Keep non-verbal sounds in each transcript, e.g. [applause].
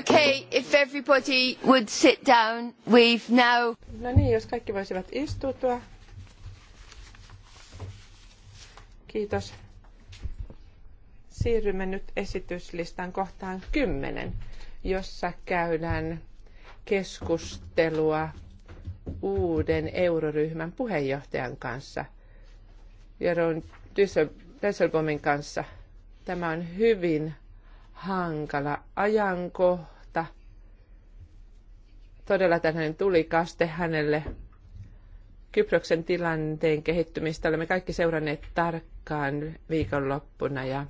Okay, if everybody would sit down, we've now... No niin, jos kaikki voisivat istutua. Kiitos. Siirrymme nyt esityslistan kohtaan 10, jossa käydään keskustelua uuden euroryhmän puheenjohtajan kanssa, Jeroen Düsselbomin kanssa. Tämä on hyvin hankala ajankohta. Todella tänään tuli kaste hänelle. Kyproksen tilanteen kehittymistä olemme kaikki seuranneet tarkkaan viikonloppuna ja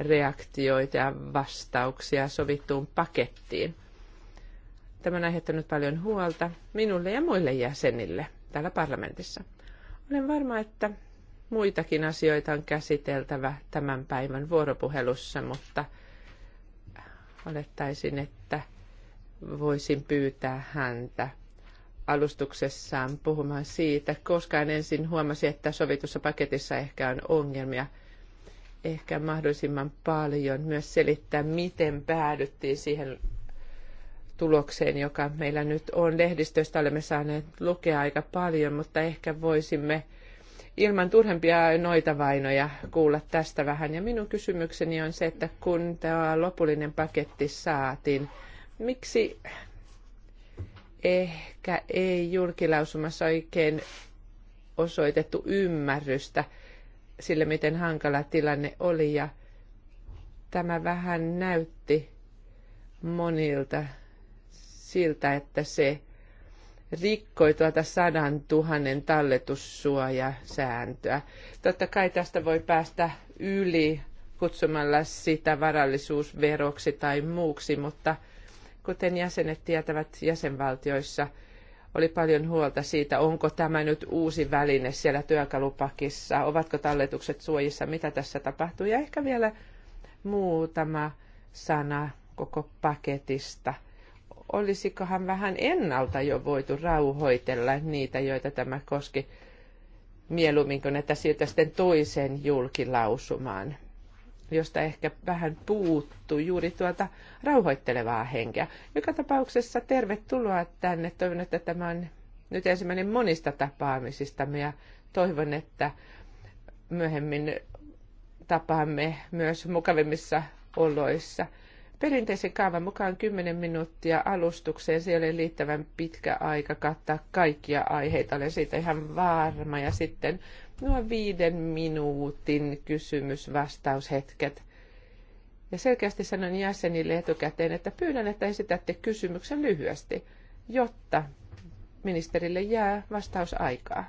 reaktioita ja vastauksia sovittuun pakettiin. Tämä on aiheuttanut paljon huolta minulle ja muille jäsenille täällä parlamentissa. Olen varma, että muitakin asioita on käsiteltävä tämän päivän vuoropuhelussa, mutta olettaisin, että voisin pyytää häntä alustuksessaan puhumaan siitä. koska en ensin huomasi, että sovitussa paketissa ehkä on ongelmia. Ehkä mahdollisimman paljon myös selittää, miten päädyttiin siihen tulokseen, joka meillä nyt on. Lehdistöstä olemme saaneet lukea aika paljon, mutta ehkä voisimme ilman turhempia noita vainoja kuulla tästä vähän. Ja minun kysymykseni on se, että kun tämä lopullinen paketti saatiin, miksi ehkä ei julkilausumassa oikein osoitettu ymmärrystä sille, miten hankala tilanne oli. Ja tämä vähän näytti monilta siltä, että se rikkoi tuota sadan tuhannen talletussuojasääntöä. Totta kai tästä voi päästä yli kutsumalla sitä varallisuusveroksi tai muuksi, mutta kuten jäsenet tietävät jäsenvaltioissa, oli paljon huolta siitä, onko tämä nyt uusi väline siellä työkalupakissa, ovatko talletukset suojissa, mitä tässä tapahtuu. Ja ehkä vielä muutama sana koko paketista – olisikohan vähän ennalta jo voitu rauhoitella niitä, joita tämä koski mieluummin kuin että siirtyä sitten toisen julkilausumaan, josta ehkä vähän puuttuu juuri tuota rauhoittelevaa henkeä. Joka tapauksessa tervetuloa tänne. Toivon, että tämä on nyt ensimmäinen monista tapaamisista ja toivon, että myöhemmin tapaamme myös mukavimmissa oloissa – Perinteisen kaavan mukaan 10 minuuttia alustukseen, se ei ole liittävän pitkä aika kattaa kaikkia aiheita, olen siitä ihan varma. Ja sitten nuo viiden minuutin kysymysvastaushetket. Ja selkeästi sanon jäsenille etukäteen, että pyydän, että esitätte kysymyksen lyhyesti, jotta ministerille jää vastausaikaa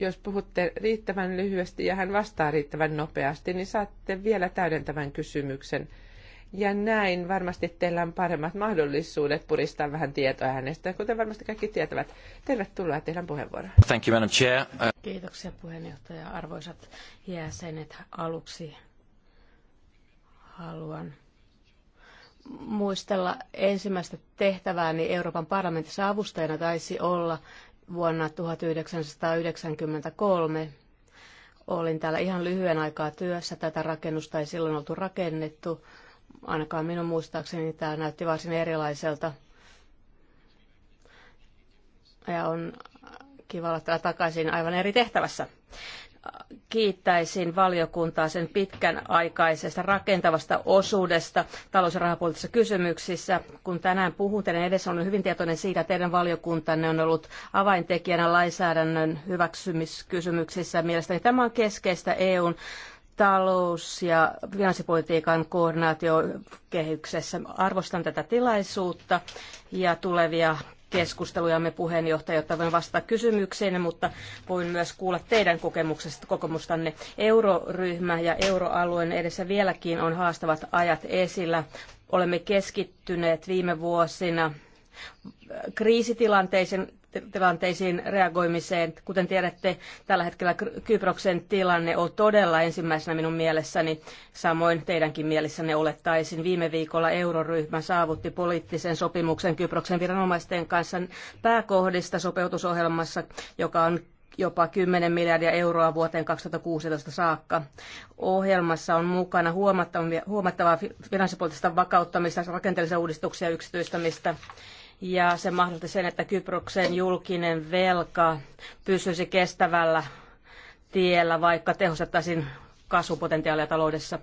jos puhutte riittävän lyhyesti ja hän vastaa riittävän nopeasti, niin saatte vielä täydentävän kysymyksen. Ja näin varmasti teillä on paremmat mahdollisuudet puristaa vähän tietoa hänestä, kuten varmasti kaikki tietävät. Tervetuloa teidän puheenvuoroon. Thank you, Madam Chair. Uh, Kiitoksia puheenjohtaja. Arvoisat jäsenet, aluksi haluan muistella ensimmäistä tehtävääni Euroopan parlamentissa avustajana taisi olla vuonna 1993. Olin täällä ihan lyhyen aikaa työssä. Tätä rakennusta ei silloin oltu rakennettu. Ainakaan minun muistaakseni tämä näytti varsin erilaiselta. Ja on kiva olla täällä takaisin aivan eri tehtävässä kiittäisin valiokuntaa sen pitkänaikaisesta rakentavasta osuudesta talous- ja rahapoliittisissa kysymyksissä. Kun tänään puhun teidän edessä, olen hyvin tietoinen siitä, että teidän valiokuntanne on ollut avaintekijänä lainsäädännön hyväksymiskysymyksissä. Mielestäni tämä on keskeistä EUn talous- ja finanssipolitiikan koordinaatiokehyksessä. Arvostan tätä tilaisuutta ja tulevia keskustelujamme puheenjohtaja, jotta voin vastata kysymyksiin, mutta voin myös kuulla teidän kokemuksesta, kokemustanne. Euroryhmä ja euroalueen edessä vieläkin on haastavat ajat esillä. Olemme keskittyneet viime vuosina kriisitilanteisiin tilanteisiin reagoimiseen. Kuten tiedätte, tällä hetkellä Kyproksen tilanne on todella ensimmäisenä minun mielessäni, samoin teidänkin mielessänne olettaisin. Viime viikolla euroryhmä saavutti poliittisen sopimuksen Kyproksen viranomaisten kanssa pääkohdista sopeutusohjelmassa, joka on jopa 10 miljardia euroa vuoteen 2016 saakka. Ohjelmassa on mukana huomattavaa finanssipoliittista vakauttamista, rakenteellisia uudistuksia ja yksityistämistä ja se mahdollisti sen, että Kyproksen julkinen velka pysyisi kestävällä tiellä, vaikka tehostettaisiin kasvupotentiaalia taloudessa.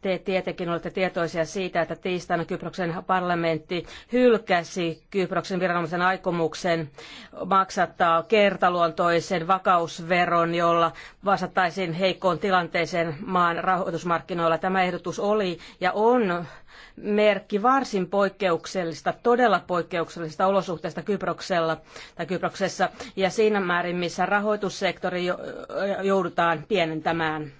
Te tietenkin olette tietoisia siitä, että tiistaina Kyproksen parlamentti hylkäsi Kyproksen viranomaisen aikomuksen maksattaa kertaluontoisen vakausveron, jolla vastattaisiin heikkoon tilanteeseen maan rahoitusmarkkinoilla. Tämä ehdotus oli ja on merkki varsin poikkeuksellista, todella poikkeuksellisista olosuhteista Kyproksella tai Kyproksessa ja siinä määrin, missä rahoitussektori joudutaan pienentämään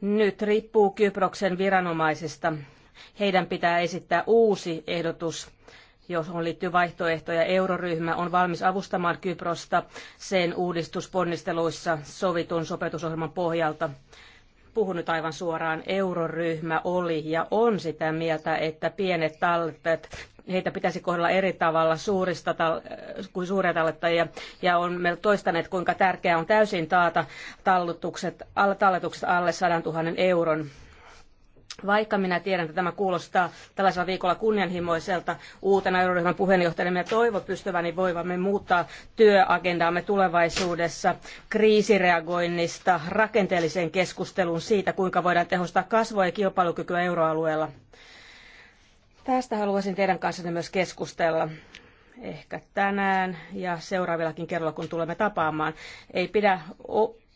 nyt riippuu Kyproksen viranomaisista. Heidän pitää esittää uusi ehdotus johon liittyy vaihtoehtoja. Euroryhmä on valmis avustamaan Kyprosta sen uudistusponnisteluissa sovitun sopetusohjelman pohjalta. Puhun nyt aivan suoraan. Euroryhmä oli ja on sitä mieltä, että pienet tallet heitä pitäisi kohdella eri tavalla suurista kuin suuria tallettajia. Ja on meillä toistaneet, kuinka tärkeää on täysin taata talletukset, talletukset alle 100 000 euron vaikka minä tiedän, että tämä kuulostaa tällaisella viikolla kunnianhimoiselta uutena euroryhmän puheenjohtajana, minä toivon pystyväni voivamme muuttaa työagendaamme tulevaisuudessa kriisireagoinnista rakenteelliseen keskusteluun siitä, kuinka voidaan tehostaa kasvua ja kilpailukykyä euroalueella Tästä haluaisin teidän kanssanne myös keskustella ehkä tänään ja seuraavillakin kerralla, kun tulemme tapaamaan. Ei pidä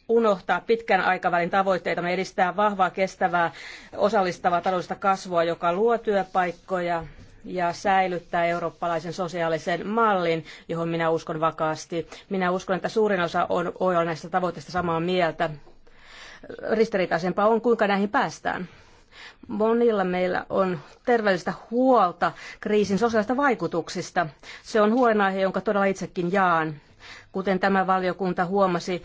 unohtaa pitkän aikavälin tavoitteita. Me edistää vahvaa, kestävää, osallistavaa taloudellista kasvua, joka luo työpaikkoja ja säilyttää eurooppalaisen sosiaalisen mallin, johon minä uskon vakaasti. Minä uskon, että suurin osa on, on näistä tavoitteista samaa mieltä. Ristiriitaisempaa on, kuinka näihin päästään. Monilla meillä on terveellistä huolta kriisin sosiaalista vaikutuksista. Se on huolenaihe, jonka todella itsekin jaan. Kuten tämä valiokunta huomasi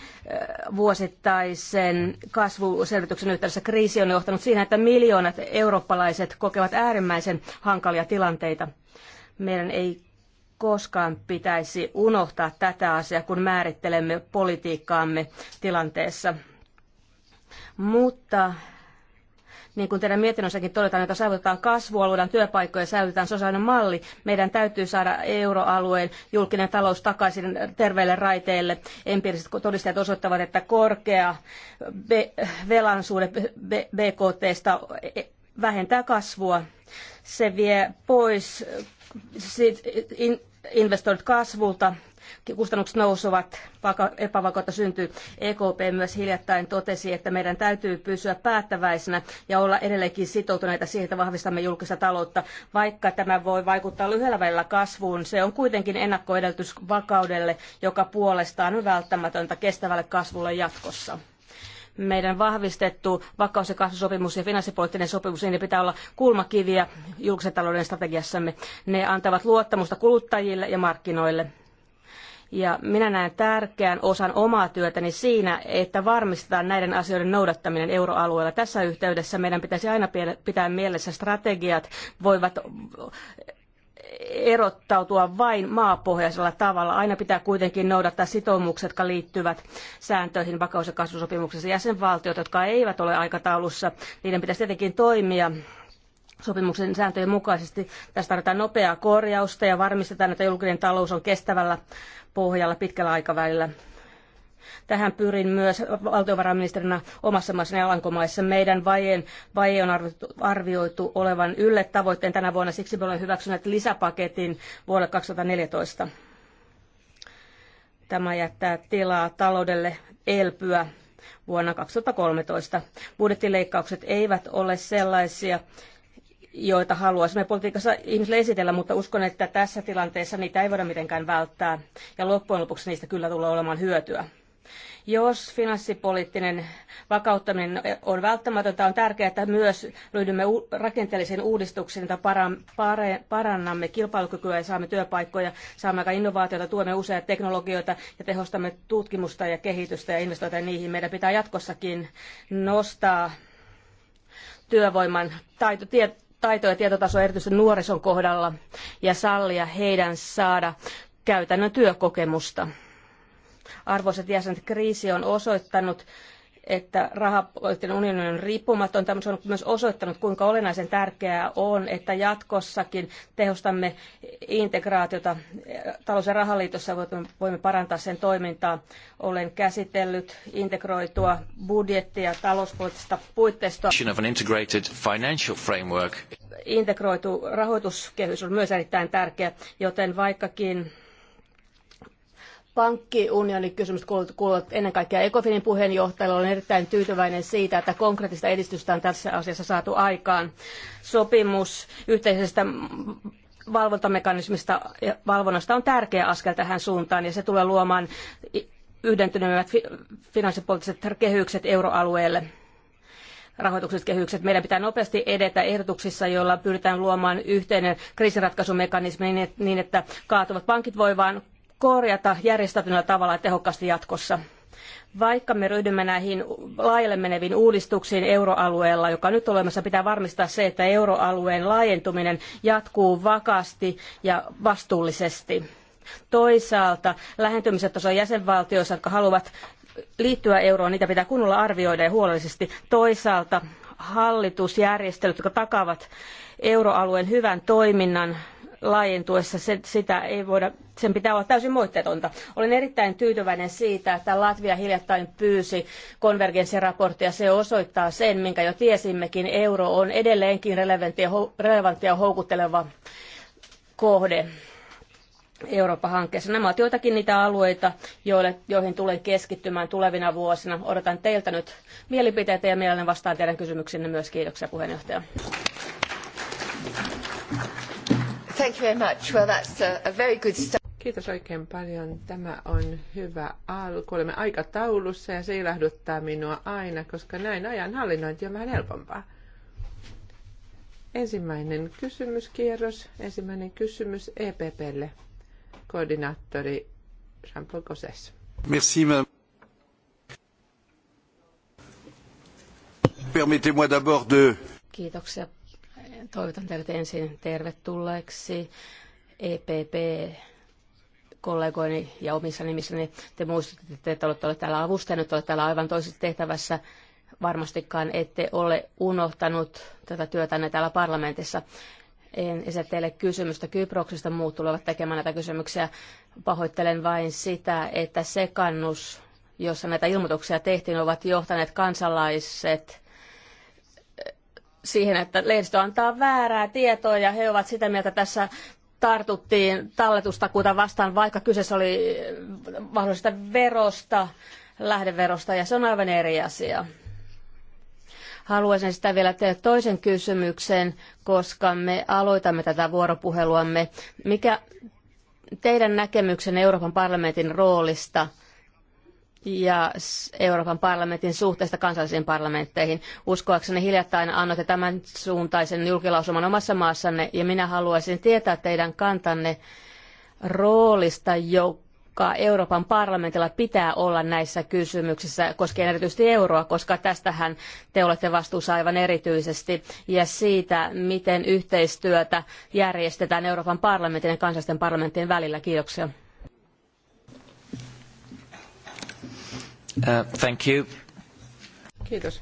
vuosittaisen kasvuselvityksen yhteydessä, kriisi on johtanut siihen, että miljoonat eurooppalaiset kokevat äärimmäisen hankalia tilanteita. Meidän ei koskaan pitäisi unohtaa tätä asiaa, kun määrittelemme politiikkaamme tilanteessa. Mutta niin kuin teidän mietinnössäkin todetaan, että saavutetaan kasvua, luodaan työpaikkoja ja säilytetään sosiaalinen malli, meidän täytyy saada euroalueen julkinen talous takaisin terveille raiteille. Empiiriset todistajat osoittavat, että korkea velan suhde BKTstä vähentää kasvua. Se vie pois investoinnit kasvulta kustannukset nousuvat, epävakautta syntyy. EKP myös hiljattain totesi, että meidän täytyy pysyä päättäväisenä ja olla edelleenkin sitoutuneita siihen, että vahvistamme julkista taloutta. Vaikka tämä voi vaikuttaa lyhyellä välillä kasvuun, se on kuitenkin ennakkoedellytys vakaudelle, joka puolestaan on välttämätöntä kestävälle kasvulle jatkossa meidän vahvistettu vakaus- ja kasvusopimus ja finanssipoliittinen sopimus, niin ne pitää olla kulmakiviä julkisen talouden strategiassamme. Ne antavat luottamusta kuluttajille ja markkinoille. Ja minä näen tärkeän osan omaa työtäni siinä, että varmistetaan näiden asioiden noudattaminen euroalueella. Tässä yhteydessä meidän pitäisi aina pitää mielessä strategiat voivat erottautua vain maapohjaisella tavalla. Aina pitää kuitenkin noudattaa sitoumuksia, jotka liittyvät sääntöihin vakaus- ja kasvusopimuksessa. Jäsenvaltiot, jotka eivät ole aikataulussa, niiden pitäisi tietenkin toimia sopimuksen sääntöjen mukaisesti. Tässä tarvitaan nopeaa korjausta ja varmistetaan, että julkinen talous on kestävällä pohjalla pitkällä aikavälillä. Tähän pyrin myös valtiovarainministerinä omassa maassani Alankomaissa. Meidän vajeen, vaje on arvioitu, arvioitu olevan ylle tavoitteen tänä vuonna, siksi me olemme hyväksyneet lisäpaketin vuodelle 2014. Tämä jättää tilaa taloudelle elpyä vuonna 2013. Budjettileikkaukset eivät ole sellaisia, joita haluaisimme politiikassa ihmisille esitellä, mutta uskon, että tässä tilanteessa niitä ei voida mitenkään välttää, ja loppujen lopuksi niistä kyllä tulee olemaan hyötyä. Jos finanssipoliittinen vakauttaminen on välttämätöntä, on tärkeää, että myös ryhdymme rakenteellisiin uudistuksiin, että parannamme kilpailukykyä ja saamme työpaikkoja, saamme aika innovaatioita, tuemme uusia teknologioita ja tehostamme tutkimusta ja kehitystä ja investointeja niihin. Meidän pitää jatkossakin nostaa työvoiman taito, tiet, taito- ja tietotasoa erityisesti nuorison kohdalla ja sallia heidän saada käytännön työkokemusta. Arvoisat jäsenet, kriisi on osoittanut, että rahapoliittinen unioni on riippumaton. Tämä on myös osoittanut, kuinka olennaisen tärkeää on, että jatkossakin tehostamme integraatiota talous- ja rahaliitossa, voimme parantaa sen toimintaa. Olen käsitellyt integroitua budjettia talouspoliittista puitteistoa. Integroitu rahoituskehys on myös erittäin tärkeä, joten vaikkakin kysymys kuuluvat ennen kaikkea Ecofinin puheenjohtajalle. Olen erittäin tyytyväinen siitä, että konkreettista edistystä on tässä asiassa saatu aikaan. Sopimus yhteisestä valvontamekanismista ja valvonnasta on tärkeä askel tähän suuntaan ja se tulee luomaan yhdentyneemmät finanssipoliittiset kehykset euroalueelle rahoitukset kehykset. Meidän pitää nopeasti edetä ehdotuksissa, joilla pyritään luomaan yhteinen kriisiratkaisumekanismi niin, niin että kaatuvat pankit voi vain korjata järjestäytyneellä tavalla tehokkaasti jatkossa. Vaikka me ryhdymme näihin laajalle meneviin uudistuksiin euroalueella, joka nyt on olemassa, pitää varmistaa se, että euroalueen laajentuminen jatkuu vakaasti ja vastuullisesti. Toisaalta lähentymiset osa jäsenvaltioissa, jotka haluavat liittyä euroon, niitä pitää kunnolla arvioida ja huolellisesti. Toisaalta hallitusjärjestelyt, jotka takaavat euroalueen hyvän toiminnan, laajentuessa se, sitä ei voida, sen pitää olla täysin moitteetonta. Olen erittäin tyytyväinen siitä, että Latvia hiljattain pyysi konvergenssiraporttia. Se osoittaa sen, minkä jo tiesimmekin. Euro on edelleenkin relevantti ja houkutteleva kohde. Eurooppa-hankkeessa. Nämä ovat joitakin niitä alueita, joille, joihin tulen keskittymään tulevina vuosina. Odotan teiltä nyt mielipiteitä ja mielelläni vastaan teidän kysymyksiinne myös. Kiitoksia puheenjohtaja. Thank you very much. Well, that's a, a very good start. Kiitos oikein paljon. Tämä on hyvä alku. Olemme aikataulussa ja se ilahduttaa minua aina, koska näin ajan hallinnointi on vähän helpompaa. Ensimmäinen kysymyskierros. Ensimmäinen kysymys EPPlle. Koordinaattori Jean-Paul Gosses. Merci, Permettez-moi d'abord de... Kiitoksia Toivotan teidät ensin tervetulleeksi EPP kollegoini ja omissa nimissäni. Te muistutitte, että olette olleet täällä avustajana, olette täällä aivan toisessa tehtävässä. Varmastikaan ette ole unohtanut tätä työtänne täällä parlamentissa. En esitä teille kysymystä Kyproksesta, muut tulevat tekemään näitä kysymyksiä. Pahoittelen vain sitä, että sekannus, jossa näitä ilmoituksia tehtiin, ovat johtaneet kansalaiset siihen, että lehdistö antaa väärää tietoa ja he ovat sitä mieltä tässä tartuttiin talletustakuuta vastaan, vaikka kyseessä oli mahdollisesta verosta, lähdeverosta, ja se on aivan eri asia. Haluaisin sitä vielä tehdä toisen kysymyksen, koska me aloitamme tätä vuoropuheluamme. Mikä teidän näkemyksen Euroopan parlamentin roolista – ja Euroopan parlamentin suhteesta kansallisiin parlamentteihin. Uskoakseni hiljattain annoitte tämän suuntaisen julkilausuman omassa maassanne, ja minä haluaisin tietää teidän kantanne roolista, joka Euroopan parlamentilla pitää olla näissä kysymyksissä, koskien erityisesti euroa, koska tästähän te olette vastuussa aivan erityisesti, ja siitä, miten yhteistyötä järjestetään Euroopan parlamentin ja kansallisten parlamenttien välillä. Kiitoksia. Uh, Kiitos.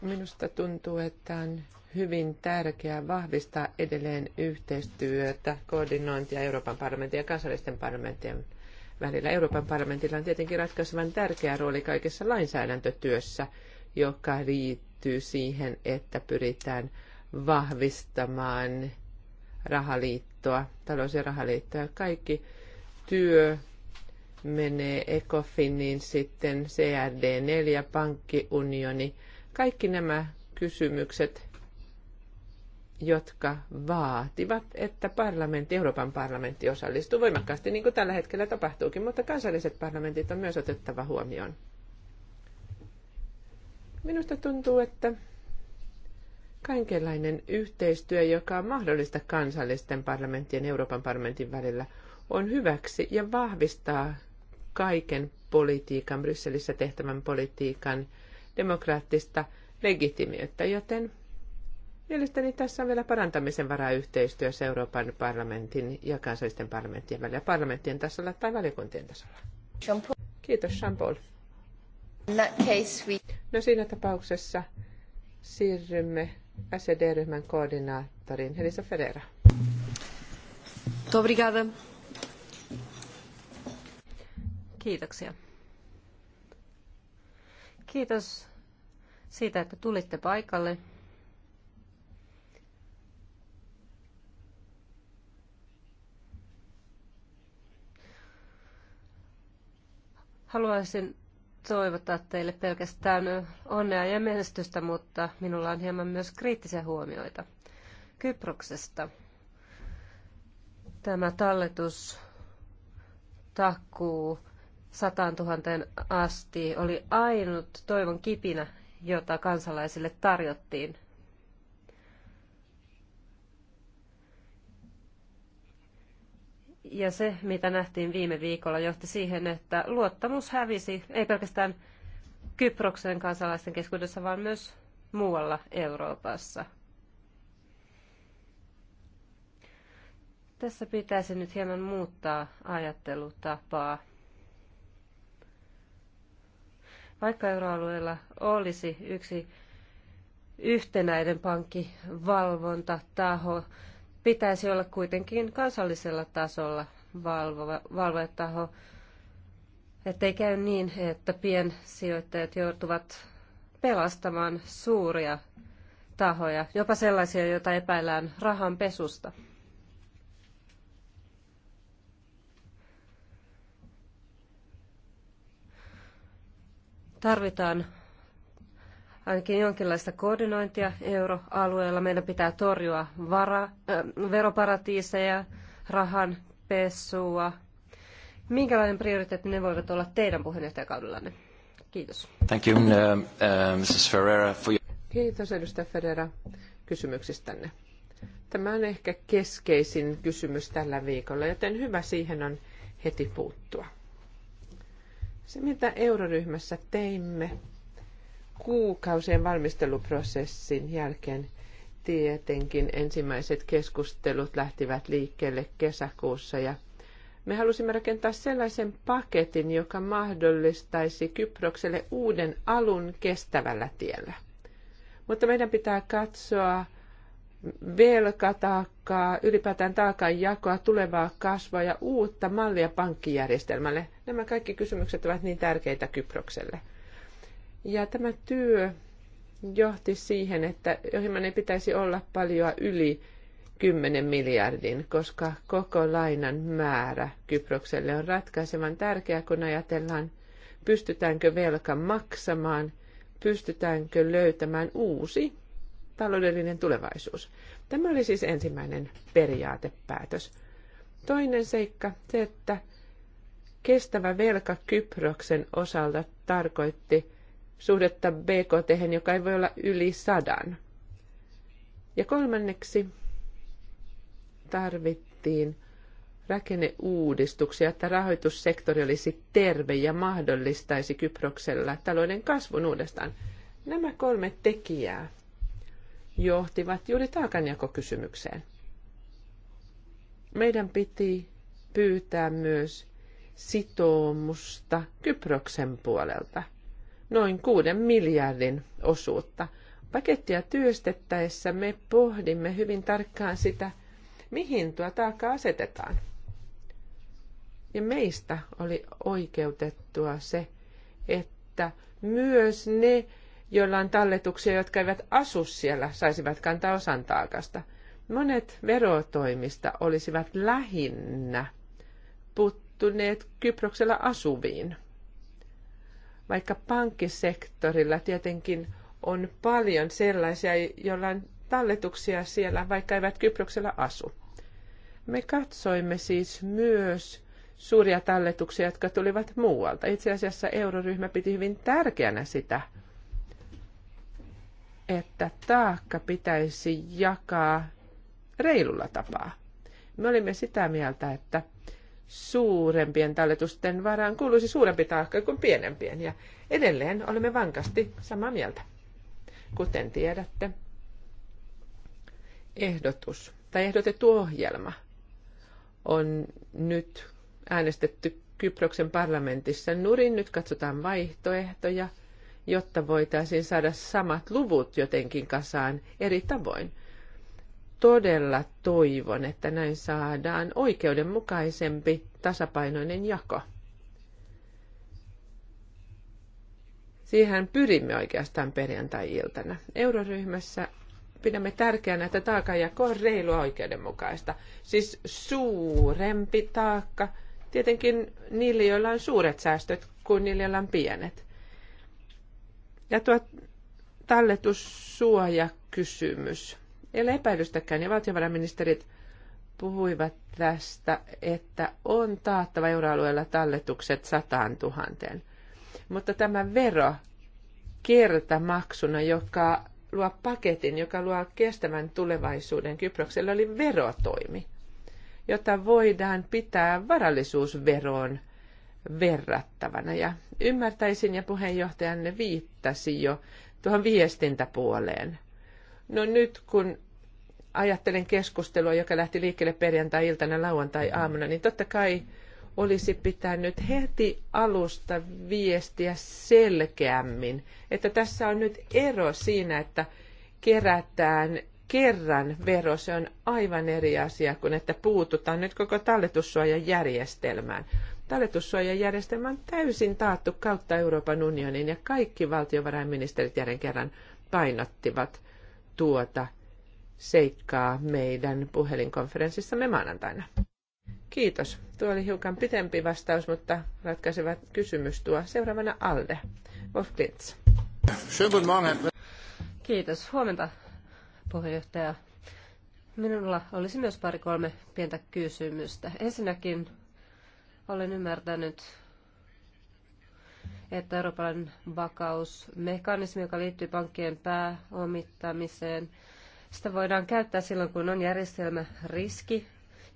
Minusta tuntuu, että on hyvin tärkeää vahvistaa edelleen yhteistyötä, koordinointia Euroopan parlamentin ja kansallisten parlamenttien välillä. Euroopan parlamentilla on tietenkin ratkaisevan tärkeä rooli kaikessa lainsäädäntötyössä, joka liittyy siihen, että pyritään vahvistamaan rahaliittoa, talous- ja rahaliittoa. Kaikki työ, menee ECOFINin, sitten CRD4, pankkiunioni. Kaikki nämä kysymykset, jotka vaativat, että parlamentti, Euroopan parlamentti osallistuu voimakkaasti, niin kuin tällä hetkellä tapahtuukin, mutta kansalliset parlamentit on myös otettava huomioon. Minusta tuntuu, että kaikenlainen yhteistyö, joka on mahdollista kansallisten parlamenttien ja Euroopan parlamentin välillä, on hyväksi ja vahvistaa kaiken politiikan, Brysselissä tehtävän politiikan demokraattista legitimiyttä, joten mielestäni tässä on vielä parantamisen varaa yhteistyössä Euroopan parlamentin ja kansallisten parlamenttien välillä, parlamenttien tasolla tai valiokuntien tasolla. Kiitos, Jean-Paul. No siinä tapauksessa siirrymme SED-ryhmän koordinaattoriin Elisa Ferreira. Obrigada. Kiitoksia. Kiitos siitä, että tulitte paikalle. Haluaisin toivottaa teille pelkästään onnea ja menestystä, mutta minulla on hieman myös kriittisiä huomioita. Kyproksesta. Tämä talletus takkuu 100 000 asti oli ainut toivon kipinä, jota kansalaisille tarjottiin. Ja se, mitä nähtiin viime viikolla, johti siihen, että luottamus hävisi, ei pelkästään Kyproksen kansalaisten keskuudessa, vaan myös muualla Euroopassa. Tässä pitäisi nyt hieman muuttaa ajattelutapaa. Vaikka euroalueella olisi yksi yhtenäinen pankkivalvontataho, pitäisi olla kuitenkin kansallisella tasolla valvova, taho, ettei käy niin, että piensijoittajat joutuvat pelastamaan suuria tahoja, jopa sellaisia, joita epäillään rahanpesusta. pesusta. Tarvitaan ainakin jonkinlaista koordinointia euroalueella. Meidän pitää torjua vara, äh, veroparatiiseja, rahan pesua. Minkälainen prioriteetti ne voivat olla teidän puheenjohtajakaudellanne? Kiitos. Thank you, um, uh, Mrs. Ferreira, for your... Kiitos edustaja Ferreira kysymyksistänne. Tämä on ehkä keskeisin kysymys tällä viikolla, joten hyvä siihen on heti puuttua. Se, mitä euroryhmässä teimme kuukausien valmisteluprosessin jälkeen, tietenkin ensimmäiset keskustelut lähtivät liikkeelle kesäkuussa ja me halusimme rakentaa sellaisen paketin, joka mahdollistaisi Kyprokselle uuden alun kestävällä tiellä. Mutta meidän pitää katsoa velkataakkaa, ylipäätään taakan jakoa, tulevaa kasvaa ja uutta mallia pankkijärjestelmälle. Nämä kaikki kysymykset ovat niin tärkeitä Kyprokselle. Ja tämä työ johti siihen, että ohjelman ei pitäisi olla paljon yli 10 miljardin, koska koko lainan määrä Kyprokselle on ratkaisevan tärkeä, kun ajatellaan, pystytäänkö velka maksamaan, pystytäänkö löytämään uusi taloudellinen tulevaisuus. Tämä oli siis ensimmäinen periaatepäätös. Toinen seikka, se, että Kestävä velka Kyproksen osalta tarkoitti suhdetta BKT, joka ei voi olla yli sadan. Ja kolmanneksi tarvittiin rakenneuudistuksia, että rahoitussektori olisi terve ja mahdollistaisi Kyproksella talouden kasvun uudestaan. Nämä kolme tekijää johtivat juuri taakanjakokysymykseen. Meidän piti pyytää myös sitoumusta Kyproksen puolelta, noin kuuden miljardin osuutta. Pakettia työstettäessä me pohdimme hyvin tarkkaan sitä, mihin tuo taakka asetetaan. Ja meistä oli oikeutettua se, että myös ne, joilla on talletuksia, jotka eivät asu siellä, saisivat kantaa osan taakasta. Monet verotoimista olisivat lähinnä put- sijoittuneet Kyproksella asuviin. Vaikka pankkisektorilla tietenkin on paljon sellaisia, joilla on talletuksia siellä, vaikka eivät Kyproksella asu. Me katsoimme siis myös suuria talletuksia, jotka tulivat muualta. Itse asiassa euroryhmä piti hyvin tärkeänä sitä, että taakka pitäisi jakaa reilulla tapaa. Me olimme sitä mieltä, että suurempien talletusten varaan kuuluisi suurempi taakka kuin pienempien. Ja edelleen olemme vankasti samaa mieltä. Kuten tiedätte, ehdotus tai ehdotettu ohjelma on nyt äänestetty Kyproksen parlamentissa nurin. Nyt katsotaan vaihtoehtoja, jotta voitaisiin saada samat luvut jotenkin kasaan eri tavoin todella toivon, että näin saadaan oikeudenmukaisempi tasapainoinen jako. Siihen pyrimme oikeastaan perjantai-iltana. Euroryhmässä pidämme tärkeänä, että taakanjako on reilua oikeudenmukaista. Siis suurempi taakka tietenkin niille, joilla on suuret säästöt, kuin niille, joilla on pienet. Ja tuo talletussuojakysymys. kysymys ei ole epäilystäkään, ja valtiovarainministerit puhuivat tästä, että on taattava euroalueella talletukset sataan tuhanteen. Mutta tämä vero kertamaksuna, joka luo paketin, joka luo kestävän tulevaisuuden Kyproksella, oli verotoimi, jota voidaan pitää varallisuusveroon verrattavana. Ja ymmärtäisin, ja puheenjohtajanne viittasi jo tuohon viestintäpuoleen. No nyt kun ajattelen keskustelua, joka lähti liikkeelle perjantai-iltana lauantai-aamuna, niin totta kai olisi pitänyt heti alusta viestiä selkeämmin, että tässä on nyt ero siinä, että kerätään kerran vero, se on aivan eri asia kuin että puututaan nyt koko talletussuojajärjestelmään. Talletussuojajärjestelmä on täysin taattu kautta Euroopan unionin ja kaikki valtiovarainministerit järjen kerran painottivat tuota seikkaa meidän puhelinkonferenssissamme maanantaina. Kiitos. Tuo oli hiukan pitempi vastaus, mutta ratkaiseva kysymys tuo. Seuraavana Alde. Wolf Kiitos. Huomenta, puheenjohtaja. Minulla olisi myös pari kolme pientä kysymystä. Ensinnäkin olen ymmärtänyt, että Euroopan vakausmekanismi, joka liittyy pankkien pääomittamiseen – sitä voidaan käyttää silloin, kun on järjestelmäriski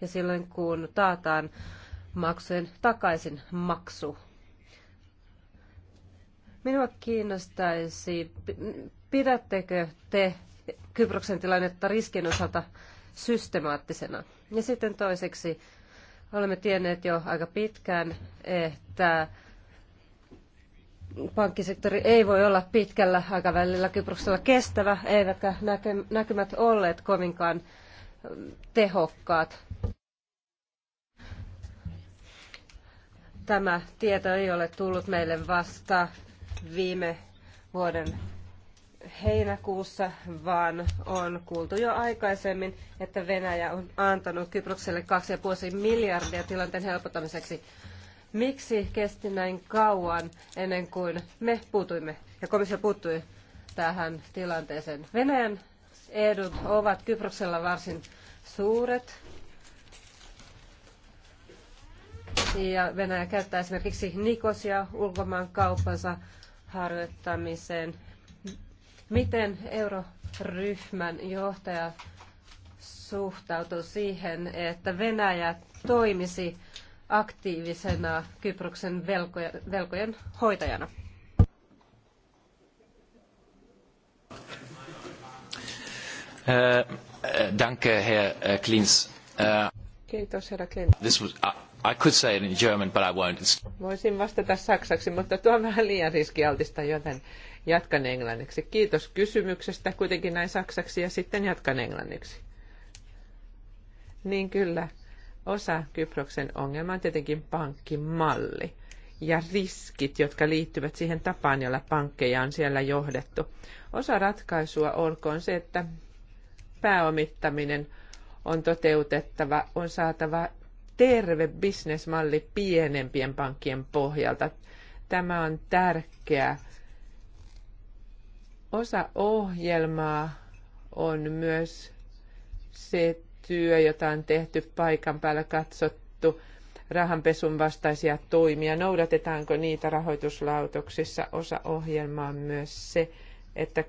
ja silloin, kun taataan maksujen takaisin maksu. Minua kiinnostaisi, pidättekö te Kyproksen tilannetta riskin osalta systemaattisena? Ja sitten toiseksi, olemme tienneet jo aika pitkään, että pankkisektori ei voi olla pitkällä aikavälillä Kyproksella kestävä, eivätkä näkymät olleet kovinkaan tehokkaat. Tämä tieto ei ole tullut meille vasta viime vuoden heinäkuussa, vaan on kuultu jo aikaisemmin, että Venäjä on antanut Kyprokselle 2,5 miljardia tilanteen helpottamiseksi. Miksi kesti näin kauan ennen kuin me puutuimme ja komissio puuttui tähän tilanteeseen? Venäjän edut ovat Kyproksella varsin suuret. Ja Venäjä käyttää esimerkiksi Nikosia ulkomaan kauppansa harjoittamiseen. Miten euroryhmän johtaja suhtautuu siihen, että Venäjä toimisi aktiivisena Kyproksen velkojen, velkojen hoitajana. Uh, danke, Herr eh, Klins. Uh, Kiitos, herra Klins. This was, uh, I could say it in German, but I won't. It's... Voisin vastata saksaksi, mutta tuo on vähän liian riskialtista, joten jatkan englanniksi. Kiitos kysymyksestä kuitenkin näin saksaksi ja sitten jatkan englanniksi. Niin kyllä, Osa Kyproksen ongelma on tietenkin pankkimalli ja riskit, jotka liittyvät siihen tapaan, jolla pankkeja on siellä johdettu. Osa ratkaisua olkoon se, että pääomittaminen on toteutettava, on saatava terve bisnesmalli pienempien pankkien pohjalta. Tämä on tärkeää. Osa ohjelmaa on myös se, että työ, jota on tehty paikan päällä, katsottu rahanpesun vastaisia toimia, noudatetaanko niitä rahoituslautoksissa. Osa ohjelmaa on myös se, että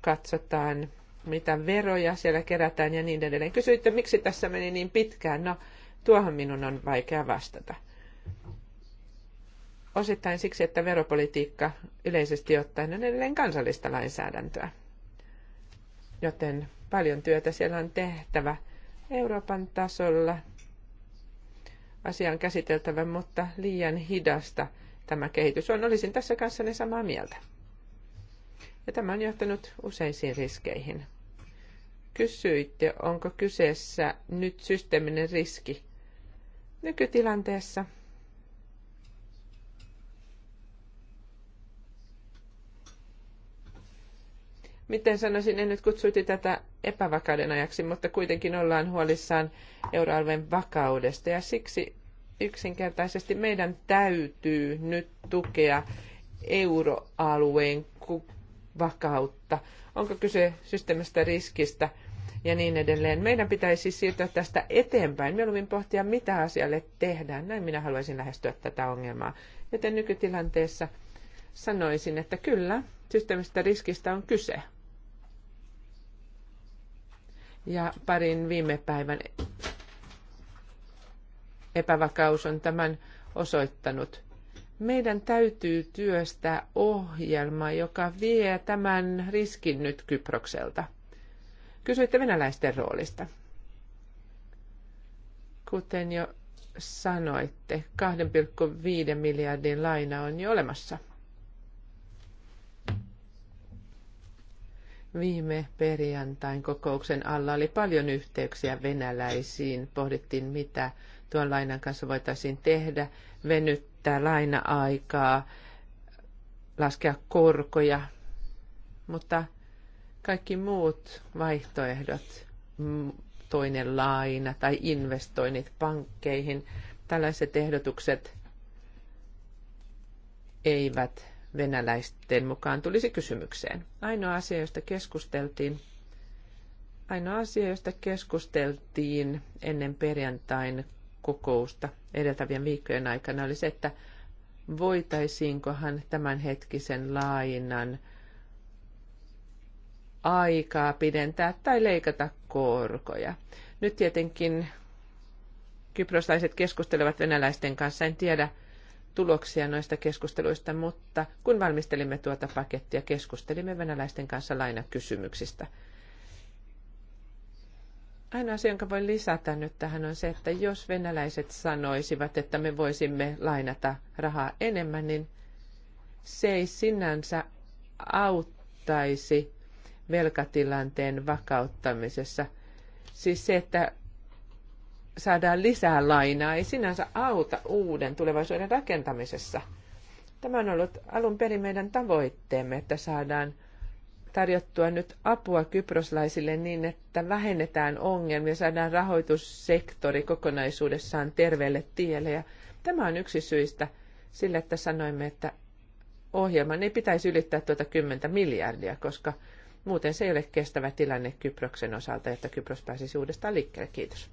katsotaan, mitä veroja siellä kerätään ja niin edelleen. Kysyitte, miksi tässä meni niin pitkään? No, tuohon minun on vaikea vastata. Osittain siksi, että veropolitiikka yleisesti ottaen on edelleen kansallista lainsäädäntöä. Joten paljon työtä siellä on tehtävä – Euroopan tasolla asia on käsiteltävä, mutta liian hidasta tämä kehitys on. Olisin tässä kanssani samaa mieltä. Ja tämä on johtanut useisiin riskeihin. Kysyitte, onko kyseessä nyt systeeminen riski. Nykytilanteessa – miten sanoisin, en nyt kutsuiti tätä epävakauden ajaksi, mutta kuitenkin ollaan huolissaan euroalueen vakaudesta ja siksi yksinkertaisesti meidän täytyy nyt tukea euroalueen vakautta. Onko kyse systeemistä riskistä ja niin edelleen. Meidän pitäisi siirtyä tästä eteenpäin, mieluummin pohtia, mitä asialle tehdään. Näin minä haluaisin lähestyä tätä ongelmaa. Joten nykytilanteessa sanoisin, että kyllä, systeemistä riskistä on kyse. Ja parin viime päivän epävakaus on tämän osoittanut. Meidän täytyy työstää ohjelma, joka vie tämän riskin nyt Kyprokselta. Kysyitte venäläisten roolista. Kuten jo sanoitte, 2,5 miljardin laina on jo olemassa – Viime perjantain kokouksen alla oli paljon yhteyksiä venäläisiin. Pohdittiin, mitä tuon lainan kanssa voitaisiin tehdä, venyttää laina-aikaa, laskea korkoja, mutta kaikki muut vaihtoehdot, toinen laina tai investoinnit pankkeihin, tällaiset ehdotukset eivät venäläisten mukaan tulisi kysymykseen. Ainoa asia, josta keskusteltiin, ainoa asia, josta keskusteltiin ennen perjantain kokousta edeltävien viikkojen aikana, oli se, että voitaisiinkohan tämänhetkisen lainan aikaa pidentää tai leikata korkoja. Nyt tietenkin kyproslaiset keskustelevat venäläisten kanssa, en tiedä tuloksia noista keskusteluista, mutta kun valmistelimme tuota pakettia, keskustelimme venäläisten kanssa lainakysymyksistä. Ainoa asia, jonka voin lisätä nyt tähän, on se, että jos venäläiset sanoisivat, että me voisimme lainata rahaa enemmän, niin se ei sinänsä auttaisi velkatilanteen vakauttamisessa. Siis se, että saadaan lisää lainaa, ei sinänsä auta uuden tulevaisuuden rakentamisessa. Tämä on ollut alun perin meidän tavoitteemme, että saadaan tarjottua nyt apua kyproslaisille niin, että vähennetään ongelmia, saadaan rahoitussektori kokonaisuudessaan terveelle tielle. Ja tämä on yksi syistä sille, että sanoimme, että ohjelman ei pitäisi ylittää tuota 10 miljardia, koska muuten se ei ole kestävä tilanne Kyproksen osalta, että Kypros pääsisi uudestaan liikkeelle. Kiitos.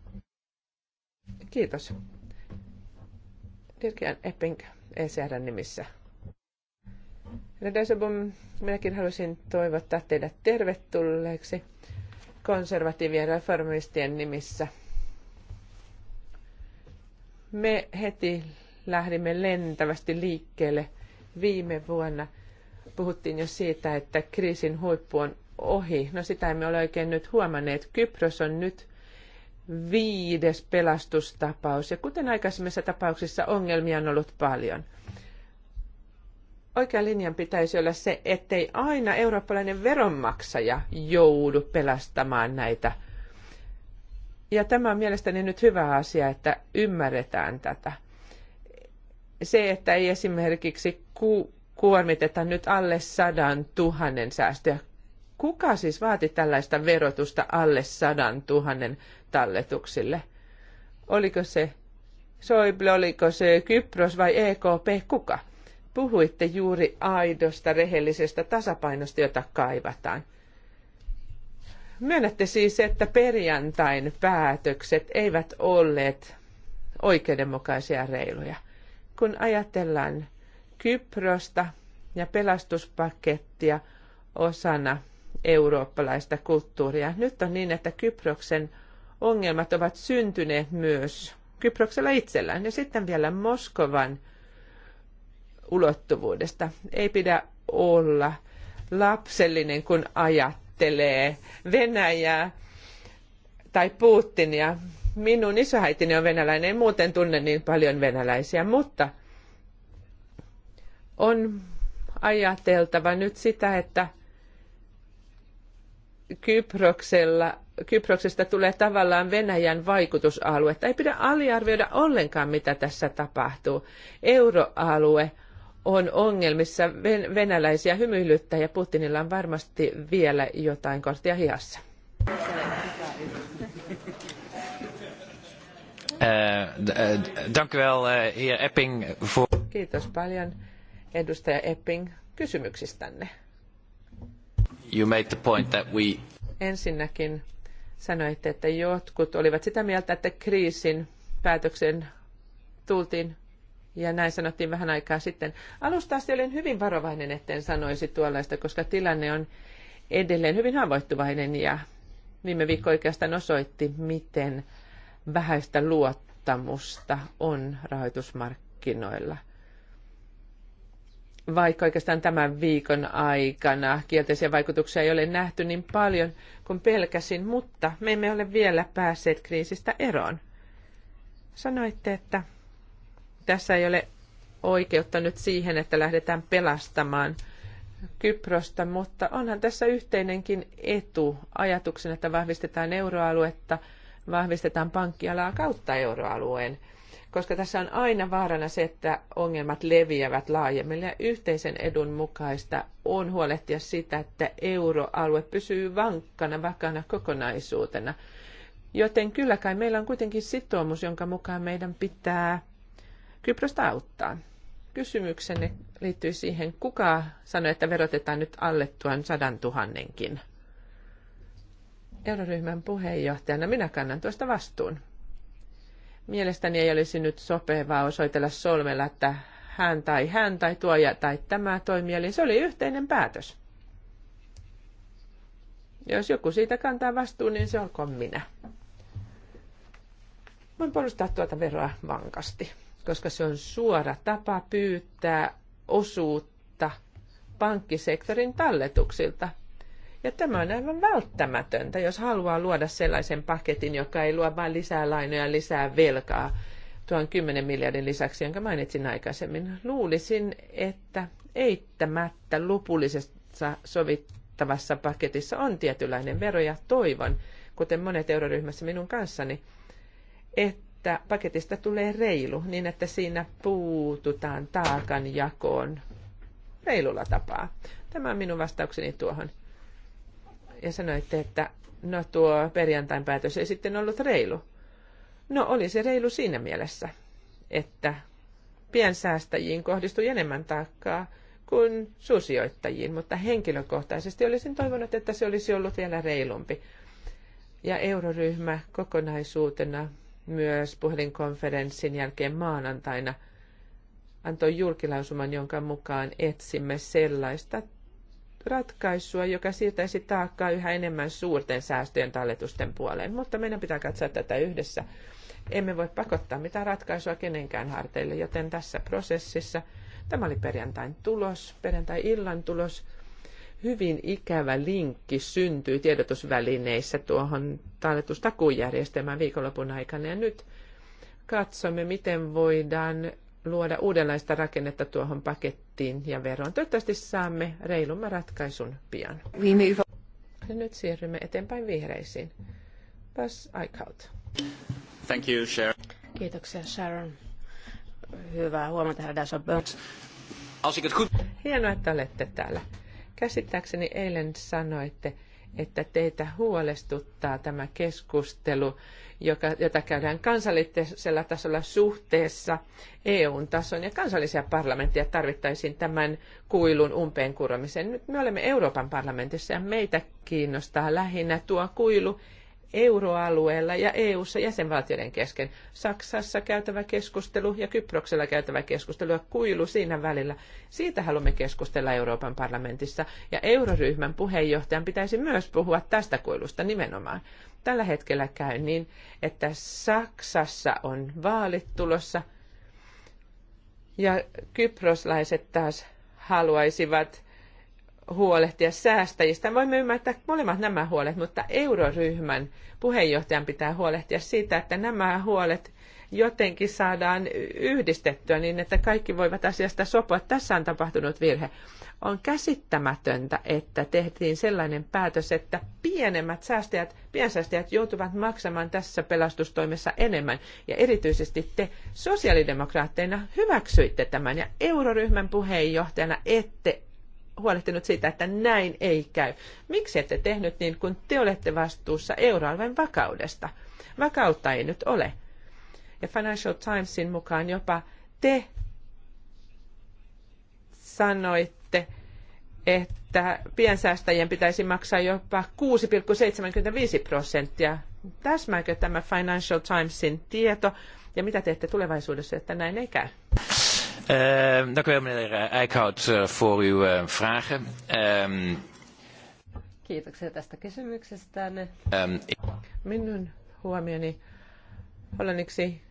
Kiitos. Dirkian Epping ECRn nimissä. Redesebum, minäkin haluaisin toivottaa teidät tervetulleeksi konservatiivien reformistien nimissä. Me heti lähdimme lentävästi liikkeelle viime vuonna. Puhuttiin jo siitä, että kriisin huippu on ohi. No sitä emme ole oikein nyt huomanneet. Kypros on nyt viides pelastustapaus. Ja kuten aikaisemmissa tapauksissa, ongelmia on ollut paljon. Oikean linjan pitäisi olla se, ettei aina eurooppalainen veronmaksaja joudu pelastamaan näitä. Ja tämä on mielestäni nyt hyvä asia, että ymmärretään tätä. Se, että ei esimerkiksi ku- kuormiteta nyt alle sadan tuhannen säästöjä. Kuka siis vaati tällaista verotusta alle sadan tuhannen talletuksille. Oliko se Soible, oliko se Kypros vai EKP, kuka? Puhuitte juuri aidosta, rehellisestä tasapainosta, jota kaivataan. Myönnätte siis, että perjantain päätökset eivät olleet oikeudenmukaisia reiluja. Kun ajatellaan Kyprosta ja pelastuspakettia osana eurooppalaista kulttuuria, nyt on niin, että Kyproksen – ongelmat ovat syntyneet myös Kyproksella itsellään. Ja sitten vielä Moskovan ulottuvuudesta. Ei pidä olla lapsellinen, kun ajattelee Venäjää tai Putinia. Minun isoäitini on venäläinen, en muuten tunne niin paljon venäläisiä, mutta on ajateltava nyt sitä, että Kyproksella Kyproksesta tulee tavallaan Venäjän vaikutusalue, Ei pidä aliarvioida ollenkaan, mitä tässä tapahtuu. Euroalue on ongelmissa venäläisiä hymyilyttää ja Putinilla on varmasti vielä jotain korttia hihassa. Eh, eh, eh, Kiitos paljon edustaja Epping kysymyksistänne. You made the point that we... Ensinnäkin Sanoitte, että jotkut olivat sitä mieltä, että kriisin päätöksen tultiin ja näin sanottiin vähän aikaa sitten. Alusta asti olin hyvin varovainen, etten sanoisi tuollaista, koska tilanne on edelleen hyvin haavoittuvainen ja viime viikko oikeastaan osoitti, miten vähäistä luottamusta on rahoitusmarkkinoilla – vaikka oikeastaan tämän viikon aikana kielteisiä vaikutuksia ei ole nähty niin paljon kuin pelkäsin, mutta me emme ole vielä päässeet kriisistä eroon. Sanoitte, että tässä ei ole oikeutta nyt siihen, että lähdetään pelastamaan Kyprosta, mutta onhan tässä yhteinenkin etu ajatuksena, että vahvistetaan euroaluetta, vahvistetaan pankkialaa kautta euroalueen – koska tässä on aina vaarana se, että ongelmat leviävät laajemmille ja yhteisen edun mukaista on huolehtia sitä, että euroalue pysyy vankkana, vakana kokonaisuutena. Joten kyllä kai meillä on kuitenkin sitoumus, jonka mukaan meidän pitää Kyprosta auttaa. Kysymyksenne liittyy siihen, kuka sanoi, että verotetaan nyt alle tuon sadan tuhannenkin. Euroryhmän puheenjohtajana minä kannan tuosta vastuun. Mielestäni ei olisi nyt sopevaa osoitella solmella, että hän tai hän tai tuo ja tai tämä toimii, eli se oli yhteinen päätös. Jos joku siitä kantaa vastuun, niin se olkoon minä. Voin puolustaa tuota veroa vankasti, koska se on suora tapa pyytää osuutta pankkisektorin talletuksilta ja tämä on aivan välttämätöntä, jos haluaa luoda sellaisen paketin, joka ei luo vain lisää lainoja, lisää velkaa tuon 10 miljardin lisäksi, jonka mainitsin aikaisemmin. Luulisin, että eittämättä lopullisessa sovittavassa paketissa on tietynlainen vero ja toivon, kuten monet euroryhmässä minun kanssani, että paketista tulee reilu niin, että siinä puututaan taakan jakoon reilulla tapaa. Tämä on minun vastaukseni tuohon ja sanoitte, että no tuo perjantain päätös ei sitten ollut reilu. No oli se reilu siinä mielessä, että piensäästäjiin kohdistui enemmän taakkaa kuin suusijoittajiin, mutta henkilökohtaisesti olisin toivonut, että se olisi ollut vielä reilumpi. Ja euroryhmä kokonaisuutena myös puhelinkonferenssin jälkeen maanantaina antoi julkilausuman, jonka mukaan etsimme sellaista ratkaisua, joka siirtäisi taakkaa yhä enemmän suurten säästöjen talletusten puoleen. Mutta meidän pitää katsoa tätä yhdessä. Emme voi pakottaa mitään ratkaisua kenenkään harteille, joten tässä prosessissa tämä oli perjantain tulos, perjantai-illan tulos. Hyvin ikävä linkki syntyy tiedotusvälineissä tuohon talletustakuujärjestelmään viikonlopun aikana ja nyt katsomme, miten voidaan luoda uudenlaista rakennetta tuohon pakettiin ja veroon. Toivottavasti saamme reilumman ratkaisun pian. Ja nyt siirrymme eteenpäin vihreisiin. Pass Eichhout. Thank you, Sharon. Kiitoksia, Sharon. Hyvää huomenta, herra Dasselbönt. Hienoa, että olette täällä. Käsittääkseni eilen sanoitte, että teitä huolestuttaa tämä keskustelu, joka, jota käydään kansallisella tasolla suhteessa EUn tason ja kansallisia parlamentteja tarvittaisiin tämän kuilun umpeen kuromiseen. Nyt me olemme Euroopan parlamentissa ja meitä kiinnostaa lähinnä tuo kuilu euroalueella ja EU-ssa jäsenvaltioiden kesken. Saksassa käytävä keskustelu ja Kyproksella käytävä keskustelu ja kuilu siinä välillä. Siitä haluamme keskustella Euroopan parlamentissa ja euroryhmän puheenjohtajan pitäisi myös puhua tästä kuilusta nimenomaan. Tällä hetkellä käy niin, että Saksassa on vaalit tulossa ja kyproslaiset taas haluaisivat – huolehtia säästäjistä. Voimme ymmärtää molemmat nämä huolet, mutta euroryhmän puheenjohtajan pitää huolehtia siitä, että nämä huolet jotenkin saadaan yhdistettyä niin, että kaikki voivat asiasta sopua. Tässä on tapahtunut virhe. On käsittämätöntä, että tehtiin sellainen päätös, että pienemmät säästäjät, piensäästäjät joutuvat maksamaan tässä pelastustoimessa enemmän. Ja erityisesti te sosiaalidemokraatteina hyväksyitte tämän ja euroryhmän puheenjohtajana ette huolehtinut siitä, että näin ei käy. Miksi ette tehnyt niin, kun te olette vastuussa euroalueen vakaudesta? Vakautta ei nyt ole. Ja Financial Timesin mukaan jopa te sanoitte, että piensäästäjien pitäisi maksaa jopa 6,75 prosenttia. Täsmääkö tämä Financial Timesin tieto ja mitä teette tulevaisuudessa, että näin ei käy? Ehm, dank u wel, meneer eh, Eickhout, eh, voor uw eh, vragen. Ehm, Kiitoksia tästä kysymyksestänne. Ehm, Minun huomioni hollanniksi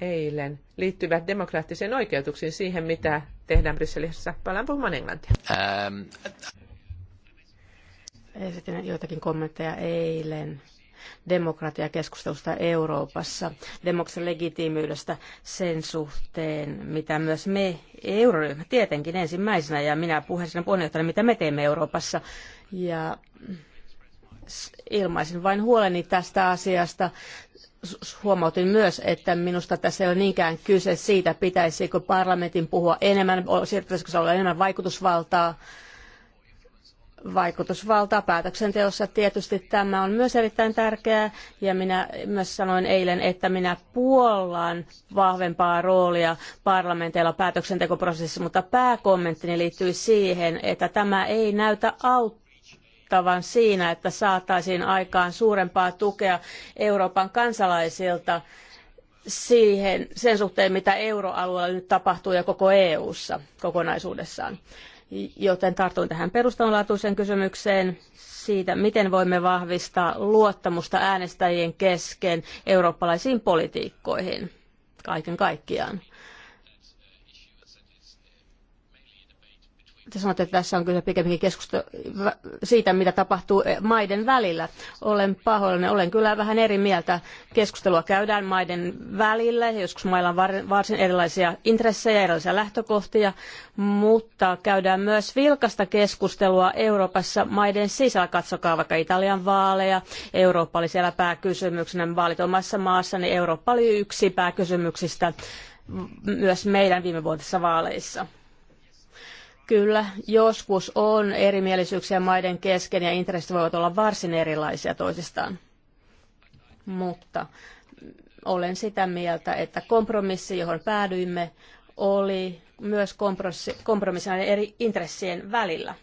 eilen liittyvät demokraattisiin oikeutuksiin siihen, mitä tehdään Brysselissä. Palaan puhumaan englantia. Esitin joitakin kommentteja eilen demokratiakeskustelusta Euroopassa, demokratian legitiimiydestä sen suhteen, mitä myös me euroryhmä tietenkin ensimmäisenä ja minä puheenjohtajana puheenjohtajana, mitä me teemme Euroopassa. Ja ilmaisin vain huoleni tästä asiasta huomautin myös, että minusta tässä ei ole niinkään kyse siitä, pitäisikö parlamentin puhua enemmän, siirtäisikö se olla enemmän vaikutusvaltaa vaikutusvaltaa päätöksenteossa. Tietysti tämä on myös erittäin tärkeää ja minä myös sanoin eilen, että minä puollan vahvempaa roolia parlamenteilla päätöksentekoprosessissa, mutta pääkommenttini liittyy siihen, että tämä ei näytä auttavan siinä, että saataisiin aikaan suurempaa tukea Euroopan kansalaisilta siihen, sen suhteen, mitä euroalueella nyt tapahtuu ja koko EU-ssa kokonaisuudessaan joten tartun tähän perustavanlaatuiseen kysymykseen siitä, miten voimme vahvistaa luottamusta äänestäjien kesken eurooppalaisiin politiikkoihin kaiken kaikkiaan. te sanotte, että tässä on kyllä pikemminkin keskustelu siitä, mitä tapahtuu eh, maiden välillä. Olen pahoillani, olen kyllä vähän eri mieltä. Keskustelua käydään maiden välillä, joskus mailla on varsin erilaisia intressejä, erilaisia lähtökohtia, mutta käydään myös vilkasta keskustelua Euroopassa maiden sisällä. Katsokaa vaikka Italian vaaleja, Eurooppa oli siellä pääkysymyksenä, vaalit omassa maassa, niin Eurooppa oli yksi pääkysymyksistä myös meidän viime vuotisissa vaaleissa Kyllä, joskus on erimielisyyksiä maiden kesken ja intressit voivat olla varsin erilaisia toisistaan. Mutta olen sitä mieltä, että kompromissi, johon päädyimme, oli myös kompromissi, näiden eri intressien välillä.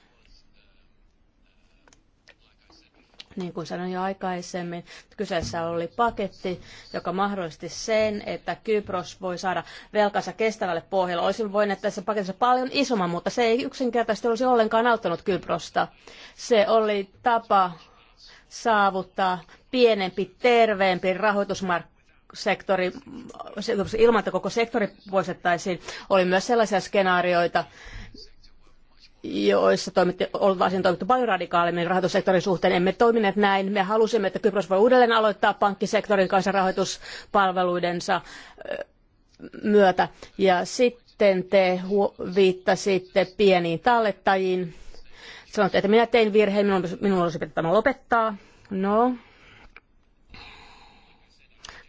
Niin kuin sanoin jo aikaisemmin, kyseessä oli paketti, joka mahdollisti sen, että Kypros voi saada velkansa kestävälle pohjalle. Olisin voinut tässä paketissa paljon isomman, mutta se ei yksinkertaisesti olisi ollenkaan auttanut Kyprosta. Se oli tapa saavuttaa pienempi, terveempi rahoitusmarkkina sektori, ilman että koko sektori poistettaisiin, oli myös sellaisia skenaarioita, joissa oltaisiin toimittu paljon radikaalimmin rahoitussektorin suhteen. Emme toimineet näin. Me halusimme, että Kypros voi uudelleen aloittaa pankkisektorin kanssa rahoituspalveluidensa myötä. Ja sitten te viittasitte pieniin tallettajiin. Sanoitte, että minä tein virheen, minun, minun olisi pitänyt lopettaa. No,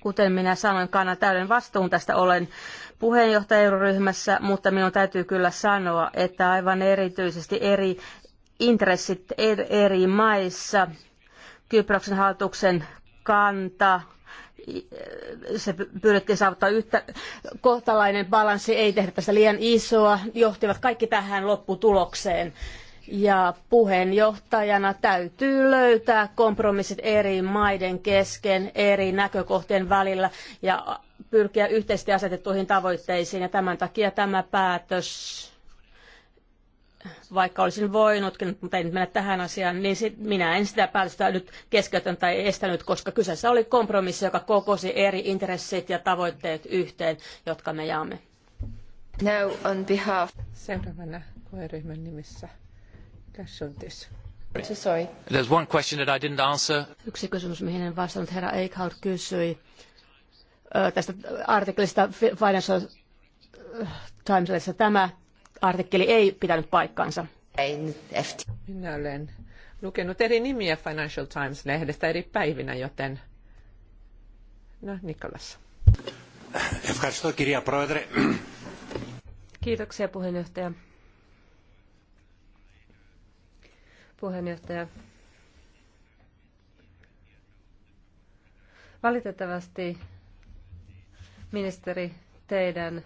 kuten minä sanoin, kannan täyden vastuun tästä. Olen puheenjohtajaryhmässä, mutta minun täytyy kyllä sanoa, että aivan erityisesti eri intressit eri maissa, Kyproksen hallituksen kanta, se pyrittiin saavuttaa yhtä kohtalainen balanssi, ei tehdä tästä liian isoa, johtivat kaikki tähän lopputulokseen. Ja puheenjohtajana täytyy löytää kompromissit eri maiden kesken, eri näkökohtien välillä ja pyrkiä yhteisesti asetettuihin tavoitteisiin ja tämän takia tämä päätös vaikka olisin voinutkin, mutta en mennä tähän asiaan, niin sit minä en sitä päätöstä nyt keskeytän tai estänyt, koska kyseessä oli kompromissi, joka kokosi eri intressit ja tavoitteet yhteen, jotka me jaamme. Now on behalf... Seuraavana koeryhmän nimissä Kassuntis. Sorry. There's one question that I didn't answer. Yksi kysymys, mihin en vastannut. Herra Eichhout kysyi tästä artikkelista Financial Timesissa tämä artikkeli ei pitänyt paikkaansa. Minä olen lukenut eri nimiä Financial Times-lehdestä eri päivinä, joten... No, Nikolas. Kiitoksia puheenjohtaja. Puheenjohtaja. Valitettavasti Ministeri, teidän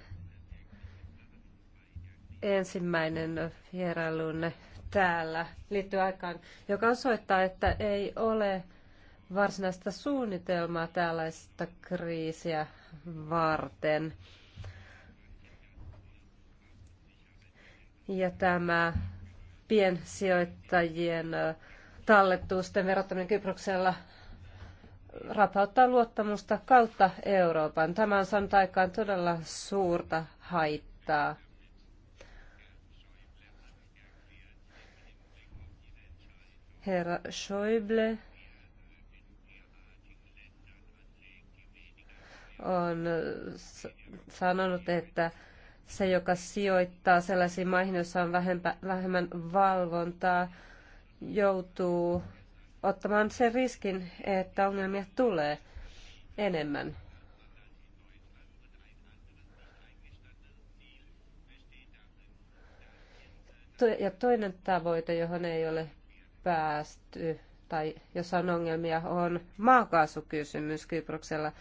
ensimmäinen vierailunne täällä liittyy aikaan, joka osoittaa, että ei ole varsinaista suunnitelmaa tällaista kriisiä varten. Ja tämä piensijoittajien talletusten verottaminen Kyproksella rapauttaa luottamusta kautta Euroopan. Tämä on saanut aikaan todella suurta haittaa. Herra Schäuble on sanonut, että se, joka sijoittaa sellaisiin maihin, joissa on vähempä, vähemmän valvontaa, joutuu ottamaan sen riskin, että ongelmia tulee enemmän. Ja toinen tavoite, johon ei ole päästy tai jos on ongelmia, on maakaasukysymys Kyproksella.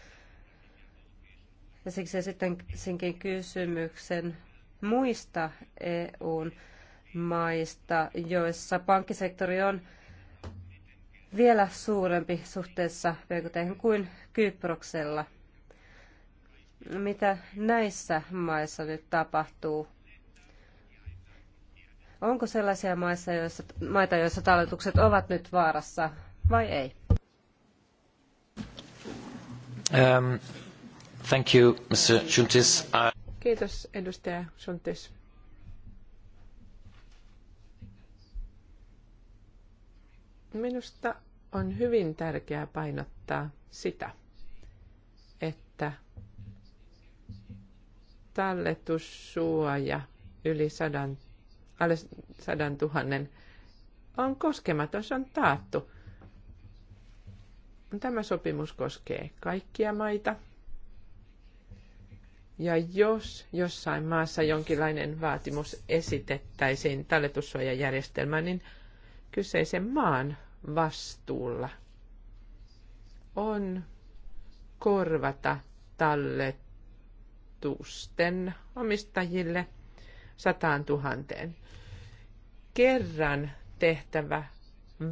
Ja siksi sitten sinkin kysymyksen muista EUn maista, joissa pankkisektori on vielä suurempi suhteessa BKT kuin Kyproksella. Mitä näissä maissa nyt tapahtuu? Onko sellaisia maissa, joissa, maita, joissa talletukset ovat nyt vaarassa vai ei? Um, thank you, Mr. Kiitos, edustaja Schultis. Minusta on hyvin tärkeää painottaa sitä, että talletussuoja yli sadan, alle sadan tuhannen on koskematon, se on taattu. Tämä sopimus koskee kaikkia maita. Ja jos jossain maassa jonkinlainen vaatimus esitettäisiin talletussuojajärjestelmään, niin – kyseisen maan vastuulla on korvata talletusten omistajille sataan tuhanteen. Kerran tehtävä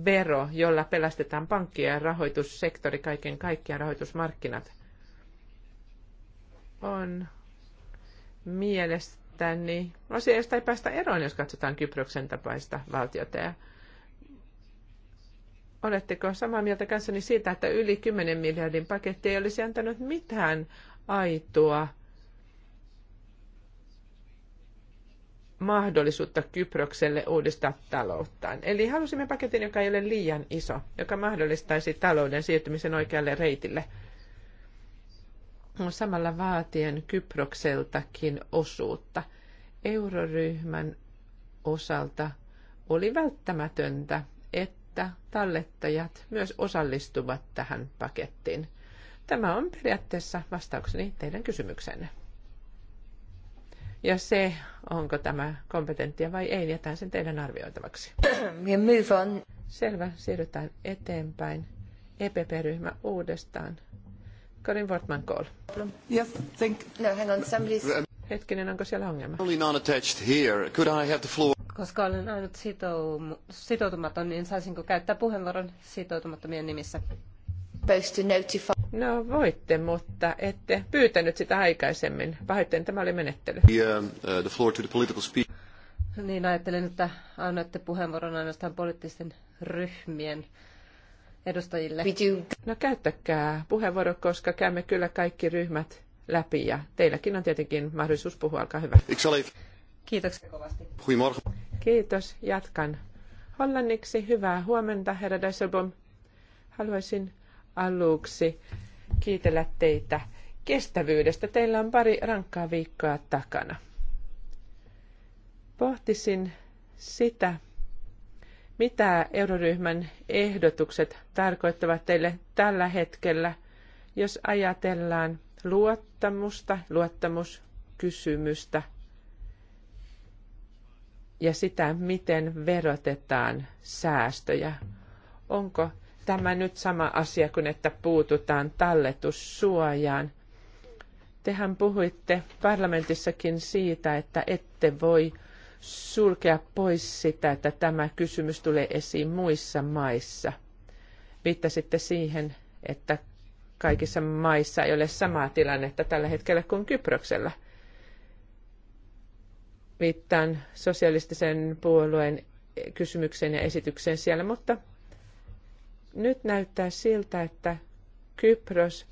vero, jolla pelastetaan pankkia ja rahoitussektori kaiken kaikkiaan rahoitusmarkkinat, on mielestäni asia, josta ei päästä eroon, jos katsotaan Kyproksen tapaista valtiota. Oletteko samaa mieltä kanssani siitä, että yli 10 miljardin paketti ei olisi antanut mitään aitoa mahdollisuutta Kyprokselle uudistaa talouttaan. Eli halusimme paketin, joka ei ole liian iso, joka mahdollistaisi talouden siirtymisen oikealle reitille. Samalla vaatien Kyprokseltakin osuutta. Euroryhmän osalta oli välttämätöntä, että että tallettajat myös osallistuvat tähän pakettiin. Tämä on periaatteessa vastaukseni teidän kysymyksenne. Ja se, onko tämä kompetenttia vai ei, jätän sen teidän arvioitavaksi. Selvä, siirrytään eteenpäin. EPP-ryhmä uudestaan. Karin Wortman Kohl. Yes, think. No, hang on, somebody's... Hetkinen, onko siellä ongelma? Only non-attached here. Could I have the floor? Koska olen ainut sitoum- sitoutumaton, niin saisinko käyttää puheenvuoron sitoutumattomien nimissä? No voitte, mutta ette pyytänyt sitä aikaisemmin. Pahoittelen, tämä oli menettely. The, um, uh, the floor to the political speech. Niin, ajattelin, että annatte puheenvuoron ainoastaan poliittisten ryhmien edustajille. No käyttäkää puheenvuoro, koska käymme kyllä kaikki ryhmät läpi ja teilläkin on tietenkin mahdollisuus puhua. alkaa hyvä. Kiitoksia kovasti. Kiitos. Jatkan hollanniksi. Hyvää huomenta, herra Dasselbom. Haluaisin aluksi kiitellä teitä kestävyydestä. Teillä on pari rankkaa viikkoa takana. Pohtisin sitä, mitä euroryhmän ehdotukset tarkoittavat teille tällä hetkellä, jos ajatellaan luottamusta, luottamuskysymystä – ja sitä, miten verotetaan säästöjä. Onko tämä nyt sama asia kuin, että puututaan talletussuojaan? Tehän puhuitte parlamentissakin siitä, että ette voi sulkea pois sitä, että tämä kysymys tulee esiin muissa maissa. Viittasitte siihen, että kaikissa maissa ei ole samaa tilannetta tällä hetkellä kuin Kyproksella – viittaan sosialistisen puolueen kysymykseen ja esitykseen siellä, mutta nyt näyttää siltä, että Kypros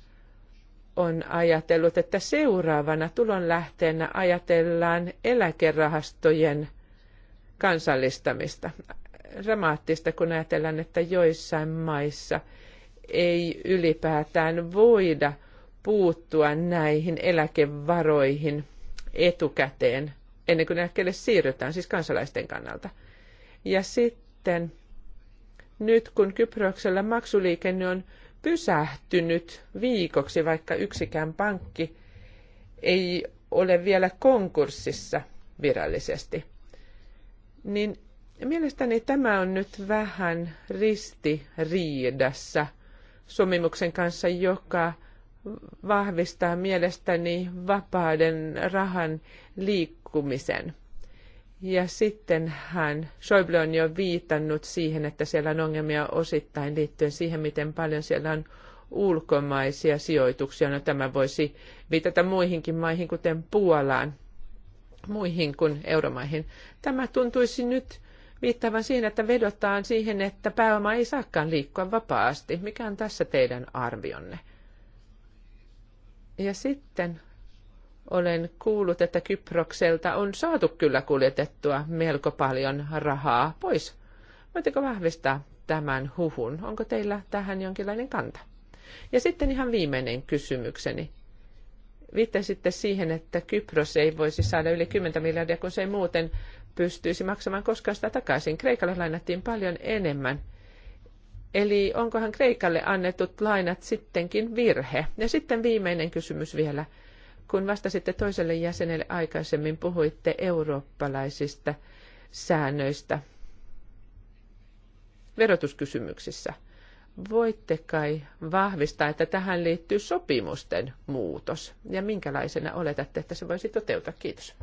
on ajatellut, että seuraavana tulonlähteenä ajatellaan eläkerahastojen kansallistamista. Dramaattista, kun ajatellaan, että joissain maissa ei ylipäätään voida puuttua näihin eläkevaroihin etukäteen ennen kuin eläkkeelle siirrytään, siis kansalaisten kannalta. Ja sitten nyt kun Kyproksella maksuliikenne on pysähtynyt viikoksi, vaikka yksikään pankki ei ole vielä konkurssissa virallisesti, niin mielestäni tämä on nyt vähän ristiriidassa sopimuksen kanssa, joka vahvistaa mielestäni vapauden rahan liikkumisen. Ja sitten hän, Schäuble on jo viitannut siihen, että siellä on ongelmia osittain liittyen siihen, miten paljon siellä on ulkomaisia sijoituksia. No tämä voisi viitata muihinkin maihin, kuten Puolaan, muihin kuin euromaihin. Tämä tuntuisi nyt viittaavan siihen, että vedotaan siihen, että pääoma ei saakaan liikkua vapaasti. Mikä on tässä teidän arvionne? Ja sitten olen kuullut, että Kyprokselta on saatu kyllä kuljetettua melko paljon rahaa pois. Voitteko vahvistaa tämän huhun? Onko teillä tähän jonkinlainen kanta? Ja sitten ihan viimeinen kysymykseni. Viittasitte siihen, että Kypros ei voisi saada yli 10 miljardia, kun se ei muuten pystyisi maksamaan koskaan sitä takaisin. Kreikalle lainattiin paljon enemmän – Eli onkohan Kreikalle annetut lainat sittenkin virhe? Ja sitten viimeinen kysymys vielä. Kun vastasitte toiselle jäsenelle aikaisemmin, puhuitte eurooppalaisista säännöistä verotuskysymyksissä. Voitte kai vahvistaa, että tähän liittyy sopimusten muutos ja minkälaisena oletatte, että se voisi toteutua? Kiitos.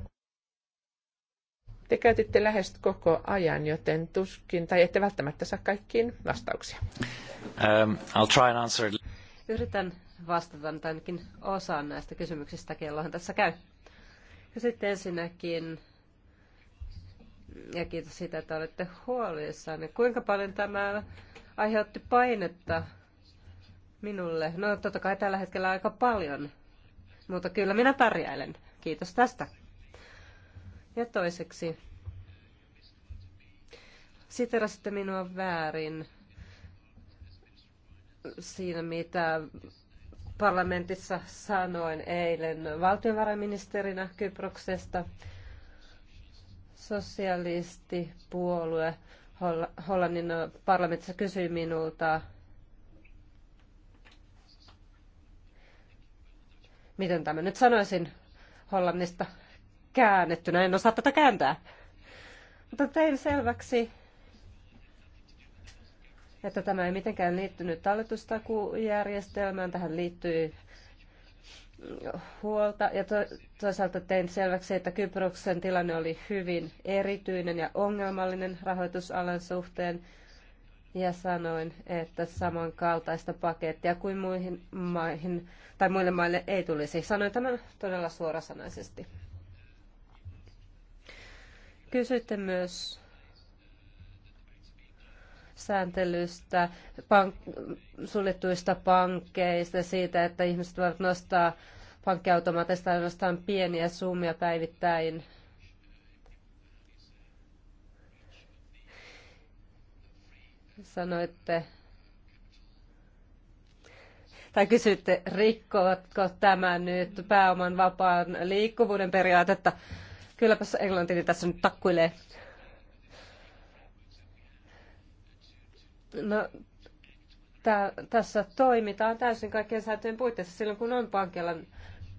Te käytitte lähes koko ajan, joten tuskin, tai ette välttämättä saa kaikkiin vastauksia. Um, I'll try and answer. Yritän vastata ainakin osaan näistä kysymyksistä, kellohan tässä käy. Ja sitten ensinnäkin, ja kiitos siitä, että olette niin Kuinka paljon tämä aiheutti painetta minulle? No totta kai tällä hetkellä aika paljon, mutta kyllä minä pärjäilen. Kiitos tästä. Ja toiseksi, siterasitte minua väärin siinä, mitä parlamentissa sanoin eilen valtiovarainministerinä Kyproksesta. Sosialistipuolue Hollannin parlamentissa kysyi minulta, miten tämä nyt sanoisin Hollannista käännettynä. En osaa tätä kääntää. Mutta tein selväksi, että tämä ei mitenkään liittynyt talletustakujärjestelmään. Tähän liittyy huolta ja to, toisaalta tein selväksi, että Kyproksen tilanne oli hyvin erityinen ja ongelmallinen rahoitusalan suhteen ja sanoin, että samankaltaista pakettia kuin muihin maihin tai muille maille ei tulisi. Sanoin tämän todella suorasanaisesti. Kysyitte myös sääntelystä, pank- suljettuista pankkeista, siitä, että ihmiset voivat nostaa pankkiautomaatista ainoastaan pieniä summia päivittäin. Sanoitte, tai kysytte, rikkovatko tämä nyt pääoman vapaan liikkuvuuden periaatetta? Kylläpäs englantini niin tässä nyt takkuilee. No, tää, tässä toimitaan täysin kaikkien säätöjen puitteissa silloin, kun on pankialan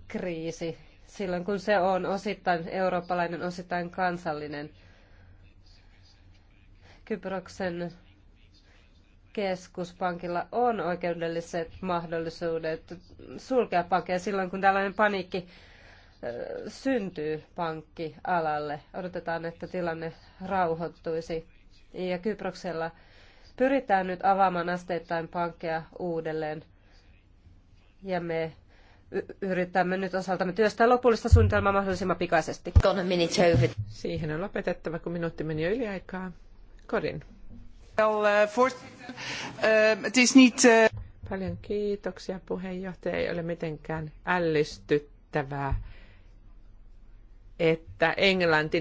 kriisi. Silloin, kun se on osittain eurooppalainen, osittain kansallinen. Kyproksen keskuspankilla on oikeudelliset mahdollisuudet sulkea pankkeja silloin, kun tällainen paniikki syntyy pankkialalle. Odotetaan, että tilanne rauhoittuisi. Ja Kyproksella pyritään nyt avaamaan asteittain pankkeja uudelleen. Ja me yritämme nyt osaltamme työstää lopullista suunnitelmaa mahdollisimman pikaisesti. Siihen on lopetettava, kun minuutti meni jo yli aikaa. Korin. Paljon kiitoksia puheenjohtaja. Ei ole mitenkään ällistyttävää että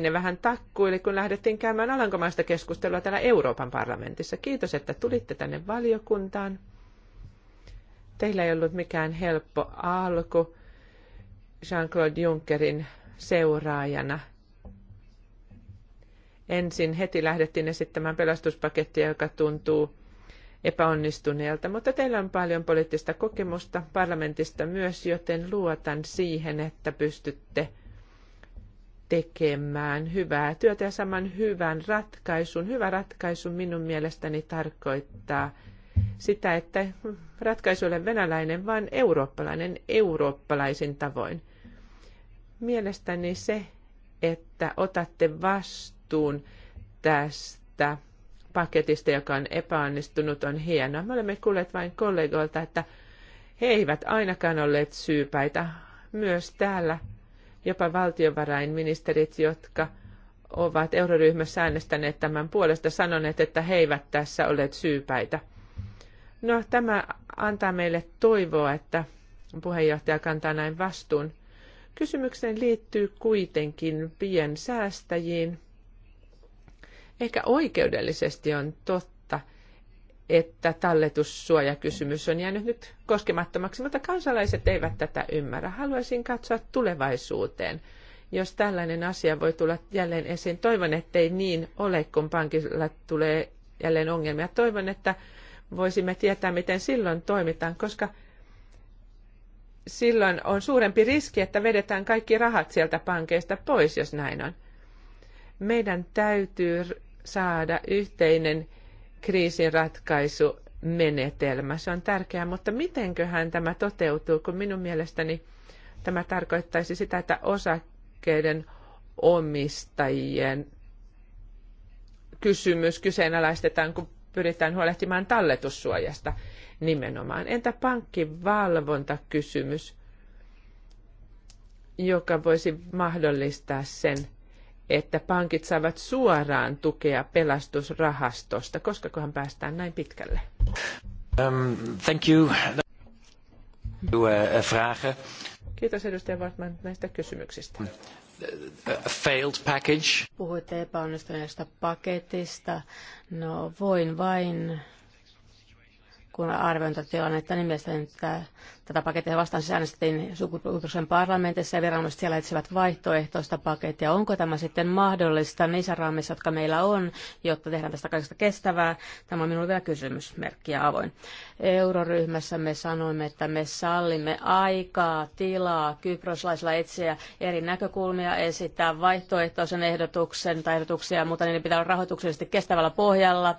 ne vähän takkuili, kun lähdettiin käymään alankomaista keskustelua täällä Euroopan parlamentissa. Kiitos, että tulitte tänne valiokuntaan. Teillä ei ollut mikään helppo alku Jean-Claude Junckerin seuraajana. Ensin heti lähdettiin esittämään pelastuspakettia, joka tuntuu epäonnistuneelta, mutta teillä on paljon poliittista kokemusta parlamentista myös, joten luotan siihen, että pystytte – tekemään hyvää työtä ja saman hyvän ratkaisun. Hyvä ratkaisu minun mielestäni tarkoittaa sitä, että ratkaisu ei ole venäläinen, vaan eurooppalainen eurooppalaisin tavoin. Mielestäni se, että otatte vastuun tästä paketista, joka on epäonnistunut, on hienoa. Me olemme kuulleet vain kollegoilta, että he eivät ainakaan olleet syypäitä. Myös täällä jopa valtiovarainministerit, jotka ovat euroryhmässä äänestäneet tämän puolesta, sanoneet, että he eivät tässä olleet syypäitä. No, tämä antaa meille toivoa, että puheenjohtaja kantaa näin vastuun. Kysymykseen liittyy kuitenkin piensäästäjiin. Ehkä oikeudellisesti on totta, että talletussuojakysymys on jäänyt nyt koskemattomaksi, mutta kansalaiset eivät tätä ymmärrä. Haluaisin katsoa tulevaisuuteen. Jos tällainen asia voi tulla jälleen esiin, toivon, ettei niin ole, kun pankilla tulee jälleen ongelmia. Toivon, että voisimme tietää, miten silloin toimitaan, koska silloin on suurempi riski, että vedetään kaikki rahat sieltä pankeista pois, jos näin on. Meidän täytyy saada yhteinen kriisinratkaisumenetelmä. Se on tärkeää, mutta mitenköhän tämä toteutuu, kun minun mielestäni tämä tarkoittaisi sitä, että osakkeiden omistajien kysymys kyseenalaistetaan, kun pyritään huolehtimaan talletussuojasta nimenomaan. Entä pankkivalvontakysymys, joka voisi mahdollistaa sen, että pankit saavat suoraan tukea pelastusrahastosta, koska kohan päästään näin pitkälle? Um, thank you. Eh, Kiitos edustaja Wartman näistä kysymyksistä. Mm. failed package. Puhuitte epäonnistuneesta paketista. No voin vain, kun arvioin tätä tilannetta, niin mielestäni tämä Tätä pakettia vastaan siis äänestettiin sukupuutoksen parlamentissa ja viranomaiset siellä etsivät vaihtoehtoista pakettia. Onko tämä sitten mahdollista niissä raamissa, jotka meillä on, jotta tehdään tästä kaikesta kestävää? Tämä on minulle vielä kysymysmerkki ja avoin. Euroryhmässä me sanoimme, että me sallimme aikaa, tilaa kyproslaisilla etsiä eri näkökulmia, esittää vaihtoehtoisen ehdotuksen tai ehdotuksia, mutta niiden pitää olla rahoituksellisesti kestävällä pohjalla,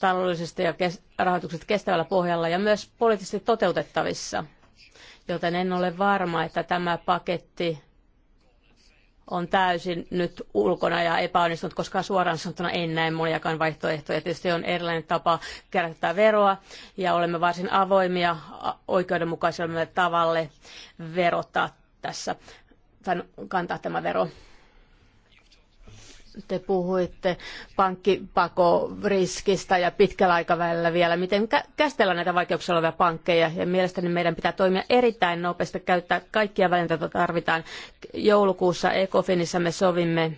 taloudellisesti ja kes- rahoitukset kestävällä pohjalla ja myös poliittisesti toteutettavissa joten en ole varma, että tämä paketti on täysin nyt ulkona ja epäonnistunut, koska suoraan sanottuna en näe moniakaan vaihtoehtoja. Tietysti on erilainen tapa kerätä veroa ja olemme varsin avoimia oikeudenmukaiselle tavalle verottaa tässä tai kantaa tämä vero te puhuitte pankkipakoriskistä ja pitkällä aikavälillä vielä, miten käsitellään näitä vaikeuksia olevia pankkeja. Ja mielestäni meidän pitää toimia erittäin nopeasti, käyttää kaikkia välineitä, joita tarvitaan. Joulukuussa Ecofinissa me sovimme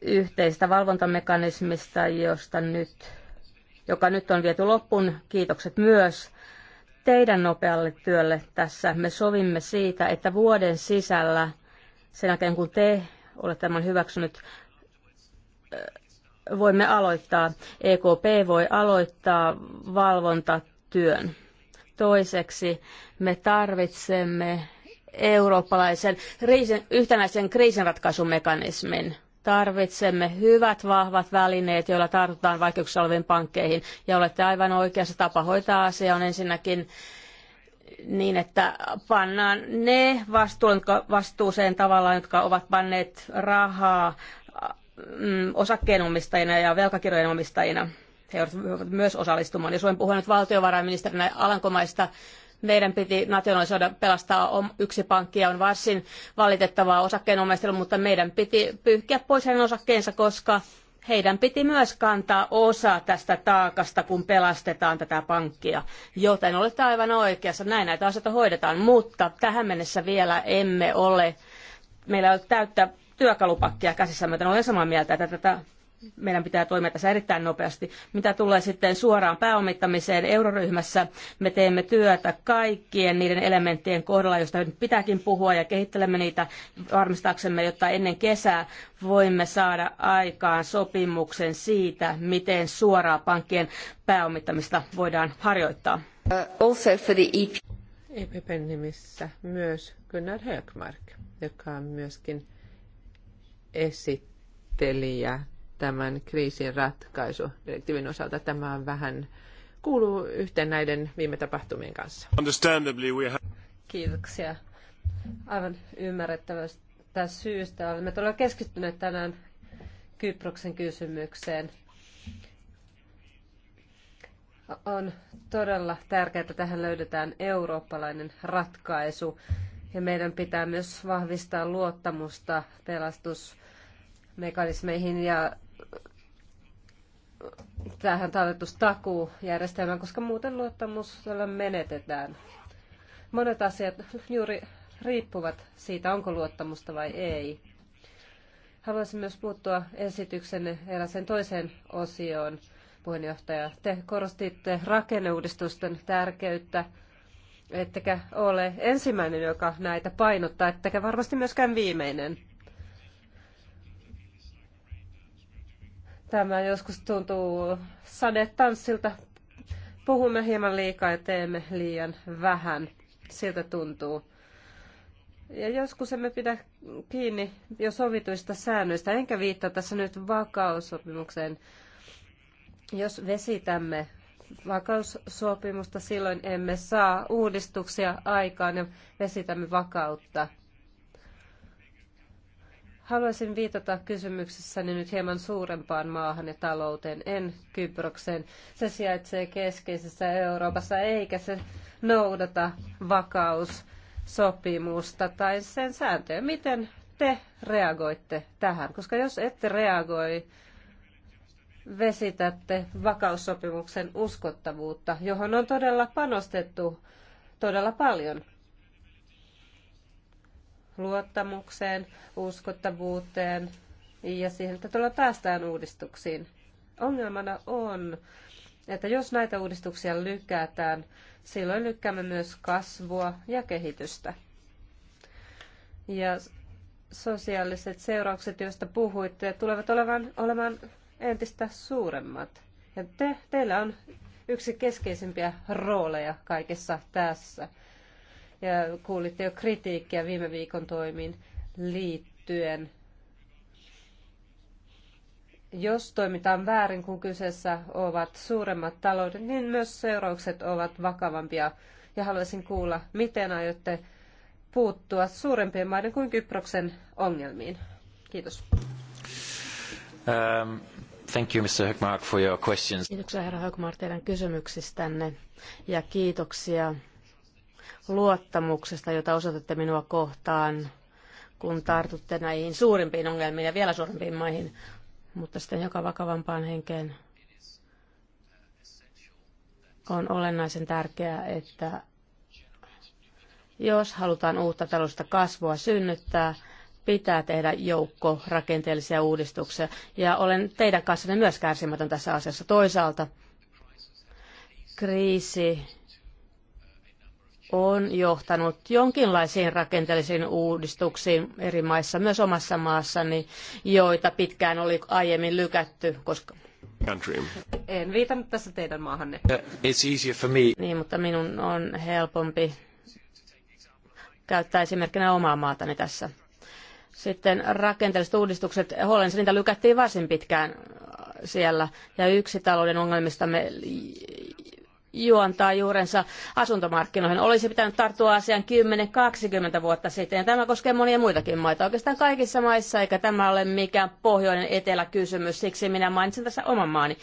yhteistä valvontamekanismista, josta nyt, joka nyt on viety loppuun. Kiitokset myös teidän nopealle työlle tässä. Me sovimme siitä, että vuoden sisällä sen jälkeen kun te ole tämän hyväksynyt. Voimme aloittaa, EKP voi aloittaa valvontatyön. Toiseksi me tarvitsemme eurooppalaisen kriisin, yhtenäisen kriisinratkaisumekanismin. Tarvitsemme hyvät, vahvat välineet, joilla tartutaan vaikeuksissa oleviin pankkeihin. Ja olette aivan oikeassa tapa hoitaa asia on ensinnäkin äh, niin, että pannaan ne vastuun, vastuuseen tavallaan, jotka ovat panneet rahaa mm, osakkeenomistajina ja velkakirjojen omistajina. He joutuvat myös osallistumaan. Jos olen puhunut valtiovarainministerinä Alankomaista meidän piti nationalisoida pelastaa yksi pankki ja on varsin valitettavaa osakkeenomistajille, mutta meidän piti pyyhkiä pois hänen osakkeensa, koska heidän piti myös kantaa osa tästä taakasta, kun pelastetaan tätä pankkia. Joten olette aivan oikeassa, näin näitä asioita hoidetaan, mutta tähän mennessä vielä emme ole, meillä ei ole täyttä työkalupakkia käsissämme, joten olen samaa mieltä, että tätä meidän pitää toimia tässä erittäin nopeasti. Mitä tulee sitten suoraan pääomittamiseen euroryhmässä, me teemme työtä kaikkien niiden elementtien kohdalla, joista nyt pitääkin puhua ja kehittelemme niitä varmistaaksemme, jotta ennen kesää voimme saada aikaan sopimuksen siitä, miten suoraa pankkien pääomittamista voidaan harjoittaa. Uh, also for the EP. EPPn nimissä myös Gunnar Högmark, joka on myöskin esittelijä tämän kriisin ratkaisu direktiivin osalta. Tämä on vähän kuuluu yhteen näiden viime tapahtumien kanssa. Kiitoksia. Aivan ymmärrettävästä syystä olemme todella keskittyneet tänään Kyproksen kysymykseen. On todella tärkeää, että tähän löydetään eurooppalainen ratkaisu. Ja meidän pitää myös vahvistaa luottamusta pelastusmekanismeihin ja tähän talletus takuujärjestelmään, koska muuten luottamus menetetään. Monet asiat juuri riippuvat siitä, onko luottamusta vai ei. Haluaisin myös puuttua esityksenne eräseen toiseen osioon, puheenjohtaja. Te korostitte rakenneuudistusten tärkeyttä, ettekä ole ensimmäinen, joka näitä painottaa, ettekä varmasti myöskään viimeinen. Tämä joskus tuntuu sadetanssilta. Puhumme hieman liikaa ja teemme liian vähän. Siltä tuntuu. Ja joskus emme pidä kiinni jo sovituista säännöistä, enkä viittaa tässä nyt vakaussopimukseen. Jos vesitämme vakaussopimusta, silloin emme saa uudistuksia aikaan ja vesitämme vakautta. Haluaisin viitata kysymyksessäni nyt hieman suurempaan maahan ja talouteen, en Kyprokseen. Se sijaitsee keskeisessä Euroopassa, eikä se noudata vakaussopimusta tai sen sääntöjä. Miten te reagoitte tähän? Koska jos ette reagoi, vesitätte vakaussopimuksen uskottavuutta, johon on todella panostettu todella paljon luottamukseen, uskottavuuteen ja siihen, että tuolla päästään uudistuksiin. Ongelmana on, että jos näitä uudistuksia lykätään, silloin lykkäämme myös kasvua ja kehitystä. Ja sosiaaliset seuraukset, joista puhuitte, tulevat olevan, olemaan entistä suuremmat. Ja te, teillä on yksi keskeisimpiä rooleja kaikessa tässä ja kuulitte jo kritiikkiä viime viikon toimiin liittyen. Jos toimitaan väärin, kun kyseessä ovat suuremmat taloudet, niin myös seuraukset ovat vakavampia. Ja haluaisin kuulla, miten aiotte puuttua suurempien maiden kuin Kyproksen ongelmiin. Kiitos. Um, thank you, Mr. Hökmark, for your questions. Kiitoksia, herra Hökmark, teidän kysymyksistänne ja kiitoksia luottamuksesta, jota osoitatte minua kohtaan, kun tartutte näihin suurimpiin ongelmiin ja vielä suurempiin maihin, mutta sitten joka vakavampaan henkeen on olennaisen tärkeää, että jos halutaan uutta talousta kasvua synnyttää, pitää tehdä joukko rakenteellisia uudistuksia. Ja olen teidän kanssanne myös kärsimätön tässä asiassa. Toisaalta kriisi on johtanut jonkinlaisiin rakenteellisiin uudistuksiin eri maissa, myös omassa maassani, joita pitkään oli aiemmin lykätty, koska Country. En viitannut tässä teidän maahanne. Uh, it's easier for me. Niin, mutta minun on helpompi käyttää esimerkkinä omaa maatani tässä. Sitten rakenteelliset uudistukset, Hollannissa niitä lykättiin varsin pitkään siellä. Ja yksi talouden ongelmistamme juontaa juurensa asuntomarkkinoihin. Olisi pitänyt tarttua asiaan 10-20 vuotta sitten, ja tämä koskee monia muitakin maita, oikeastaan kaikissa maissa, eikä tämä ole mikään pohjoinen eteläkysymys, siksi minä mainitsen tässä oman maani.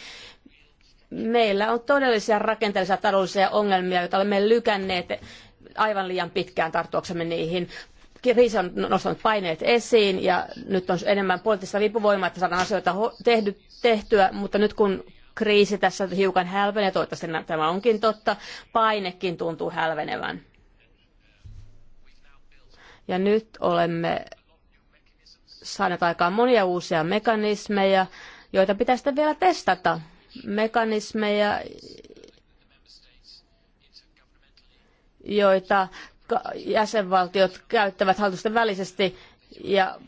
Meillä on todellisia rakenteellisia taloudellisia ongelmia, joita olemme lykänneet aivan liian pitkään tarttuaksemme niihin kriisi on nostanut paineet esiin ja nyt on enemmän poliittista vipuvoimaa, että saadaan asioita tehtyä, mutta nyt kun kriisi tässä hiukan hälvenee, toivottavasti tämä onkin totta, painekin tuntuu hälvenevän. Ja nyt olemme saaneet aikaan monia uusia mekanismeja, joita pitää sitten vielä testata. Mekanismeja, joita jäsenvaltiot käyttävät hallitusten välisesti ja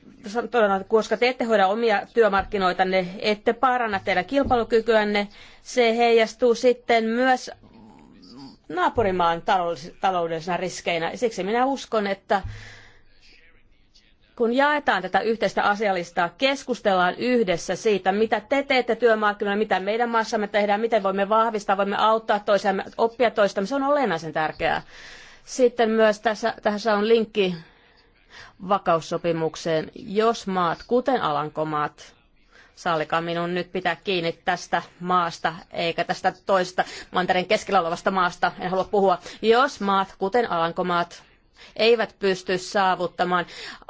todennut, että koska te ette hoida omia työmarkkinoitanne, ette paranna teidän kilpailukykyänne, se heijastuu sitten myös naapurimaan taloudellisena riskeinä. Siksi minä uskon, että kun jaetaan tätä yhteistä asialistaa, keskustellaan yhdessä siitä, mitä te teette työmarkkinoilla, mitä meidän maassamme tehdään, miten voimme vahvistaa, voimme auttaa toisiamme, oppia toistamme. Se on olennaisen tärkeää. Sitten myös tässä, tässä on linkki vakaussopimukseen, jos maat, kuten Alankomaat, sallikaa minun nyt pitää kiinni tästä maasta, eikä tästä toista mantereen keskellä olevasta maasta, en halua puhua. Jos maat, kuten Alankomaat, eivät pysty saavuttamaan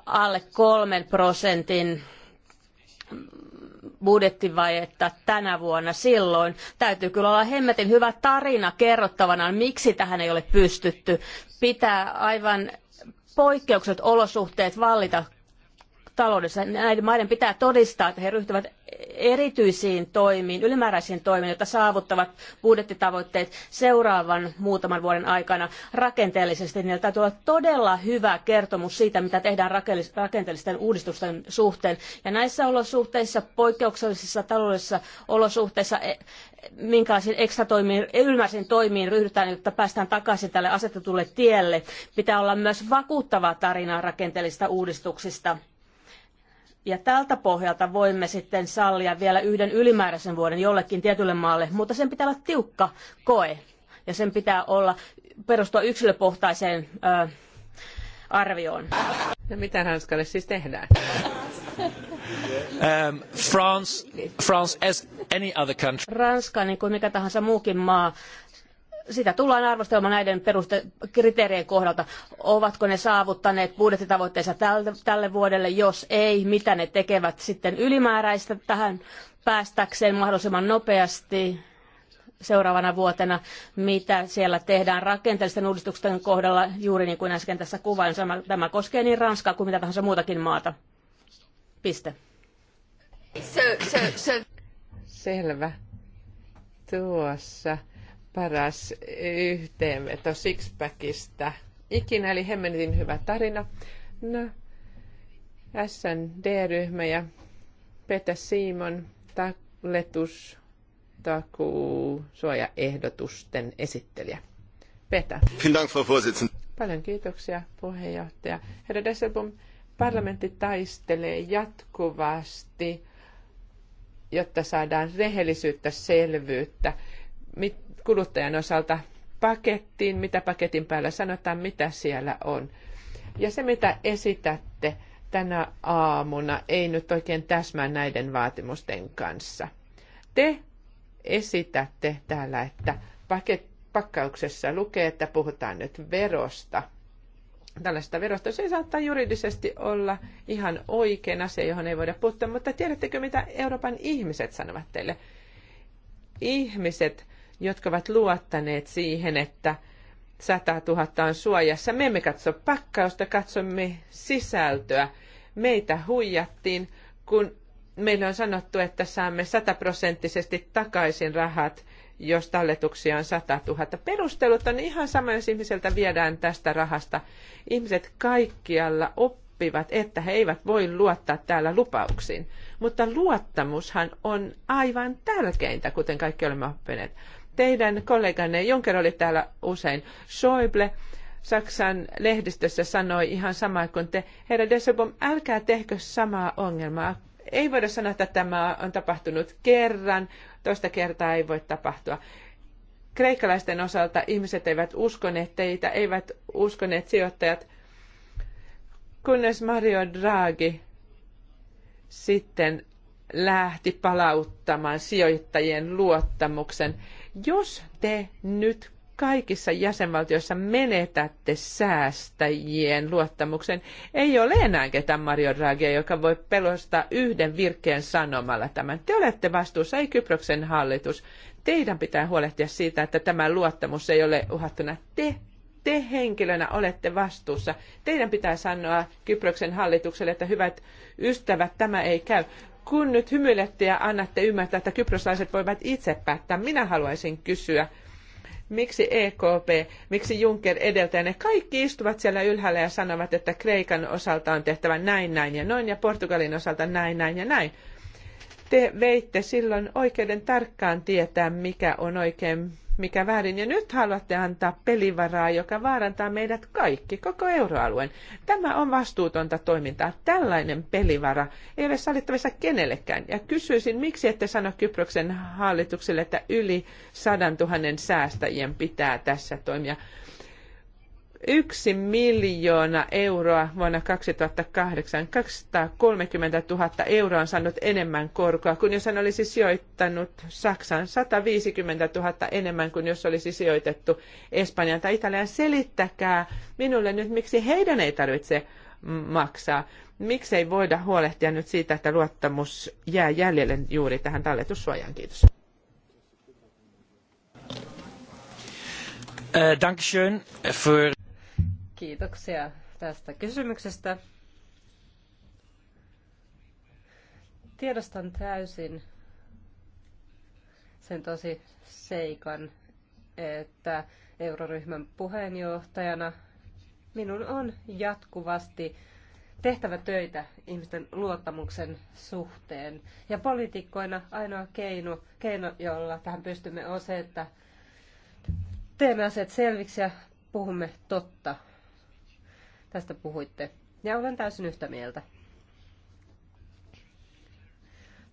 alle kolmen prosentin budjettivajetta tänä vuonna silloin. Täytyy kyllä olla hemmetin hyvä tarina kerrottavanaan, miksi tähän ei ole pystytty. Pitää aivan poikkeukset olosuhteet vallita taloudessa. Näiden maiden pitää todistaa, että he ryhtyvät erityisiin toimiin, ylimääräisiin toimiin, jotta saavuttavat budjettitavoitteet seuraavan muutaman vuoden aikana rakenteellisesti. Niillä täytyy olla todella hyvä kertomus siitä, mitä tehdään rakenteellisten uudistusten suhteen. Ja näissä olosuhteissa, poikkeuksellisissa taloudellisissa olosuhteissa, e- minkälaisiin ekstratoimiin, ylimääräisiin toimiin ryhdytään, jotta päästään takaisin tälle asetetulle tielle. Pitää olla myös vakuuttavaa tarinaa rakenteellisista uudistuksista ja tältä pohjalta voimme sitten sallia vielä yhden ylimääräisen vuoden jollekin tietylle maalle, mutta sen pitää olla tiukka koe. Ja sen pitää olla perustua yksilökohtaiseen ö, arvioon. No mitä Ranskalle siis tehdään? Um, France, France as any other country. Ranska, niin kuin mikä tahansa muukin maa, sitä tullaan arvostelemaan näiden peruste- kriteerien kohdalta. Ovatko ne saavuttaneet budjettitavoitteensa tälle, tälle vuodelle? Jos ei, mitä ne tekevät sitten ylimääräistä tähän päästäkseen mahdollisimman nopeasti? seuraavana vuotena, mitä siellä tehdään rakenteellisten uudistusten kohdalla, juuri niin kuin äsken tässä kuvain. Tämä koskee niin Ranskaa kuin mitä tahansa muutakin maata. Piste. Selvä. Tuossa paras yhteenveto Sixpackista ikinä, eli Hemmenetin hyvä tarina. No, SND-ryhmä ja Petä Simon talletus takuu suojaehdotusten esittelijä. Petä. Paljon kiitoksia puheenjohtaja. Herra Desselbom, parlamentti taistelee jatkuvasti, jotta saadaan rehellisyyttä, selvyyttä. Mit, kuluttajan osalta pakettiin, mitä paketin päällä sanotaan, mitä siellä on. Ja se, mitä esitätte tänä aamuna, ei nyt oikein täsmää näiden vaatimusten kanssa. Te esitätte täällä, että paket, pakkauksessa lukee, että puhutaan nyt verosta. Tällaista verosta se saattaa juridisesti olla ihan oikein asia, johon ei voida puuttua, mutta tiedättekö mitä Euroopan ihmiset sanovat teille? Ihmiset jotka ovat luottaneet siihen, että 100 000 on suojassa. Me emme katso pakkausta, katsomme sisältöä. Meitä huijattiin, kun meillä on sanottu, että saamme sataprosenttisesti takaisin rahat, jos talletuksia on 100 000. Perustelut on ihan sama, jos ihmiseltä viedään tästä rahasta. Ihmiset kaikkialla oppivat, että he eivät voi luottaa täällä lupauksiin. Mutta luottamushan on aivan tärkeintä, kuten kaikki olemme oppineet. Teidän kolleganne Juncker oli täällä usein. Schäuble Saksan lehdistössä sanoi ihan samaa kuin te. Herra Dessebom, älkää tehkö samaa ongelmaa. Ei voida sanoa, että tämä on tapahtunut kerran, toista kertaa ei voi tapahtua. Kreikkalaisten osalta ihmiset eivät uskoneet teitä, eivät uskoneet sijoittajat, kunnes Mario Draghi sitten lähti palauttamaan sijoittajien luottamuksen jos te nyt kaikissa jäsenvaltioissa menetätte säästäjien luottamuksen. Ei ole enää ketään Mario Draghia, joka voi pelostaa yhden virkkeen sanomalla tämän. Te olette vastuussa, ei Kyproksen hallitus. Teidän pitää huolehtia siitä, että tämä luottamus ei ole uhattuna. Te te henkilönä olette vastuussa. Teidän pitää sanoa Kyproksen hallitukselle, että hyvät ystävät, tämä ei käy kun nyt hymyilette ja annatte ymmärtää, että kyproslaiset voivat itse päättää, minä haluaisin kysyä, miksi EKP, miksi Juncker edeltää, ne kaikki istuvat siellä ylhäällä ja sanovat, että Kreikan osalta on tehtävä näin, näin ja noin ja Portugalin osalta näin, näin ja näin. Te veitte silloin oikeuden tarkkaan tietää, mikä on oikein mikä väärin. Ja nyt haluatte antaa pelivaraa, joka vaarantaa meidät kaikki, koko euroalueen. Tämä on vastuutonta toimintaa. Tällainen pelivara ei ole sallittavissa kenellekään. Ja kysyisin, miksi ette sano Kyproksen hallitukselle, että yli sadantuhannen tuhannen säästäjien pitää tässä toimia. Yksi miljoona euroa vuonna 2008, 230 000 euroa on saanut enemmän korkoa kuin jos hän olisi sijoittanut Saksaan 150 000 enemmän kuin jos olisi sijoitettu Espanjaan tai Italiaan. Selittäkää minulle nyt, miksi heidän ei tarvitse maksaa. Miksei voida huolehtia nyt siitä, että luottamus jää jäljelle juuri tähän talletussuojaan? Kiitos. Eh, dankeschön für Kiitoksia tästä kysymyksestä. Tiedostan täysin sen tosi seikan, että euroryhmän puheenjohtajana minun on jatkuvasti tehtävä töitä ihmisten luottamuksen suhteen. Ja poliitikkoina ainoa keino, keino, jolla tähän pystymme, on se, että teemme asiat selviksi ja puhumme totta Tästä puhuitte. Ja olen täysin yhtä mieltä.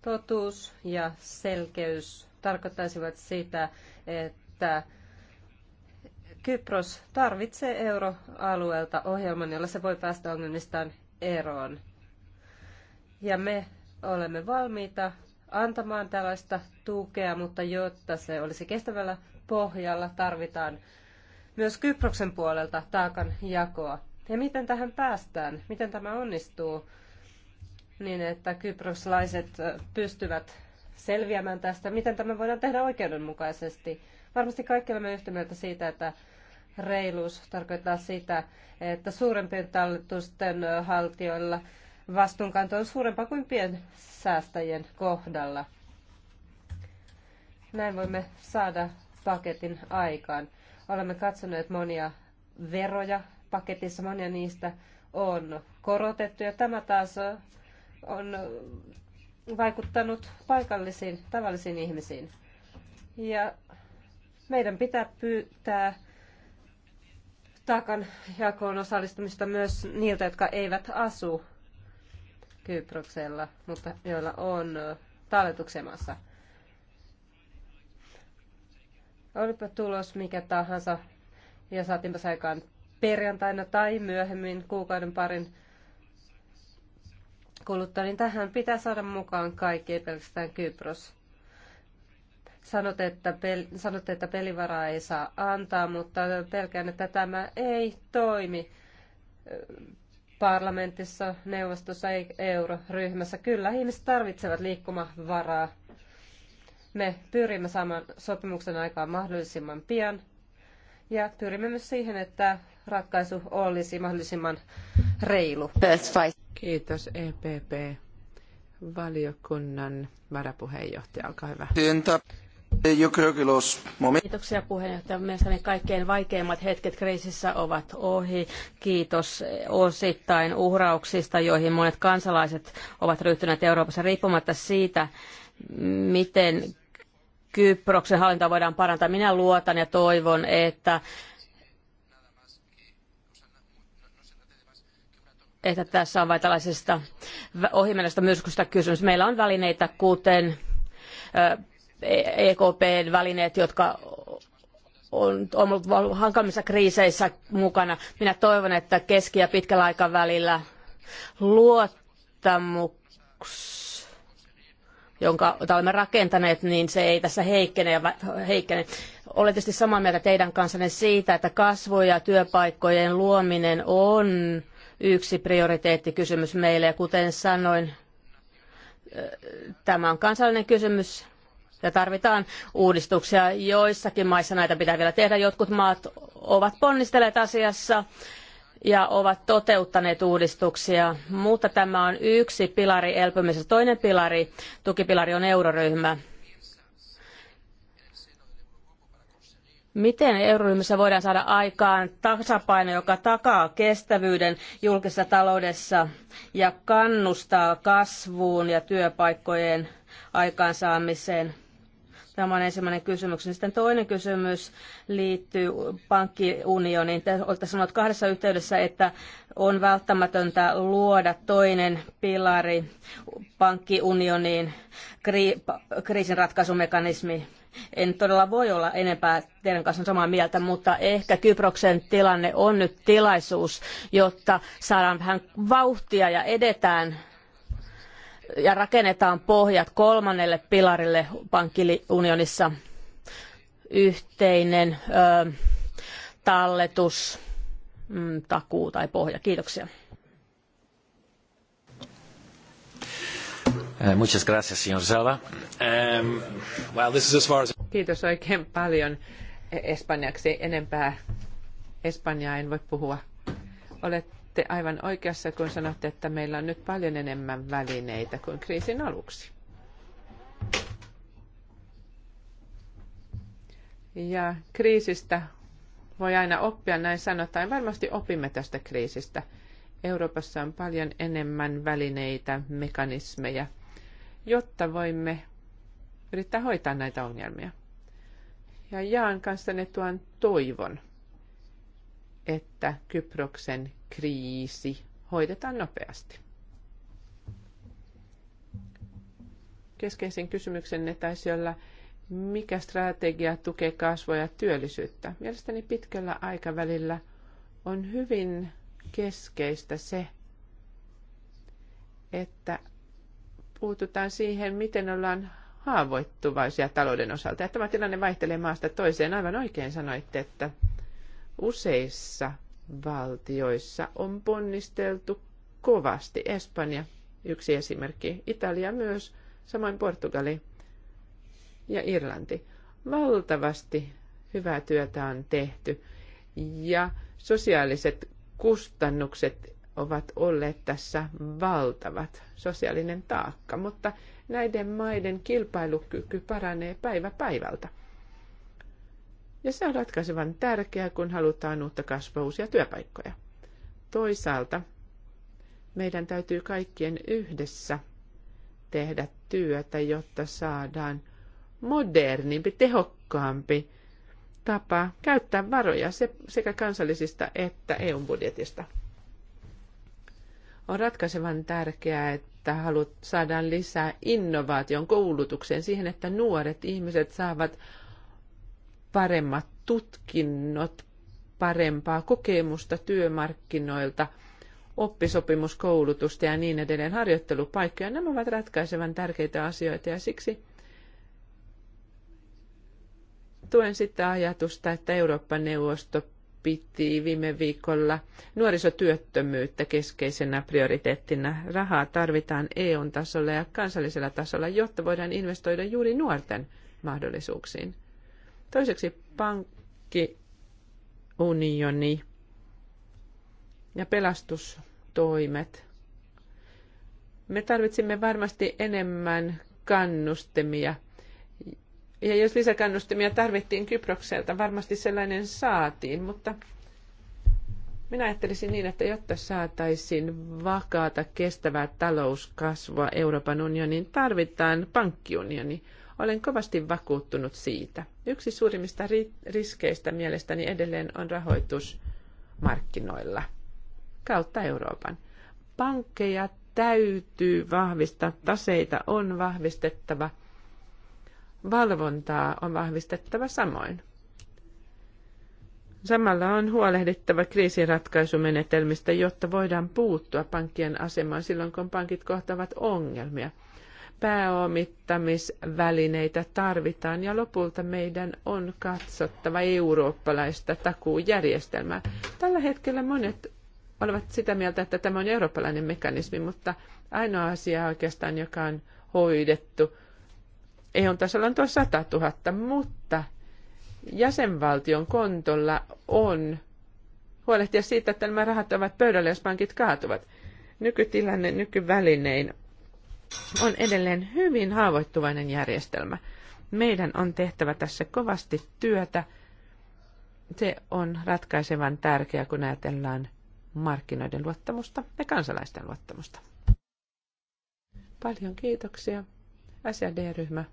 Totuus ja selkeys tarkoittaisivat sitä, että Kypros tarvitsee euroalueelta ohjelman, jolla se voi päästä ongelmistaan eroon. Ja me olemme valmiita antamaan tällaista tukea, mutta jotta se olisi kestävällä pohjalla, tarvitaan myös Kyproksen puolelta taakan jakoa. Ja miten tähän päästään? Miten tämä onnistuu niin, että kyproslaiset pystyvät selviämään tästä? Miten tämä voidaan tehdä oikeudenmukaisesti? Varmasti kaikki olemme yhtä mieltä siitä, että reiluus tarkoittaa sitä, että suurempien talletusten haltijoilla vastuunkanto on suurempaa kuin piensäästäjien kohdalla. Näin voimme saada paketin aikaan. Olemme katsoneet monia veroja, paketissa monia niistä on korotettu ja tämä taas on vaikuttanut paikallisiin, tavallisiin ihmisiin. Ja meidän pitää pyytää taakan jakoon osallistumista myös niiltä, jotka eivät asu Kyproksella, mutta joilla on talletuksemassa. maassa. Olipa tulos mikä tahansa ja saatiinpa aikaan perjantaina tai myöhemmin kuukauden parin kuluttua, niin tähän pitää saada mukaan kaikki, ei pelkästään Kypros. Sanot että, pel, sanot, että pelivaraa ei saa antaa, mutta pelkään, että tämä ei toimi parlamentissa, neuvostossa, euroryhmässä. Kyllä ihmiset tarvitsevat liikkumavaraa. Me pyrimme saamaan sopimuksen aikaan mahdollisimman pian ja pyrimme myös siihen, että ratkaisu olisi mahdollisimman reilu. Kiitos EPP. Valiokunnan varapuheenjohtaja, olkaa hyvä. Kiitoksia puheenjohtaja. Mielestäni kaikkein vaikeimmat hetket kriisissä ovat ohi. Kiitos osittain uhrauksista, joihin monet kansalaiset ovat ryhtyneet Euroopassa riippumatta siitä, miten Kyproksen hallinta voidaan parantaa. Minä luotan ja toivon, että että tässä on vain tällaisesta ohimennästä myrskystä kysymys. Meillä on välineitä, kuten EKPn e välineet, jotka on, ollut hankalimmissa kriiseissä mukana. Minä toivon, että keski- ja pitkällä aikavälillä luottamus jonka olemme rakentaneet, niin se ei tässä heikkene. Ja heikkene. Olen tietysti samaa mieltä teidän kanssanne siitä, että kasvu ja työpaikkojen luominen on yksi prioriteettikysymys meille. Ja kuten sanoin, tämä on kansallinen kysymys ja tarvitaan uudistuksia. Joissakin maissa näitä pitää vielä tehdä. Jotkut maat ovat ponnistelleet asiassa ja ovat toteuttaneet uudistuksia, mutta tämä on yksi pilari elpymisessä. Toinen pilari, tukipilari on euroryhmä Miten euroryhmässä voidaan saada aikaan tasapaino, joka takaa kestävyyden julkisessa taloudessa ja kannustaa kasvuun ja työpaikkojen aikaansaamiseen? Tämä on ensimmäinen kysymys. Sitten toinen kysymys liittyy pankkiunioniin. Te olette sanoneet kahdessa yhteydessä, että on välttämätöntä luoda toinen pilari pankkiunioniin, kriisinratkaisumekanismi. En todella voi olla enempää teidän kanssa samaa mieltä, mutta ehkä Kyproksen tilanne on nyt tilaisuus, jotta saadaan vähän vauhtia ja edetään ja rakennetaan pohjat kolmannelle pilarille pankkiunionissa yhteinen ö, talletus, mm, takuu tai pohja. Kiitoksia. Eh, muchas gracias, señor Um, well, this is as far as... Kiitos oikein paljon e, espanjaksi. Enempää espanjaa en voi puhua. Olette aivan oikeassa, kun sanotte, että meillä on nyt paljon enemmän välineitä kuin kriisin aluksi. Ja kriisistä voi aina oppia, näin sanotaan. Varmasti opimme tästä kriisistä. Euroopassa on paljon enemmän välineitä, mekanismeja – jotta voimme yrittää hoitaa näitä ongelmia. Ja jaan ne tuon toivon, että Kyproksen kriisi hoidetaan nopeasti. Keskeisin kysymyksenne taisi olla, mikä strategia tukee kasvua ja työllisyyttä. Mielestäni pitkällä aikavälillä on hyvin keskeistä se, että puututaan siihen, miten ollaan haavoittuvaisia talouden osalta. Ja tämä tilanne vaihtelee maasta toiseen. Aivan oikein sanoitte, että useissa valtioissa on ponnisteltu kovasti. Espanja yksi esimerkki, Italia myös, samoin Portugali ja Irlanti. Valtavasti hyvää työtä on tehty ja sosiaaliset kustannukset ovat olleet tässä valtavat, sosiaalinen taakka, mutta näiden maiden kilpailukyky paranee päivä päivältä. Ja se on ratkaisevan tärkeää, kun halutaan uutta kasvua, uusia työpaikkoja. Toisaalta meidän täytyy kaikkien yhdessä tehdä työtä, jotta saadaan modernimpi, tehokkaampi tapa käyttää varoja sekä kansallisista että EU-budjetista on ratkaisevan tärkeää, että halut, saadaan lisää innovaation koulutukseen siihen, että nuoret ihmiset saavat paremmat tutkinnot, parempaa kokemusta työmarkkinoilta, oppisopimuskoulutusta ja niin edelleen harjoittelupaikkoja. Nämä ovat ratkaisevan tärkeitä asioita ja siksi tuen sitä ajatusta, että Eurooppa-neuvosto piti viime viikolla nuorisotyöttömyyttä keskeisenä prioriteettina. Rahaa tarvitaan EUn tasolla ja kansallisella tasolla, jotta voidaan investoida juuri nuorten mahdollisuuksiin. Toiseksi pankkiunioni ja pelastustoimet. Me tarvitsemme varmasti enemmän kannustimia ja jos lisäkannustimia tarvittiin Kyprokselta, varmasti sellainen saatiin, mutta minä ajattelisin niin, että jotta saataisiin vakaata, kestävää talouskasvua Euroopan unioniin, tarvitaan pankkiunioni. Olen kovasti vakuuttunut siitä. Yksi suurimmista riskeistä mielestäni edelleen on rahoitusmarkkinoilla kautta Euroopan. Pankkeja täytyy vahvistaa, taseita on vahvistettava – valvontaa on vahvistettava samoin. Samalla on huolehdittava kriisiratkaisumenetelmistä, jotta voidaan puuttua pankkien asemaan silloin, kun pankit kohtavat ongelmia. Pääomittamisvälineitä tarvitaan ja lopulta meidän on katsottava eurooppalaista takuujärjestelmää. Tällä hetkellä monet olivat sitä mieltä, että tämä on eurooppalainen mekanismi, mutta ainoa asia oikeastaan, joka on hoidettu EU-tasolla on tuo 100 000, mutta jäsenvaltion kontolla on huolehtia siitä, että nämä rahat ovat pöydällä, jos pankit kaatuvat. Nykytilanne nykyvälinein on edelleen hyvin haavoittuvainen järjestelmä. Meidän on tehtävä tässä kovasti työtä. Se on ratkaisevan tärkeää, kun ajatellaan markkinoiden luottamusta ja kansalaisten luottamusta. Paljon kiitoksia. SRD-ryhmä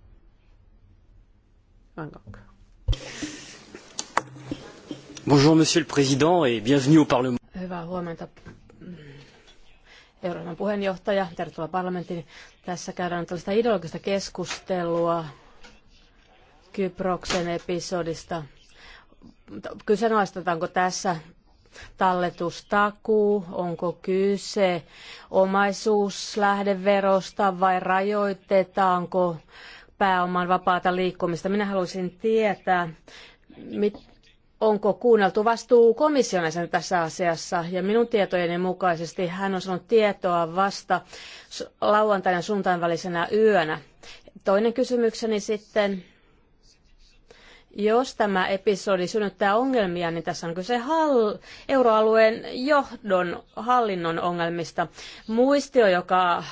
Bonjour, monsieur le président, et bienvenue au parlement. Hyvää huomenta, mm, Euroopan puheenjohtaja. Tervetuloa parlamenttiin. Tässä käydään tällaista ideologista keskustelua Kyproksen episodista. Kyseenalaistetaanko tässä talletustakuu, onko kyse omaisuuslähdeverosta vai rajoitetaanko pääoman vapaata liikkumista. Minä haluaisin tietää, mit, onko kuunneltu vastuu komission tässä asiassa. Ja minun tietojeni mukaisesti hän on saanut tietoa vasta lauantaina ja suuntaan välisenä yönä. Toinen kysymykseni sitten, jos tämä episodi synnyttää ongelmia, niin tässä on kyse hall- euroalueen johdon hallinnon ongelmista. Muistio, joka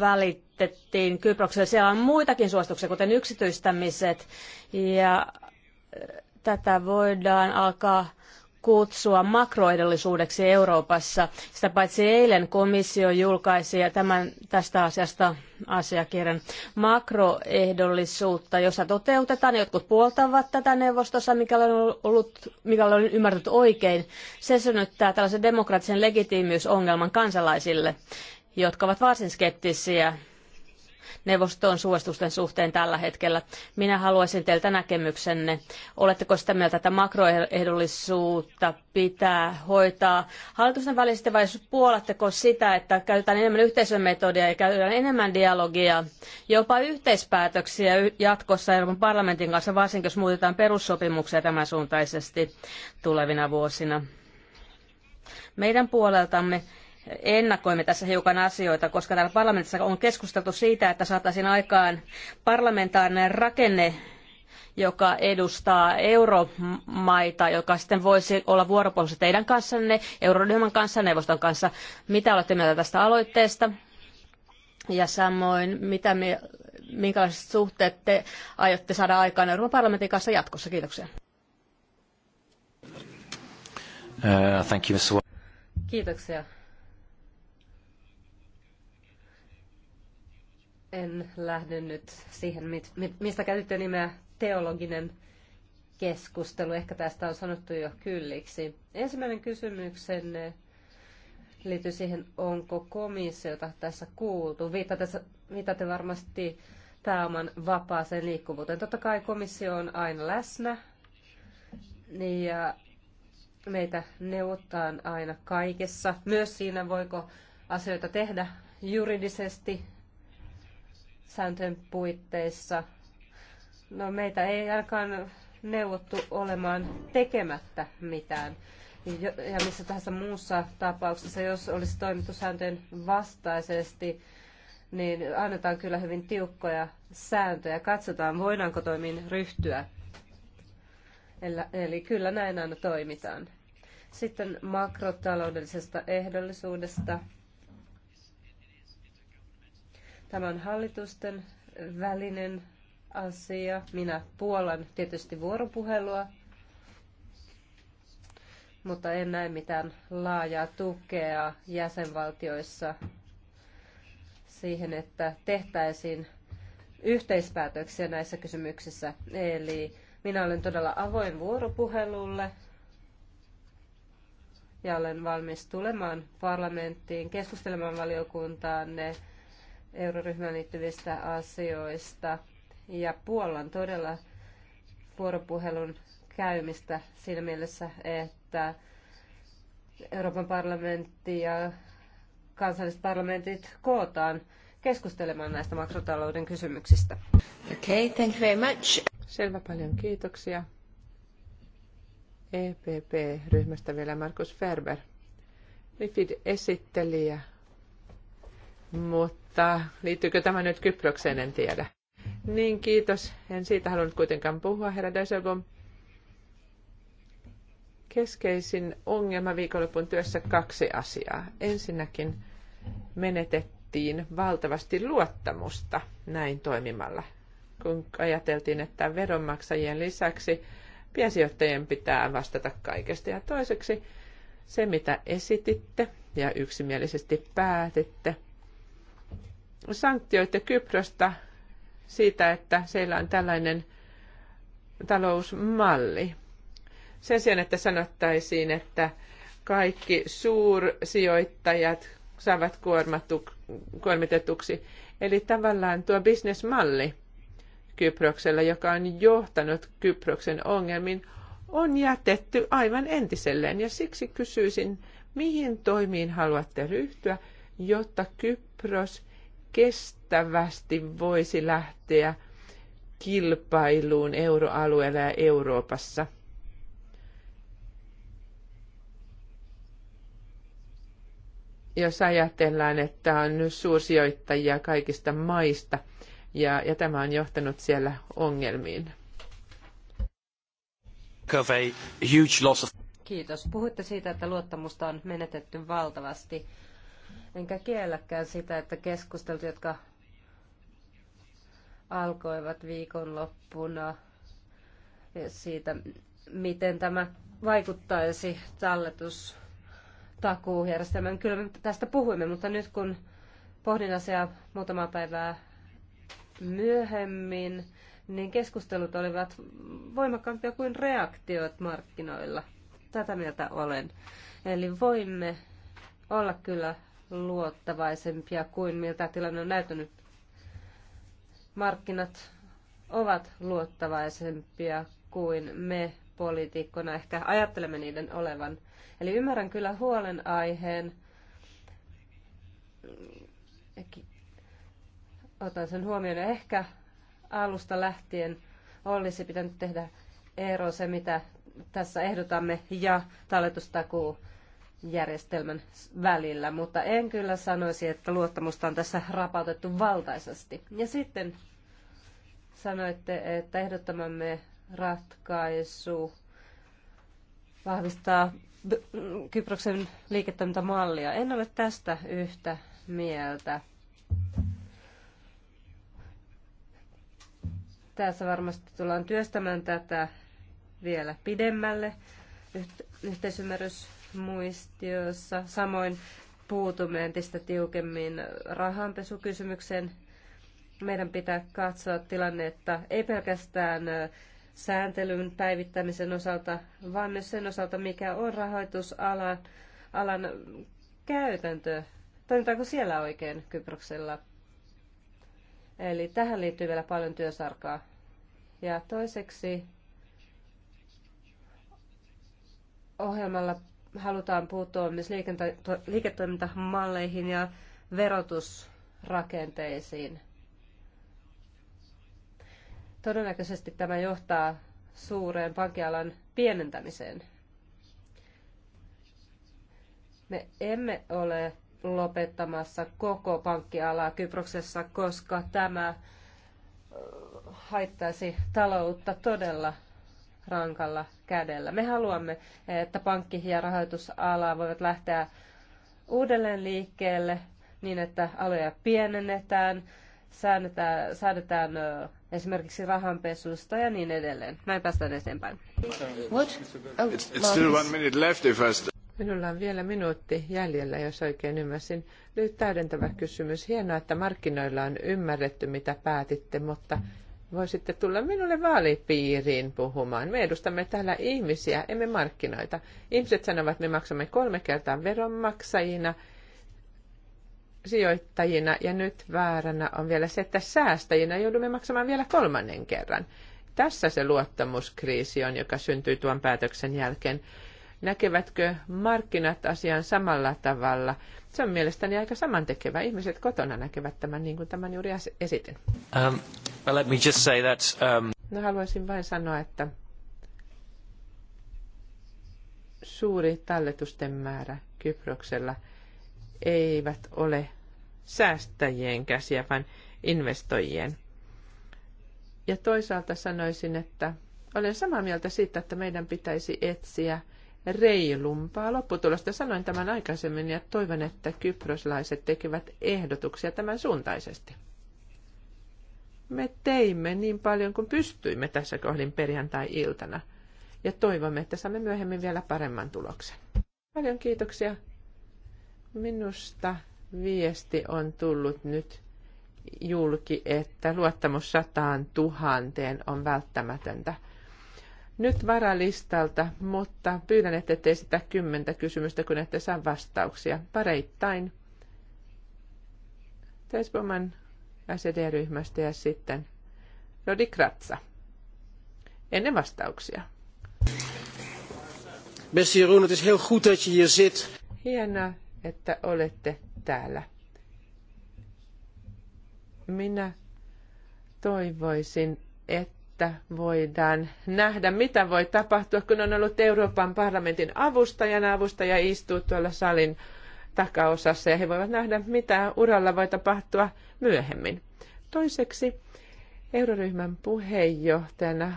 välit esitettiin Kyprokselle. Siellä on muitakin suosituksia, kuten yksityistämiset, ja äh, tätä voidaan alkaa kutsua makroehdollisuudeksi Euroopassa. Sitä paitsi eilen komissio julkaisi ja tämän, tästä asiasta asiakirjan makroehdollisuutta, jossa toteutetaan, jotkut puoltavat tätä neuvostossa, mikä on ollut, mikä on ymmärtänyt oikein. Se synnyttää tällaisen demokraattisen legitiimiysongelman kansalaisille, jotka ovat varsin skeptisiä neuvoston suositusten suhteen tällä hetkellä. Minä haluaisin teiltä näkemyksenne. Oletteko sitä mieltä, että makroehdollisuutta pitää hoitaa hallitusten välisesti vai puolatteko sitä, että käytetään enemmän yhteisömetodia ja käydään enemmän dialogia, jopa yhteispäätöksiä jatkossa Euroopan parlamentin kanssa, varsinkin jos muutetaan perussopimuksia tämän suuntaisesti tulevina vuosina? Meidän puoleltamme ennakoimme tässä hiukan asioita, koska täällä parlamentissa on keskusteltu siitä, että saataisiin aikaan parlamentaarinen rakenne, joka edustaa euromaita, joka sitten voisi olla vuoropuolissa teidän kanssanne, euroryhmän kanssa, neuvoston kanssa. Mitä olette mieltä tästä aloitteesta? Ja samoin, mitä me, minkälaiset suhteet te aiotte saada aikaan Euroopan parlamentin kanssa jatkossa? Kiitoksia. Uh, thank you, Kiitoksia, En lähde nyt siihen, mistä käytitte nimeä teologinen keskustelu. Ehkä tästä on sanottu jo kylliksi. Ensimmäinen kysymyksenne liittyy siihen, onko komissiota tässä kuultu. Viitatte varmasti pääoman vapaaseen liikkuvuuteen. Totta kai komissio on aina läsnä niin ja meitä neuvotaan aina kaikessa. Myös siinä, voiko asioita tehdä juridisesti sääntöjen puitteissa. No meitä ei ainakaan neuvottu olemaan tekemättä mitään. Ja missä tahansa muussa tapauksessa, jos olisi toimittu sääntöjen vastaisesti, niin annetaan kyllä hyvin tiukkoja sääntöjä. Katsotaan, voidaanko toimiin ryhtyä. Eli kyllä näin aina toimitaan. Sitten makrotaloudellisesta ehdollisuudesta. Tämä on hallitusten välinen asia. Minä puolan tietysti vuoropuhelua, mutta en näe mitään laajaa tukea jäsenvaltioissa siihen, että tehtäisiin yhteispäätöksiä näissä kysymyksissä. Eli minä olen todella avoin vuoropuhelulle ja olen valmis tulemaan parlamenttiin, keskustelemaan valiokuntaanne euroryhmään liittyvistä asioista ja Puolan todella vuoropuhelun käymistä siinä mielessä, että Euroopan parlamentti ja kansalliset parlamentit kootaan keskustelemaan näistä makrotalouden kysymyksistä. Okay, thank you very much. Selvä, paljon kiitoksia. EPP-ryhmästä vielä Markus Ferber. MIFID-esittelijä mutta liittyykö tämä nyt Kyprokseen, en tiedä. Niin, kiitos. En siitä halunnut kuitenkaan puhua, herra Deselbom. Keskeisin ongelma viikonlopun työssä kaksi asiaa. Ensinnäkin menetettiin valtavasti luottamusta näin toimimalla, kun ajateltiin, että veronmaksajien lisäksi piensijoittajien pitää vastata kaikesta. Ja toiseksi se, mitä esititte ja yksimielisesti päätitte – sanktioita Kyprosta siitä, että siellä on tällainen talousmalli. Sen sijaan, että sanottaisiin, että kaikki suursijoittajat saavat kuormitetuksi. Eli tavallaan tuo bisnesmalli Kyproksella, joka on johtanut Kyproksen ongelmiin, on jätetty aivan entiselleen. Ja siksi kysyisin, mihin toimiin haluatte ryhtyä, jotta Kypros – kestävästi voisi lähteä kilpailuun euroalueella ja Euroopassa. Jos ajatellaan, että on nyt suursijoittajia kaikista maista ja, ja tämä on johtanut siellä ongelmiin. Kiitos. Puhuitte siitä, että luottamusta on menetetty valtavasti enkä kielläkään sitä, että keskustelut, jotka alkoivat viikonloppuna siitä, miten tämä vaikuttaisi talletus takuujärjestelmään. Kyllä me tästä puhuimme, mutta nyt kun pohdin asiaa muutama päivää myöhemmin, niin keskustelut olivat voimakkaampia kuin reaktiot markkinoilla. Tätä mieltä olen. Eli voimme olla kyllä luottavaisempia kuin miltä tilanne on näyttänyt. Markkinat ovat luottavaisempia kuin me poliitikkona ehkä ajattelemme niiden olevan. Eli ymmärrän kyllä huolenaiheen. Otan sen huomioon. Ehkä alusta lähtien olisi pitänyt tehdä ero se, mitä tässä ehdotamme, ja talletustakuu järjestelmän välillä, mutta en kyllä sanoisi, että luottamusta on tässä rapautettu valtaisesti. Ja sitten sanoitte, että ehdottamamme ratkaisu vahvistaa Kyproksen liiketoimintamallia. En ole tästä yhtä mieltä. Tässä varmasti tullaan työstämään tätä vielä pidemmälle. Yhteisymmärrys muistiossa. Samoin puutumme entistä tiukemmin rahanpesukysymykseen. Meidän pitää katsoa tilannetta ei pelkästään sääntelyn päivittämisen osalta, vaan myös sen osalta, mikä on rahoitusalan alan käytäntö. Toimitaanko siellä oikein Kyproksella? Eli tähän liittyy vielä paljon työsarkaa. Ja toiseksi ohjelmalla halutaan puuttua myös liiketoimintamalleihin ja verotusrakenteisiin. Todennäköisesti tämä johtaa suureen pankkialan pienentämiseen. Me emme ole lopettamassa koko pankkialaa Kyproksessa, koska tämä haittaisi taloutta todella rankalla kädellä. Me haluamme, että pankki- ja rahoitusala voivat lähteä uudelleen liikkeelle niin, että aloja pienennetään, säädetään, säädetään esimerkiksi rahanpesusta ja niin edelleen. Näin päästään eteenpäin. What? Oh, it's, still one minute left if I Minulla on vielä minuutti jäljellä, jos oikein ymmärsin. Lyhyt täydentävä kysymys. Hienoa, että markkinoilla on ymmärretty, mitä päätitte, mutta voisitte tulla minulle vaalipiiriin puhumaan. Me edustamme täällä ihmisiä, emme markkinoita. Ihmiset sanovat, että me maksamme kolme kertaa veronmaksajina, sijoittajina ja nyt vääränä on vielä se, että säästäjinä joudumme maksamaan vielä kolmannen kerran. Tässä se luottamuskriisi on, joka syntyi tuon päätöksen jälkeen. Näkevätkö markkinat asian samalla tavalla? Se on mielestäni aika samantekevä. Ihmiset kotona näkevät tämän niin kuin tämän juuri esitin. Um, let me just say that, um... No haluaisin vain sanoa, että suuri talletusten määrä Kyproksella eivät ole säästäjien käsiä, vaan investoijien. Ja toisaalta sanoisin, että olen samaa mieltä siitä, että meidän pitäisi etsiä – reilumpaa lopputulosta. Sanoin tämän aikaisemmin ja toivon, että kyproslaiset tekevät ehdotuksia tämän suuntaisesti. Me teimme niin paljon kuin pystyimme tässä kohdin perjantai-iltana ja toivomme, että saamme myöhemmin vielä paremman tuloksen. Paljon kiitoksia. Minusta viesti on tullut nyt julki, että luottamus sataan tuhanteen on välttämätöntä nyt varalistalta, mutta pyydän, että ette esitä kymmentä kysymystä, kun ette saa vastauksia. Pareittain. Tesboman SED-ryhmästä ja sitten Rodi Kratsa. Ennen vastauksia. Beste Jeroen, het is heel goed dat je hier zit. Hienoa, että olette täällä. Minä toivoisin, että että voidaan nähdä, mitä voi tapahtua, kun on ollut Euroopan parlamentin avustajana. Avustaja istuu tuolla salin takaosassa ja he voivat nähdä, mitä uralla voi tapahtua myöhemmin. Toiseksi euroryhmän puheenjohtajana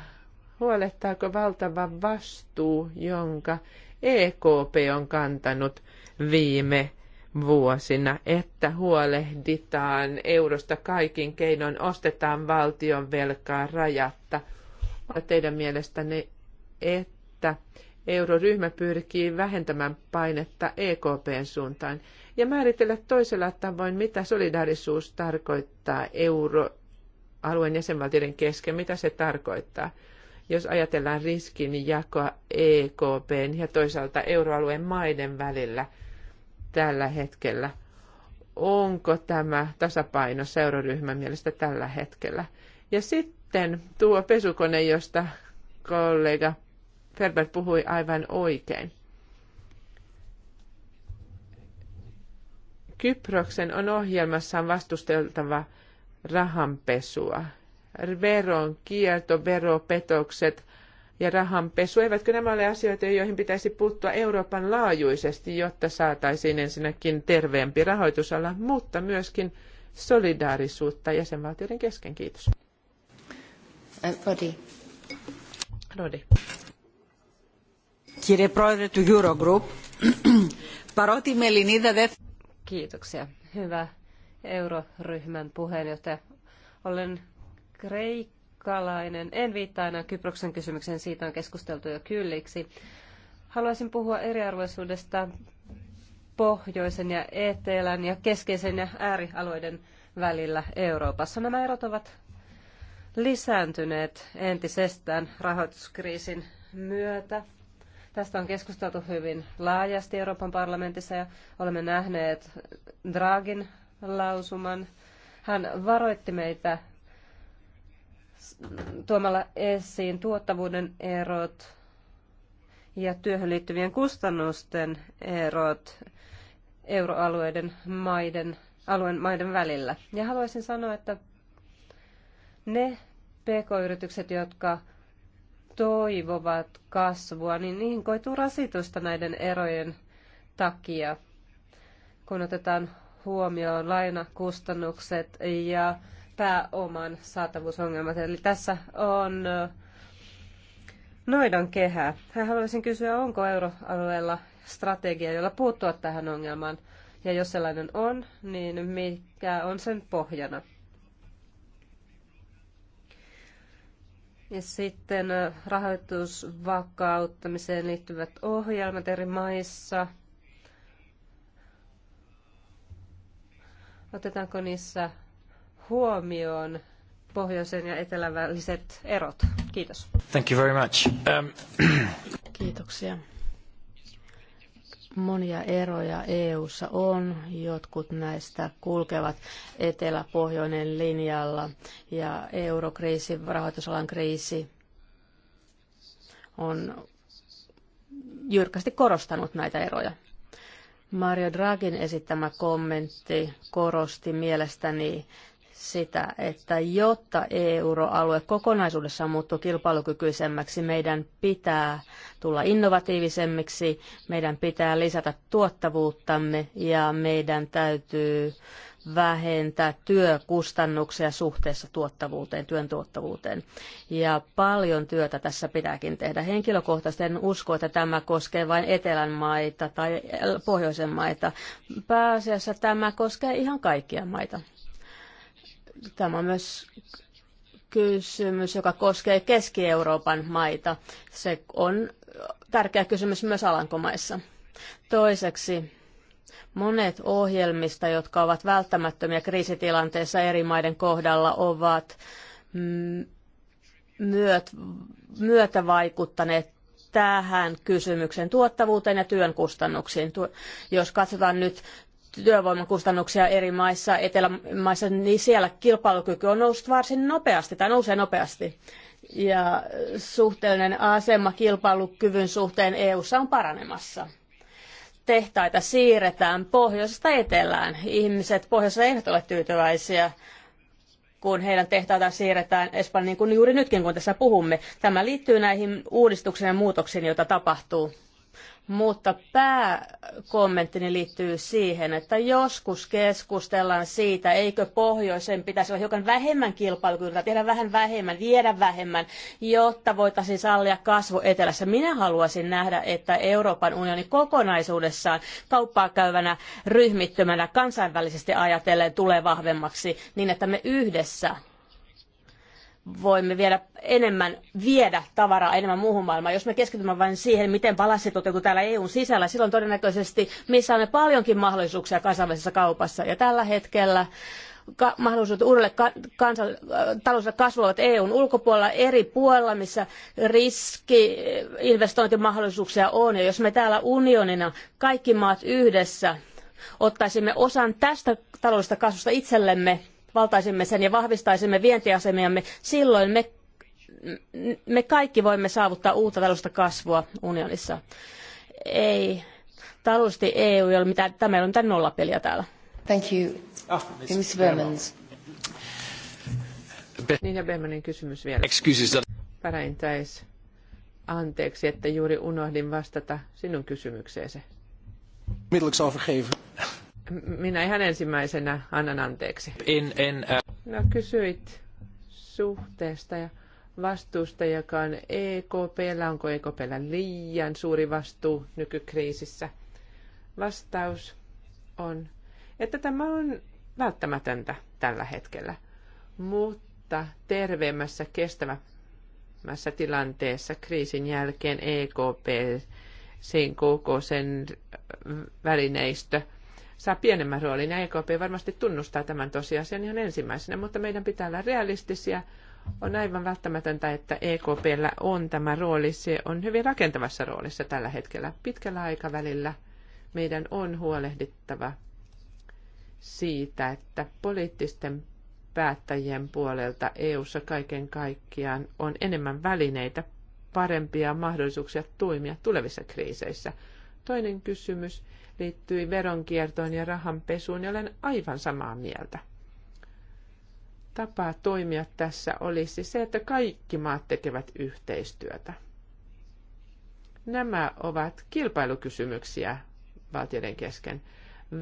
huolettaako valtava vastuu, jonka EKP on kantanut viime vuosina, että huolehditaan eurosta kaikin keinoin, ostetaan valtion velkaa rajatta. Teidän mielestänne, että euroryhmä pyrkii vähentämään painetta EKPn suuntaan ja määritellä toisella tavoin, mitä solidaarisuus tarkoittaa euroalueen jäsenvaltioiden kesken, mitä se tarkoittaa jos ajatellaan riskin jakoa EKPn ja toisaalta euroalueen maiden välillä – tällä hetkellä? Onko tämä tasapaino seuraryhmän mielestä tällä hetkellä? Ja sitten tuo pesukone, josta kollega Ferber puhui aivan oikein. Kyproksen on ohjelmassaan vastusteltava rahanpesua. Veron kierto, veropetokset, ja rahanpesu, eivätkö nämä ole asioita, joihin pitäisi puuttua Euroopan laajuisesti, jotta saataisiin ensinnäkin terveempi rahoitusala, mutta myöskin solidaarisuutta jäsenvaltioiden kesken. Kiitos. Eh, Rodi. Rodi. Κύριε Eurogroup, [clears throat] Kiitoksia. Hyvä euroryhmän puheenjohtaja. Olen Kreik Kalainen. En viittaa enää Kyproksen kysymykseen, siitä on keskusteltu jo kylliksi. Haluaisin puhua eriarvoisuudesta pohjoisen ja etelän ja keskeisen ja äärialueiden välillä Euroopassa. Nämä erot ovat lisääntyneet entisestään rahoituskriisin myötä. Tästä on keskusteltu hyvin laajasti Euroopan parlamentissa ja olemme nähneet Dragin lausuman. Hän varoitti meitä tuomalla esiin tuottavuuden erot ja työhön liittyvien kustannusten erot euroalueiden maiden, alueen maiden välillä. Ja haluaisin sanoa, että ne pk-yritykset, jotka toivovat kasvua, niin niihin koituu rasitusta näiden erojen takia, kun otetaan huomioon lainakustannukset ja pääoman saatavuusongelmat. Eli tässä on noidan kehää. Hän haluaisin kysyä, onko euroalueella strategia, jolla puuttua tähän ongelmaan? Ja jos sellainen on, niin mikä on sen pohjana? Ja sitten rahoitusvakauttamiseen liittyvät ohjelmat eri maissa. Otetaanko niissä huomioon pohjoisen ja etelän väliset erot. Kiitos. Thank you very much. Um... [clears throat] Kiitoksia. Monia eroja EU:ssa on, jotkut näistä kulkevat eteläpohjoinen linjalla ja eurokriisi, rahoitusalan kriisi on jyrkästi korostanut näitä eroja. Mario Draghin esittämä kommentti korosti mielestäni sitä, että jotta euroalue kokonaisuudessaan muuttuu kilpailukykyisemmäksi, meidän pitää tulla innovatiivisemmiksi, meidän pitää lisätä tuottavuuttamme ja meidän täytyy vähentää työkustannuksia suhteessa tuottavuuteen, työn tuottavuuteen. Ja paljon työtä tässä pitääkin tehdä. Henkilökohtaisesti en usko, että tämä koskee vain etelän maita tai pohjoisen maita. Pääasiassa tämä koskee ihan kaikkia maita. Tämä on myös kysymys, joka koskee Keski-Euroopan maita. Se on tärkeä kysymys myös Alankomaissa. Toiseksi, monet ohjelmista, jotka ovat välttämättömiä kriisitilanteessa eri maiden kohdalla, ovat myöt, myötävaikuttaneet tähän kysymykseen tuottavuuteen ja työn kustannuksiin. Jos katsotaan nyt työvoimakustannuksia eri maissa, etelämaissa, niin siellä kilpailukyky on noussut varsin nopeasti tai nousee nopeasti. Ja suhteellinen asema kilpailukyvyn suhteen EU:ssa on paranemassa. Tehtaita siirretään pohjoisesta etelään. Ihmiset pohjoisessa eivät ole tyytyväisiä kun heidän tehtaitaan siirretään Espanjaan, niin kuin juuri nytkin, kun tässä puhumme. Tämä liittyy näihin uudistuksiin ja muutoksiin, joita tapahtuu mutta pääkommenttini liittyy siihen, että joskus keskustellaan siitä, eikö pohjoisen pitäisi olla hiukan vähemmän kilpailukykyä, tehdä vähän vähemmän, viedä vähemmän, jotta voitaisiin sallia kasvu etelässä. Minä haluaisin nähdä, että Euroopan unioni kokonaisuudessaan kauppaa käyvänä ryhmittymänä kansainvälisesti ajatellen tulee vahvemmaksi niin, että me yhdessä voimme vielä enemmän viedä tavaraa enemmän muuhun maailmaan. Jos me keskitymme vain siihen, miten palassi toteutuu täällä EUn sisällä, silloin todennäköisesti missaamme paljonkin mahdollisuuksia kansainvälisessä kaupassa. Ja tällä hetkellä ka- mahdollisuudet uudelle ka- kansa- äh, kasvavat EUn ulkopuolella eri puolilla, missä riski äh, investointimahdollisuuksia on. Ja jos me täällä unionina kaikki maat yhdessä ottaisimme osan tästä taloudellisesta kasvusta itsellemme, valtaisimme sen ja vahvistaisimme vientiasemiamme, silloin me, me kaikki voimme saavuttaa uutta taloudellista kasvua unionissa. Ei, taloudellisesti EU ei ole mitään, tämä ei ole mitään nollapeliä täällä. Thank you. Ah, Miss Bermans. Niin ja Bermanin kysymys vielä. Excuses. Päräintäis. Anteeksi, että juuri unohdin vastata sinun kysymykseesi. Middelijks overgeven minä ihan ensimmäisenä annan anteeksi. In, in, uh... No kysyit suhteesta ja vastuusta, joka on EKP, Onko EKP liian suuri vastuu nykykriisissä? Vastaus on, että tämä on välttämätöntä tällä hetkellä, mutta terveemmässä, kestävämmässä tilanteessa kriisin jälkeen EKP, sen koko sen välineistö – saa pienemmän roolin. Ja EKP varmasti tunnustaa tämän tosiasian ihan ensimmäisenä, mutta meidän pitää olla realistisia. On aivan välttämätöntä, että EKPllä on tämä rooli. Se on hyvin rakentavassa roolissa tällä hetkellä. Pitkällä aikavälillä meidän on huolehdittava siitä, että poliittisten päättäjien puolelta EU:ssa kaiken kaikkiaan on enemmän välineitä, parempia mahdollisuuksia toimia tulevissa kriiseissä. Toinen kysymys, liittyi veronkiertoon ja rahanpesuun, ja niin olen aivan samaa mieltä. Tapa toimia tässä olisi se, että kaikki maat tekevät yhteistyötä. Nämä ovat kilpailukysymyksiä valtioiden kesken.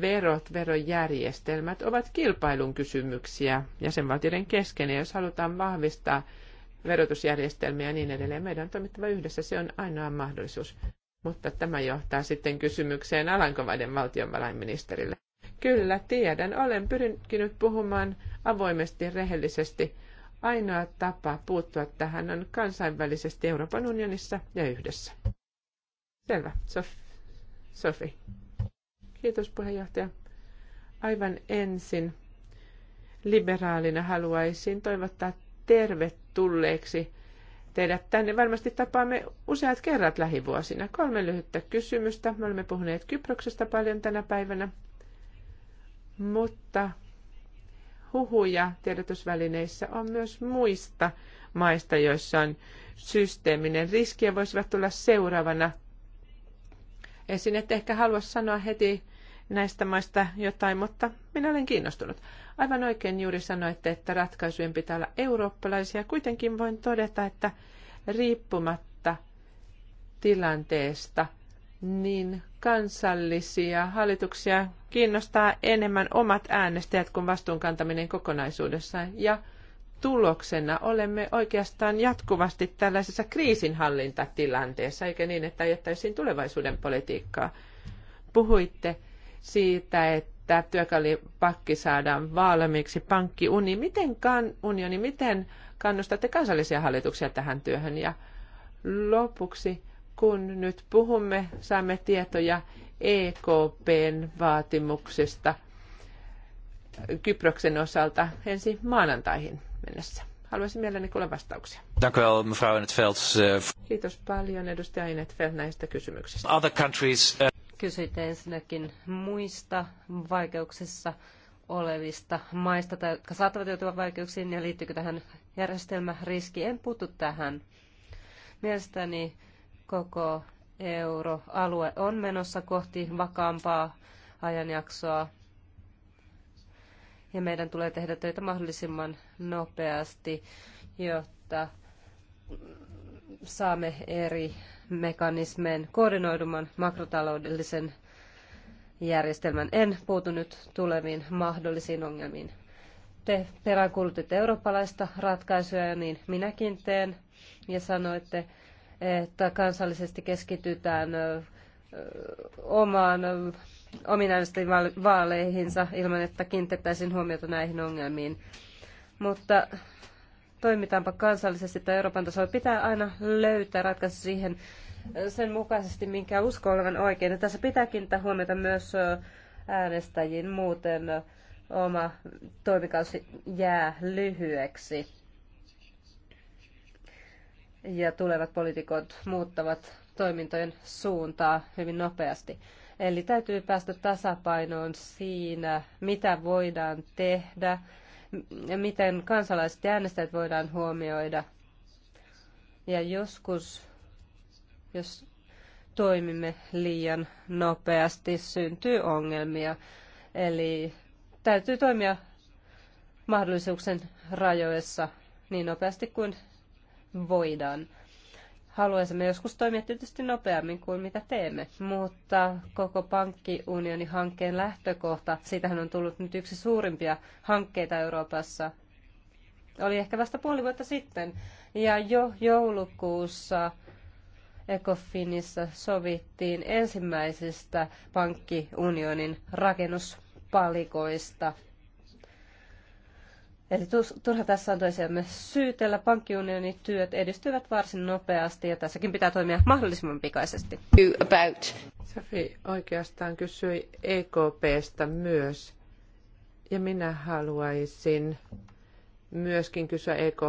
Verot, verojärjestelmät ovat kilpailun kysymyksiä jäsenvaltioiden kesken, ja jos halutaan vahvistaa verotusjärjestelmiä ja niin edelleen. Meidän on toimittava yhdessä, se on ainoa mahdollisuus. Mutta tämä johtaa sitten kysymykseen Alankomaiden valtionvarainministerille. Kyllä, tiedän. Olen pyrkinyt puhumaan avoimesti, rehellisesti. Ainoa tapa puuttua tähän on kansainvälisesti Euroopan unionissa ja yhdessä. Selvä. Sof- Sofi. Kiitos puheenjohtaja. Aivan ensin liberaalina haluaisin toivottaa tervetulleeksi teidät tänne. Varmasti tapaamme useat kerrat lähivuosina. Kolme lyhyttä kysymystä. Me olemme puhuneet Kyproksesta paljon tänä päivänä, mutta huhuja tiedotusvälineissä on myös muista maista, joissa on systeeminen riski ja voisivat tulla seuraavana Esin, että ehkä halua sanoa heti näistä maista jotain, mutta minä olen kiinnostunut. Aivan oikein juuri sanoitte, että ratkaisujen pitää olla eurooppalaisia. Kuitenkin voin todeta, että riippumatta tilanteesta, niin kansallisia hallituksia kiinnostaa enemmän omat äänestäjät kuin vastuunkantaminen kokonaisuudessaan. Ja tuloksena olemme oikeastaan jatkuvasti tällaisessa kriisinhallintatilanteessa, eikä niin, että jättäisiin tulevaisuuden politiikkaa. Puhuitte siitä, että tämä työkalipakki saadaan valmiiksi, pankkiuni, miten kan, unioni, miten kannustatte kansallisia hallituksia tähän työhön? Ja lopuksi, kun nyt puhumme, saamme tietoja EKPn vaatimuksista Kyproksen osalta ensi maanantaihin mennessä. Haluaisin mielelläni kuulla vastauksia. mevrouw Kiitos paljon, edustaja Inetfeldt, näistä kysymyksistä. Other countries, uh, Kysyitte ensinnäkin muista vaikeuksissa olevista maista, tai jotka saattavat joutua vaikeuksiin, ja liittyykö tähän järjestelmäriski. En puutu tähän. Mielestäni koko euroalue on menossa kohti vakaampaa ajanjaksoa, ja meidän tulee tehdä töitä mahdollisimman nopeasti, jotta saamme eri mekanismeen koordinoidumman makrotaloudellisen järjestelmän. En puutu nyt tuleviin mahdollisiin ongelmiin. Te peräänkuulutitte eurooppalaista ratkaisua ja niin minäkin teen. Ja sanoitte, että kansallisesti keskitytään omaan ominaisten vaaleihinsa ilman, että kiinnitettäisiin huomiota näihin ongelmiin. Mutta toimitaanpa kansallisesti tai Euroopan tasolla, pitää aina löytää ratkaisu siihen sen mukaisesti, minkä uskoo olevan oikein. Ja tässä pitää kiinnittää huomiota myös äänestäjiin, muuten oma toimikausi jää lyhyeksi. Ja tulevat poliitikot muuttavat toimintojen suuntaa hyvin nopeasti. Eli täytyy päästä tasapainoon siinä, mitä voidaan tehdä miten kansalaiset ja äänestäjät voidaan huomioida. Ja joskus, jos toimimme liian nopeasti, syntyy ongelmia. Eli täytyy toimia mahdollisuuksien rajoissa niin nopeasti kuin voidaan. Haluaisimme joskus toimia tietysti nopeammin kuin mitä teemme, mutta koko pankkiunionin hankkeen lähtökohta, siitähän on tullut nyt yksi suurimpia hankkeita Euroopassa. Oli ehkä vasta puoli vuotta sitten, ja jo joulukuussa Ecofinissa sovittiin ensimmäisistä pankkiunionin rakennuspalikoista – Eli turha tässä on toisiamme syytellä. Pankkiunionin työt edistyvät varsin nopeasti ja tässäkin pitää toimia mahdollisimman pikaisesti. About. Safi oikeastaan kysyi EKPstä myös. Ja minä haluaisin myöskin kysyä ekp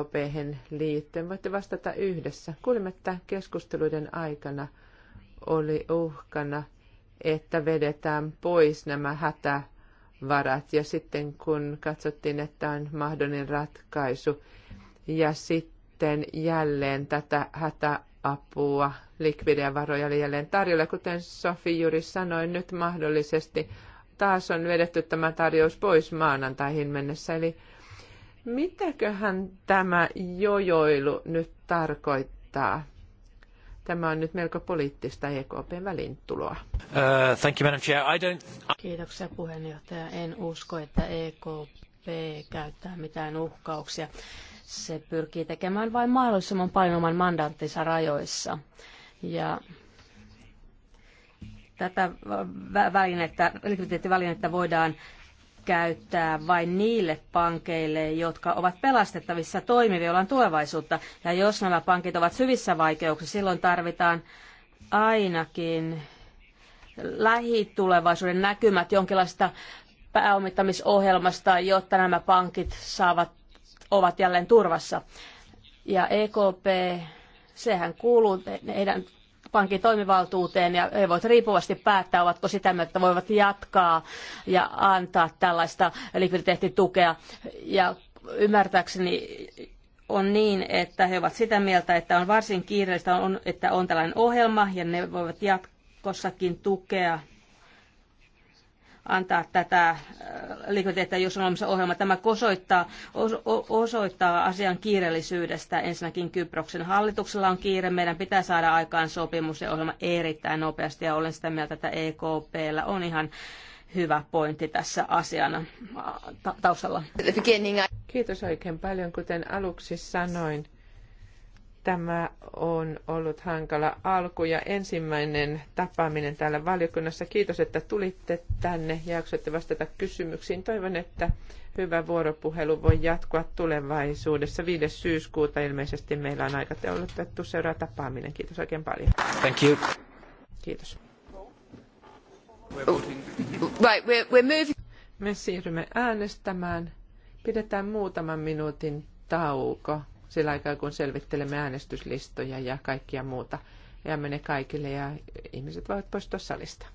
liittyen. Voitte vastata yhdessä. Kuulimme, että keskusteluiden aikana oli uhkana, että vedetään pois nämä hätä varat. Ja sitten kun katsottiin, että on mahdollinen ratkaisu, ja sitten jälleen tätä hätäapua, likvidejä varoja oli jälleen tarjolla. Kuten Sofi juuri sanoi, nyt mahdollisesti taas on vedetty tämä tarjous pois maanantaihin mennessä. Eli mitäköhän tämä jojoilu nyt tarkoittaa? Tämä on nyt melko poliittista EKPn välintuloa. Uh, thank you, Madam Chair. I don't... Kiitoksia puheenjohtaja. En usko, että EKP käyttää mitään uhkauksia. Se pyrkii tekemään vain mahdollisimman paljon oman rajoissa. Ja tätä välinettä, likviditeettivälinettä voidaan käyttää vain niille pankeille, jotka ovat pelastettavissa toimivillaan tulevaisuutta. Ja jos nämä pankit ovat syvissä vaikeuksissa, silloin tarvitaan ainakin lähitulevaisuuden näkymät jonkinlaista pääomittamisohjelmasta, jotta nämä pankit saavat, ovat jälleen turvassa. Ja EKP, sehän kuuluu heidän pankin toimivaltuuteen ja he voivat riippuvasti päättää, ovatko sitä mieltä, että voivat jatkaa ja antaa tällaista likviditeettitukea. Ja ymmärtääkseni on niin, että he ovat sitä mieltä, että on varsin kiireellistä, että on tällainen ohjelma ja ne voivat jatkossakin tukea antaa tätä äh, liikutieteen, jos on olemassa ohjelma. Tämä osoittaa, osoittaa asian kiireellisyydestä. Ensinnäkin Kyproksen hallituksella on kiire. Meidän pitää saada aikaan sopimus ja ohjelma erittäin nopeasti. Ja olen sitä mieltä, että EKPllä on ihan hyvä pointti tässä asiana äh, ta- taustalla. Kiitos oikein paljon. Kuten aluksi sanoin, Tämä on ollut hankala alku ja ensimmäinen tapaaminen täällä valiokunnassa. Kiitos, että tulitte tänne ja jaksoitte vastata kysymyksiin. Toivon, että hyvä vuoropuhelu voi jatkua tulevaisuudessa. 5. syyskuuta ilmeisesti meillä on aika teollistettu seuraava tapaaminen. Kiitos oikein paljon. Thank you. Kiitos. Right, we're moving. Me siirrymme äänestämään. Pidetään muutaman minuutin tauko sillä aikaa, kun selvittelemme äänestyslistoja ja kaikkia muuta. Jäämme ne kaikille ja ihmiset voivat poistua salista.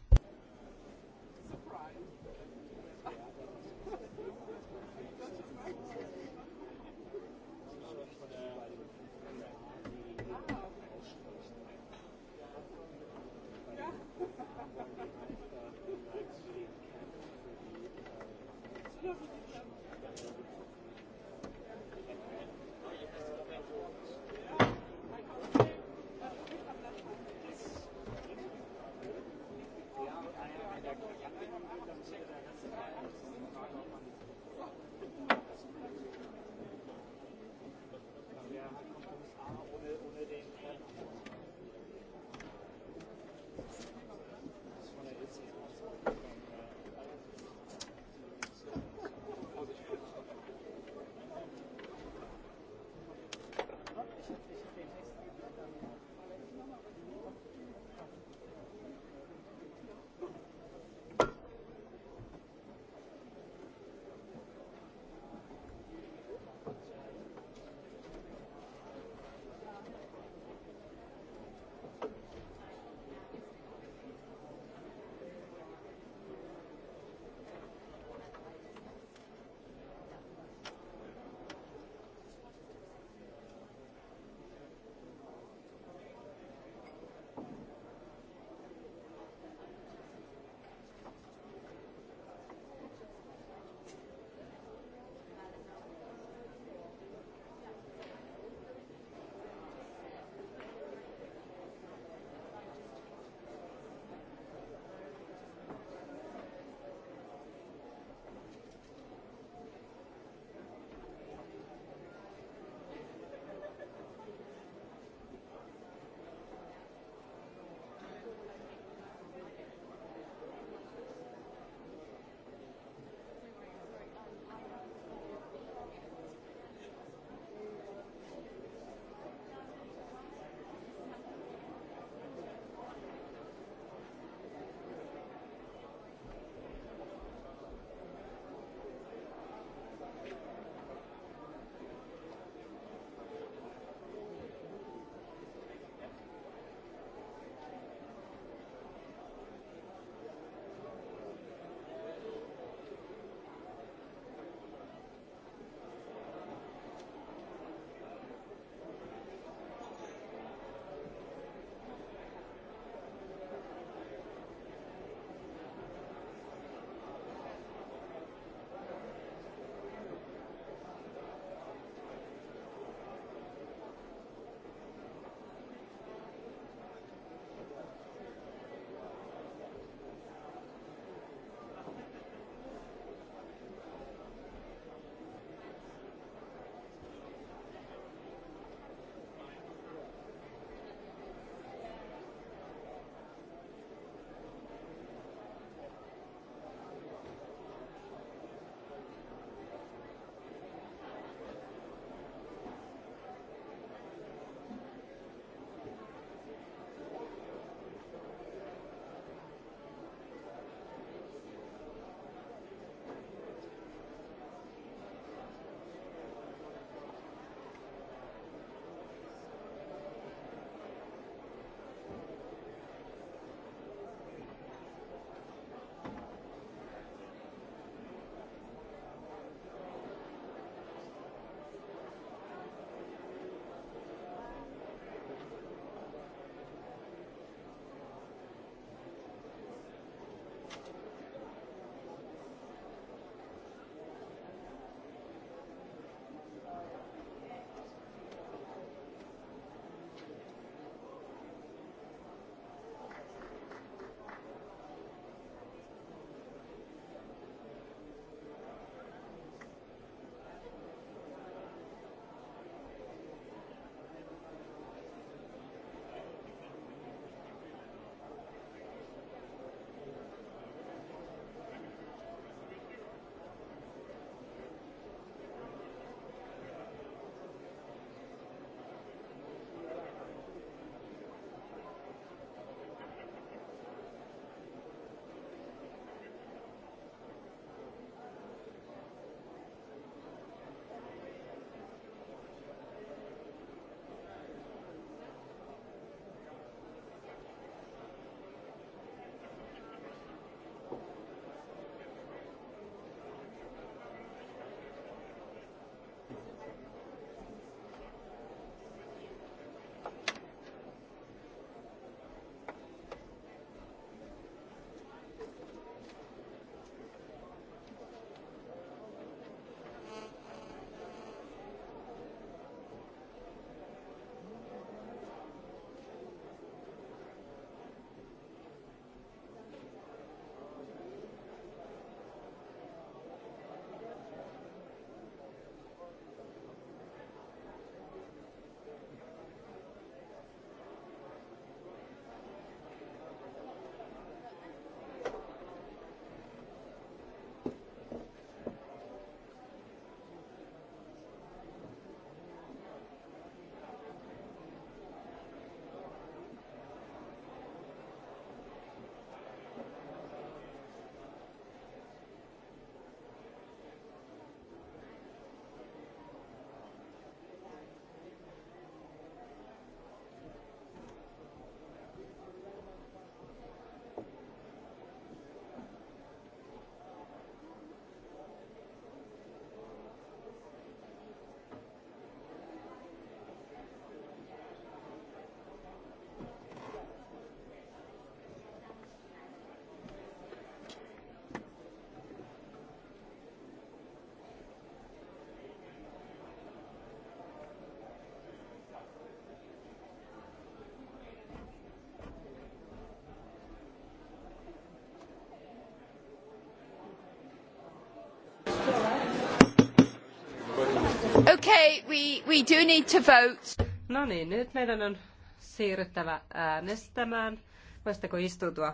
Okay, we, we do need to vote. No niin, nyt meidän on siirryttävä äänestämään. Voisitteko istutua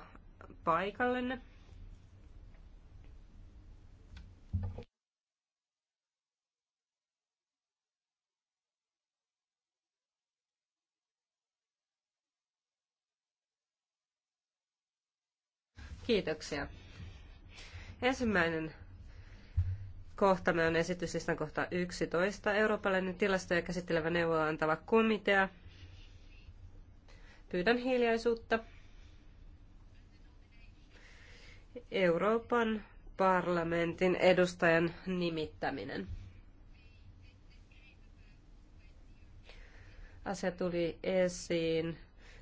paikallenne? Kiitoksia. Ensimmäinen Kohtamme on esityslistan kohta 11. Eurooppalainen tilastoja käsittelevä neuvoa antava komitea. Pyydän hiljaisuutta. Euroopan parlamentin edustajan nimittäminen. Asia tuli esiin,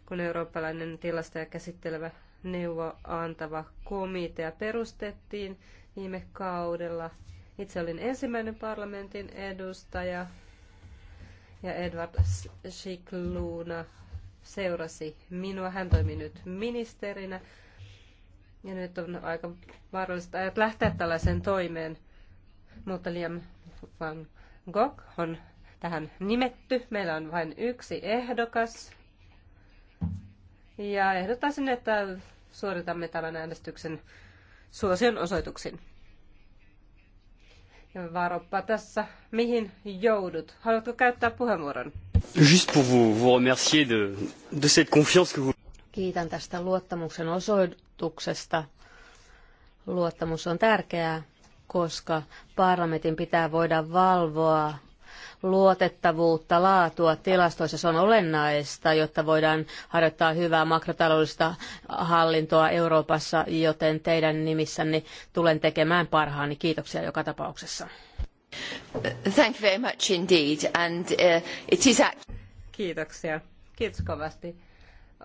kun eurooppalainen tilastoja käsittelevä neuvoa antava komitea perustettiin viime kaudella itse olin ensimmäinen parlamentin edustaja ja Edward Shikluna seurasi minua. Hän toimi nyt ministerinä ja nyt on aika vaarallista ajat lähteä tällaiseen toimeen. Mutta Liam Van Gogh on tähän nimetty. Meillä on vain yksi ehdokas. Ja ehdottaisin, että suoritamme tämän äänestyksen suosion osoituksin. Varoppa tässä, mihin joudut. Haluatko käyttää puheenvuoron? Just pour vous, vous remercier de, de cette confiance que vous... Kiitän tästä luottamuksen osoituksesta. Luottamus on tärkeää, koska parlamentin pitää voida valvoa luotettavuutta, laatua tilastoissa. Se on olennaista, jotta voidaan harjoittaa hyvää makrotaloudellista hallintoa Euroopassa, joten teidän nimissänne tulen tekemään parhaani. Kiitoksia joka tapauksessa. Thank you very much indeed. And, uh, it is Kiitoksia. Kiitos kovasti.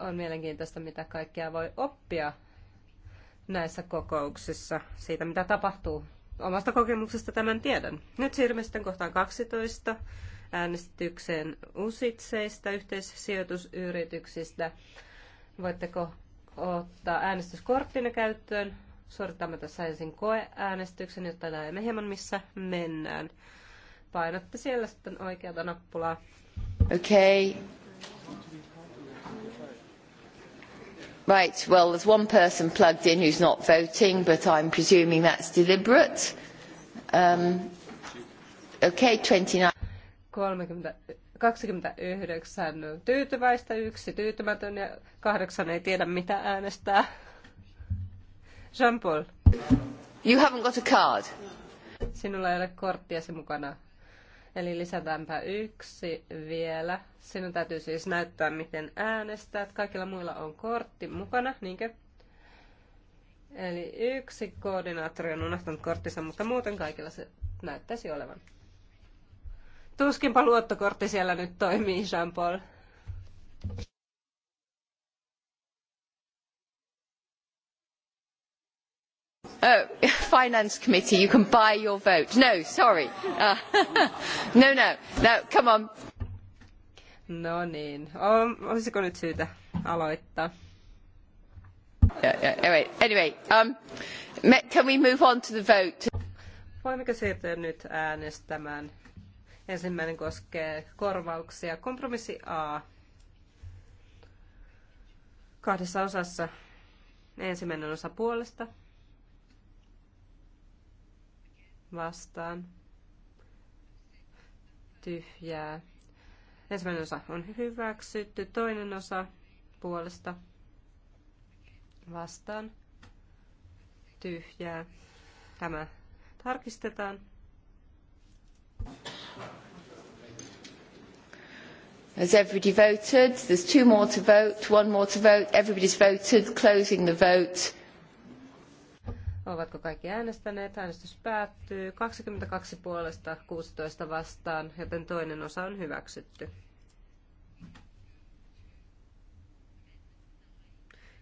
On mielenkiintoista, mitä kaikkea voi oppia näissä kokouksissa siitä, mitä tapahtuu omasta kokemuksesta tämän tiedän. Nyt siirrymme sitten kohtaan 12 äänestykseen usitseista, yhteissijoitusyrityksistä. Voitteko ottaa äänestyskorttina käyttöön? Suoritamme tässä ensin koeäänestyksen, jotta näemme hieman missä mennään. Painatte siellä sitten oikeata nappulaa. Okei. Okay. Right, well, there's one person plugged in who's not voting, but I'm presuming that's deliberate. Um, okay, 29. 30, 29 yksi tyytymätön ja kahdeksan ei tiedä mitä äänestää. Jean-Paul. You haven't got a card. Sinulla ei ole korttiasi mukana. Eli lisätäänpä yksi vielä. Sinun täytyy siis näyttää, miten äänestät. Kaikilla muilla on kortti mukana, niinkö? Eli yksi koordinaattori on unohtanut korttinsa, mutta muuten kaikilla se näyttäisi olevan. Tuskinpa luottokortti siellä nyt toimii, Jean-Paul. Uh, [laughs] finance committee, you can buy your vote. No, sorry. Uh, [laughs] no, no. No, come on. No niin. Olisiko nyt syytä aloittaa? Anyway, anyway um, can we move on to the vote? Voimmeko siirtyä nyt äänestämään? Ensimmäinen koskee korvauksia. Kompromissi A. Kahdessa osassa. Ensimmäinen osa puolesta vastaan tyhjää. Ensimmäinen osa on hyväksytty, toinen osa puolesta vastaan tyhjää. Tämä tarkistetaan. Has everybody voted? There's two more to vote, one more to vote. Everybody's voted. Closing the vote. Ovatko kaikki äänestäneet? Äänestys päättyy 22 puolesta 16 vastaan, joten toinen osa on hyväksytty.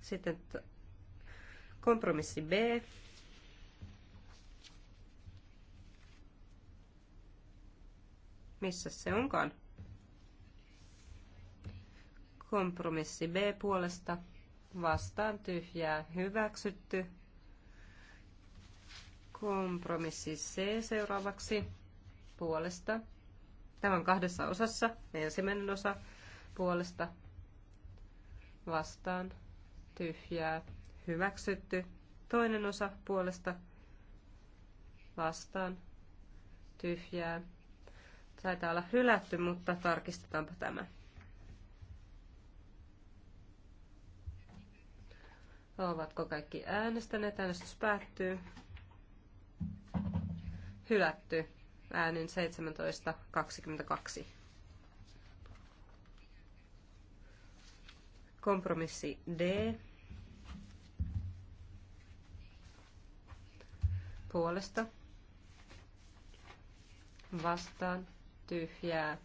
Sitten kompromissi B. Missä se onkaan? Kompromissi B puolesta vastaan tyhjää hyväksytty Kompromissi C seuraavaksi puolesta. Tämä on kahdessa osassa. Ensimmäinen osa puolesta vastaan tyhjää hyväksytty. Toinen osa puolesta vastaan tyhjää. Taitaa olla hylätty, mutta tarkistetaanpa tämä. Ovatko kaikki äänestäneet? Äänestys päättyy hylätty äänin 17.22. Kompromissi D. Puolesta. Vastaan. Tyhjää.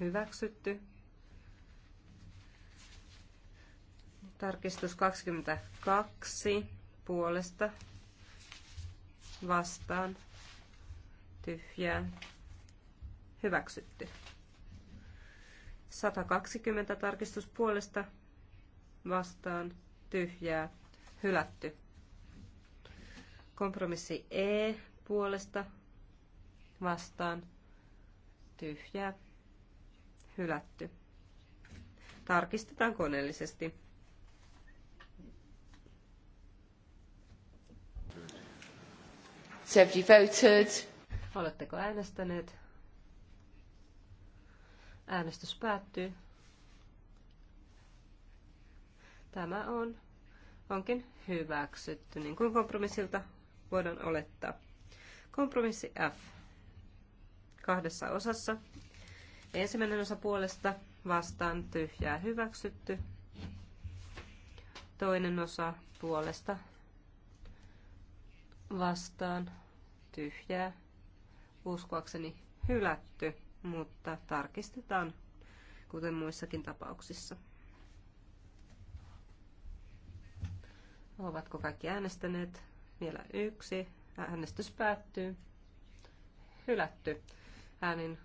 Hyväksytty. Tarkistus 22. Puolesta. Vastaan tyhjää, hyväksytty. 120 tarkistuspuolesta vastaan, tyhjää, hylätty. Kompromissi E puolesta vastaan, tyhjää, hylätty. Tarkistetaan koneellisesti. Seventy voted. Oletteko äänestäneet? Äänestys päättyy. Tämä on, onkin hyväksytty, niin kuin kompromissilta voidaan olettaa. Kompromissi F kahdessa osassa. Ensimmäinen osa puolesta vastaan tyhjää hyväksytty. Toinen osa puolesta vastaan tyhjää uskoakseni hylätty, mutta tarkistetaan kuten muissakin tapauksissa. Ovatko kaikki äänestäneet? Vielä yksi. Äänestys päättyy. Hylätty. Äänin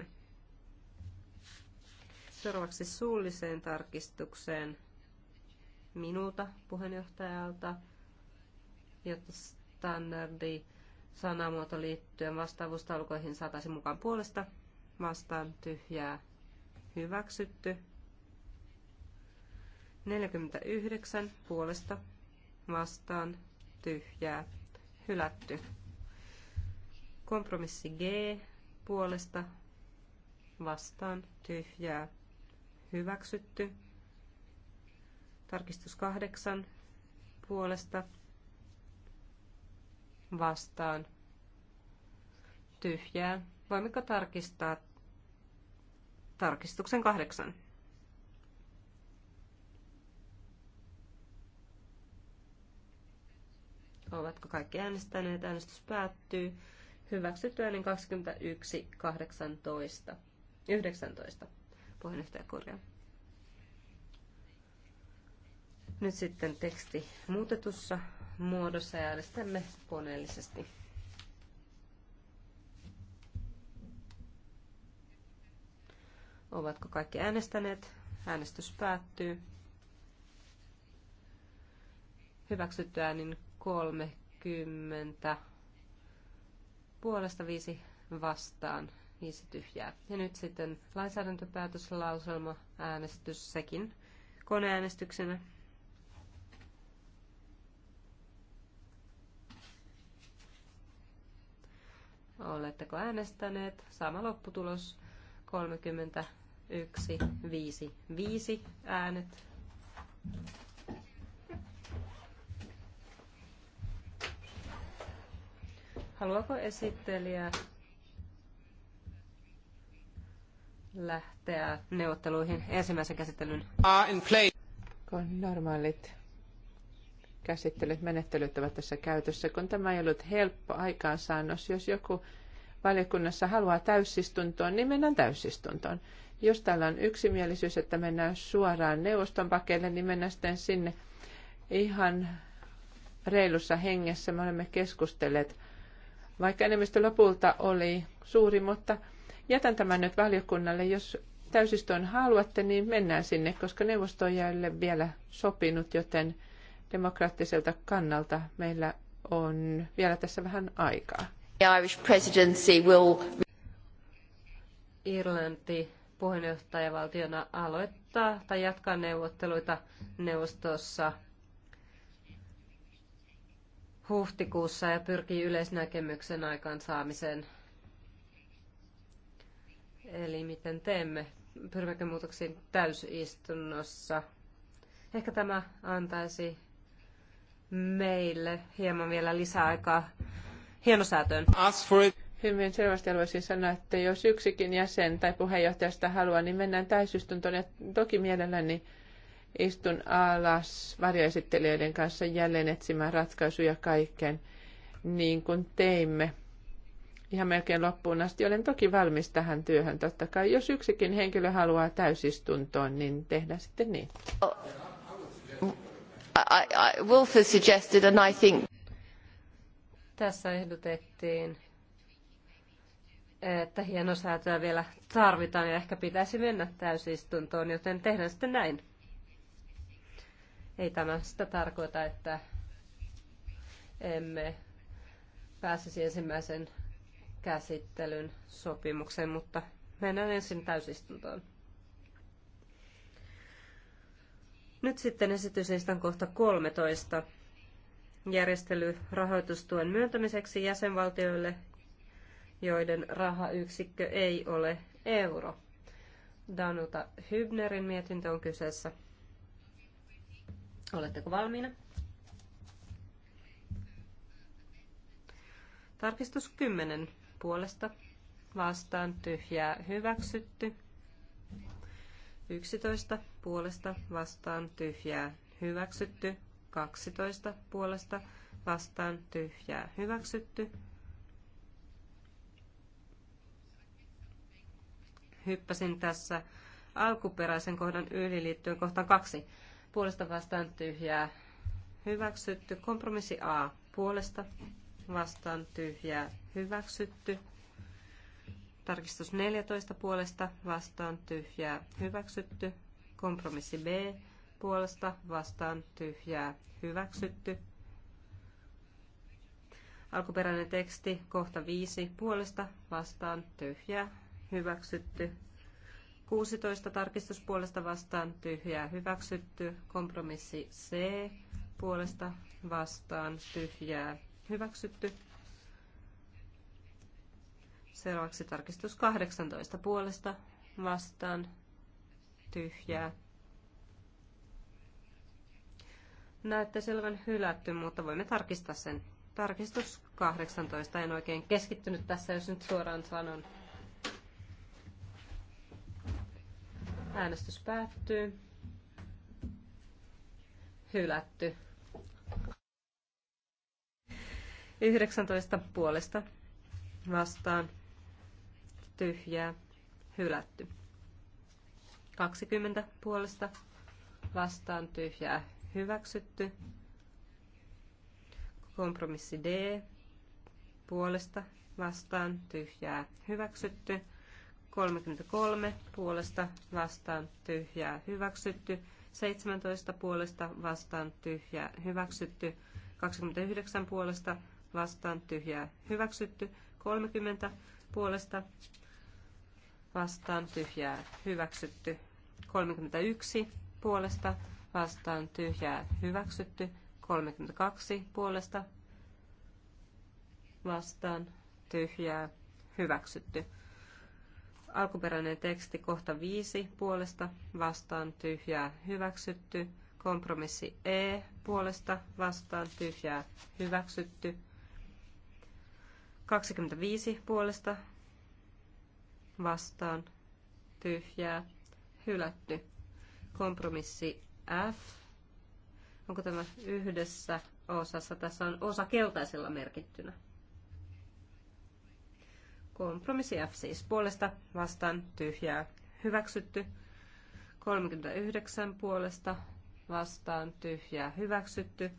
17.23. Seuraavaksi suulliseen tarkistukseen minulta puheenjohtajalta, jotta standardi sanamuoto liittyen vastaavuustaulukoihin saataisiin mukaan puolesta vastaan tyhjää hyväksytty. 49 puolesta vastaan tyhjää hylätty. Kompromissi G puolesta vastaan tyhjää hyväksytty. Tarkistus 8 puolesta vastaan tyhjää. Voimmeko tarkistaa tarkistuksen kahdeksan? Ovatko kaikki äänestäneet? Äänestys päättyy. Hyväksytty äänen 21, 18, 19. Puheenjohtaja korjaa. Nyt sitten teksti muutetussa muodossa ja äänestämme koneellisesti. Ovatko kaikki äänestäneet? Äänestys päättyy. Hyväksytty äänin 30 puolesta viisi vastaan, viisi tyhjää. Ja nyt sitten lainsäädäntöpäätöslauselma äänestys sekin koneäänestyksenä. Oletteko äänestäneet? Sama lopputulos 31, 5, 5 äänet. Haluaako esittelijä lähteä neuvotteluihin ensimmäisen käsittelyn? Ah, in play. Kun normaalit käsittelyt, menettelyt ovat tässä käytössä, kun tämä ei ollut helppo aikaansaannos. Jos joku valiokunnassa haluaa täysistuntoon, niin mennään täysistuntoon. Jos täällä on yksimielisyys, että mennään suoraan neuvoston pakeille, niin mennään sitten sinne ihan reilussa hengessä. Me olemme keskustelleet, vaikka enemmistö lopulta oli suuri, mutta jätän tämän nyt valiokunnalle. Jos täysiston haluatte, niin mennään sinne, koska neuvosto ei ole vielä sopinut, joten demokraattiselta kannalta meillä on vielä tässä vähän aikaa. The Irish presidency will... Irlanti puheenjohtajavaltiona aloittaa tai jatkaa neuvotteluita neuvostossa huhtikuussa ja pyrkii yleisnäkemyksen aikaansaamiseen. Eli miten teemme? Pyrimmekö muutoksiin täysistunnossa? Ehkä tämä antaisi meille hieman vielä lisäaikaa hienosäätöön. Hyvin selvästi haluaisin sanoa, että jos yksikin jäsen tai sitä haluaa, niin mennään täysistuntoon ja toki mielelläni istun alas varjoesittelijöiden kanssa jälleen etsimään ratkaisuja kaikkeen niin kuin teimme. Ihan melkein loppuun asti olen toki valmis tähän työhön. Totta kai jos yksikin henkilö haluaa täysistuntoon, niin tehdään sitten niin. Oh. I, I, Wolfer suggested and I think... Tässä ehdotettiin, että hienosäätöä vielä tarvitaan ja ehkä pitäisi mennä täysistuntoon, joten tehdään sitten näin. Ei tämä sitä tarkoita, että emme pääsisi ensimmäisen käsittelyn sopimukseen, mutta mennään ensin täysistuntoon. Nyt sitten esityslistan kohta 13. Järjestely rahoitustuen myöntämiseksi jäsenvaltioille, joiden rahayksikkö ei ole euro. Danuta Hybnerin mietintö on kyseessä. Oletteko valmiina? Tarkistus 10 puolesta vastaan tyhjää hyväksytty. 11 puolesta vastaan tyhjää hyväksytty. 12 puolesta vastaan tyhjää hyväksytty. Hyppäsin tässä alkuperäisen kohdan yli liittyen kohtaan kaksi. Puolesta vastaan tyhjää hyväksytty. Kompromissi A puolesta vastaan tyhjää hyväksytty. Tarkistus 14 puolesta vastaan tyhjää hyväksytty. Kompromissi B puolesta vastaan tyhjää hyväksytty. Alkuperäinen teksti kohta 5 puolesta vastaan tyhjää hyväksytty. 16 tarkistuspuolesta vastaan tyhjää hyväksytty. Kompromissi C puolesta vastaan tyhjää hyväksytty. Seuraavaksi tarkistus 18 puolesta vastaan tyhjää. Näette selvän hylätty, mutta voimme tarkistaa sen. Tarkistus 18. En oikein keskittynyt tässä, jos nyt suoraan sanon. Äänestys päättyy. Hylätty. 19 puolesta vastaan tyhjää hylätty. 20 puolesta vastaan tyhjää hyväksytty. Kompromissi D puolesta vastaan tyhjää hyväksytty. 33 puolesta vastaan tyhjää hyväksytty. 17 puolesta vastaan tyhjää hyväksytty. 29 puolesta vastaan tyhjää hyväksytty. 30 puolesta vastaan tyhjää hyväksytty. 31 puolesta vastaan tyhjää hyväksytty. 32 puolesta vastaan tyhjää hyväksytty. Alkuperäinen teksti kohta 5 puolesta vastaan tyhjää hyväksytty. Kompromissi E puolesta vastaan tyhjää hyväksytty. 25 puolesta vastaan tyhjää hylätty. Kompromissi F. Onko tämä yhdessä osassa? Tässä on osa keltaisella merkittynä. Kompromissi F siis puolesta vastaan tyhjää hyväksytty. 39 puolesta vastaan tyhjää hyväksytty.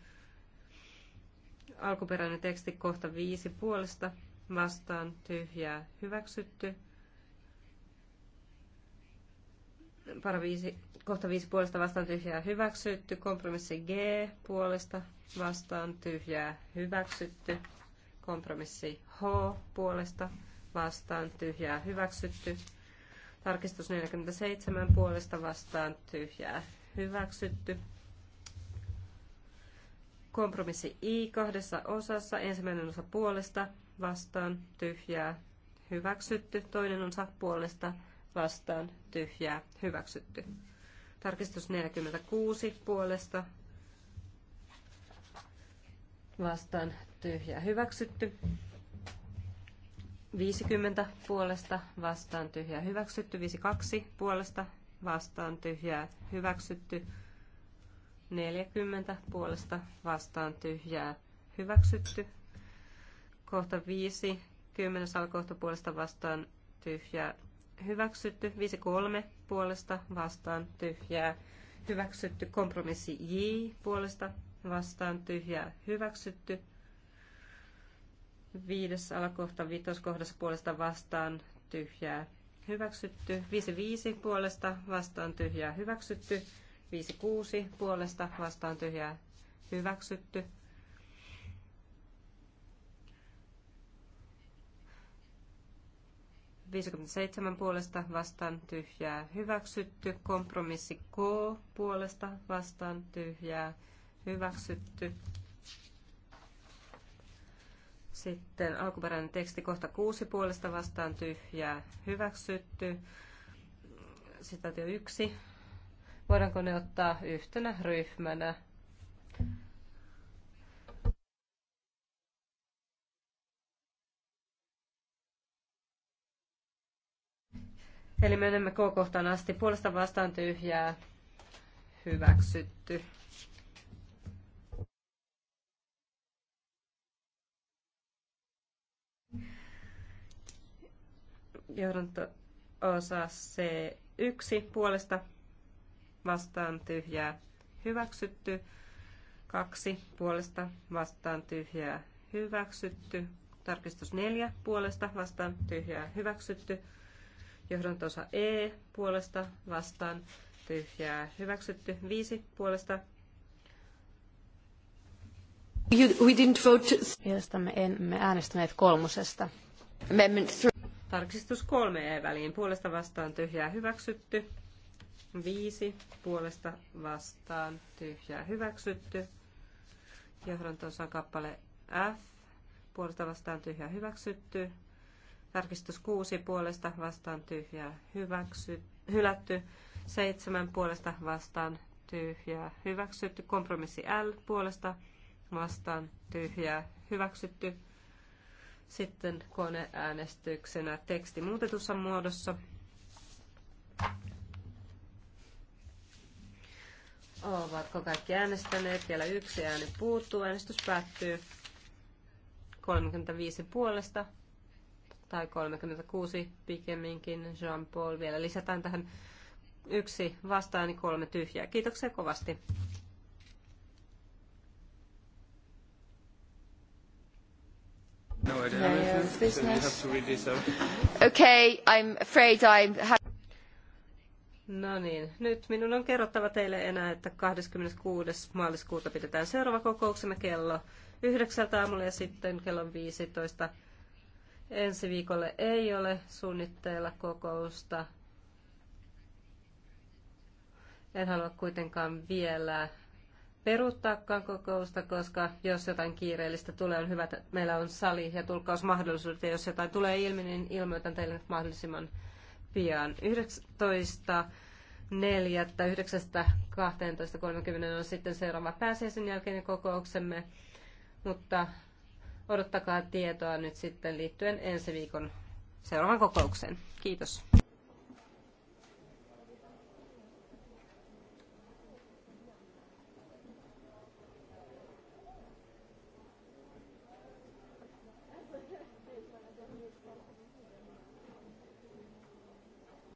Alkuperäinen teksti kohta 5 puolesta vastaan tyhjää hyväksytty. para viisi, kohta viisi puolesta vastaan tyhjää hyväksytty. Kompromissi G puolesta vastaan tyhjää hyväksytty. Kompromissi H puolesta vastaan tyhjää hyväksytty. Tarkistus 47 puolesta vastaan tyhjää hyväksytty. Kompromissi I kahdessa osassa. Ensimmäinen osa puolesta vastaan tyhjää hyväksytty. Toinen osa puolesta vastaan tyhjää hyväksytty. Tarkistus 46 puolesta vastaan tyhjää hyväksytty. 50 puolesta vastaan tyhjää hyväksytty. 52 puolesta vastaan tyhjää hyväksytty. 40 puolesta vastaan tyhjää hyväksytty. Kohta 5, 10 alkohta puolesta vastaan tyhjää hyväksytty 5-3 puolesta vastaan tyhjää, hyväksytty kompromissi J puolesta vastaan tyhjää, hyväksytty viides alakohta viitoskohdassa puolesta vastaan tyhjää, hyväksytty 5-5 puolesta vastaan tyhjää, hyväksytty 5-6 puolesta vastaan tyhjää, hyväksytty 57 puolesta vastaan tyhjää hyväksytty. Kompromissi K puolesta vastaan tyhjää hyväksytty. Sitten alkuperäinen teksti kohta 6 puolesta vastaan tyhjää hyväksytty. Sitaatio 1. Voidaanko ne ottaa yhtenä ryhmänä? Eli menemme K-kohtaan asti. Puolesta vastaan tyhjää. Hyväksytty. Johdanto osa C1 puolesta vastaan tyhjää hyväksytty. Kaksi puolesta vastaan tyhjää hyväksytty. Tarkistus neljä puolesta vastaan tyhjää hyväksytty. Johdantosa E puolesta vastaan tyhjää hyväksytty. viisi puolesta You, we didn't vote. Mielestämme emme äänestäneet kolmosesta. Tarkistus kolme E-väliin. Puolesta vastaan tyhjää hyväksytty. Viisi. Puolesta vastaan tyhjää hyväksytty. Johdantosan kappale F. Puolesta vastaan tyhjää hyväksytty. Tarkistus 6 puolesta vastaan tyhjää hyväksy, hylätty. 7 puolesta vastaan tyhjää hyväksytty. Kompromissi L puolesta vastaan tyhjää hyväksytty. Sitten koneäänestyksenä teksti muutetussa muodossa. Ovatko kaikki äänestäneet? Vielä yksi ääni puuttuu. Äänestys päättyy 35 puolesta, tai 36 pikemminkin. Jean-Paul vielä lisätään tähän yksi vastaani niin kolme tyhjää. Kiitoksia kovasti. No idea. okay, I'm afraid I'm... No niin, nyt minun on kerrottava teille enää, että 26. maaliskuuta pidetään seuraava kokouksemme kello 9 aamulla ja sitten kello 15 Ensi viikolle ei ole suunnitteilla kokousta. En halua kuitenkaan vielä peruuttaakaan kokousta, koska jos jotain kiireellistä tulee, on hyvä, että meillä on sali ja tulkkausmahdollisuudet. Ja jos jotain tulee ilmi, niin ilmoitan teille mahdollisimman pian. 19. on sitten seuraava pääsiäisen jälkeinen kokouksemme, mutta odottakaa tietoa nyt sitten liittyen ensi viikon seuraavan kokoukseen. Kiitos.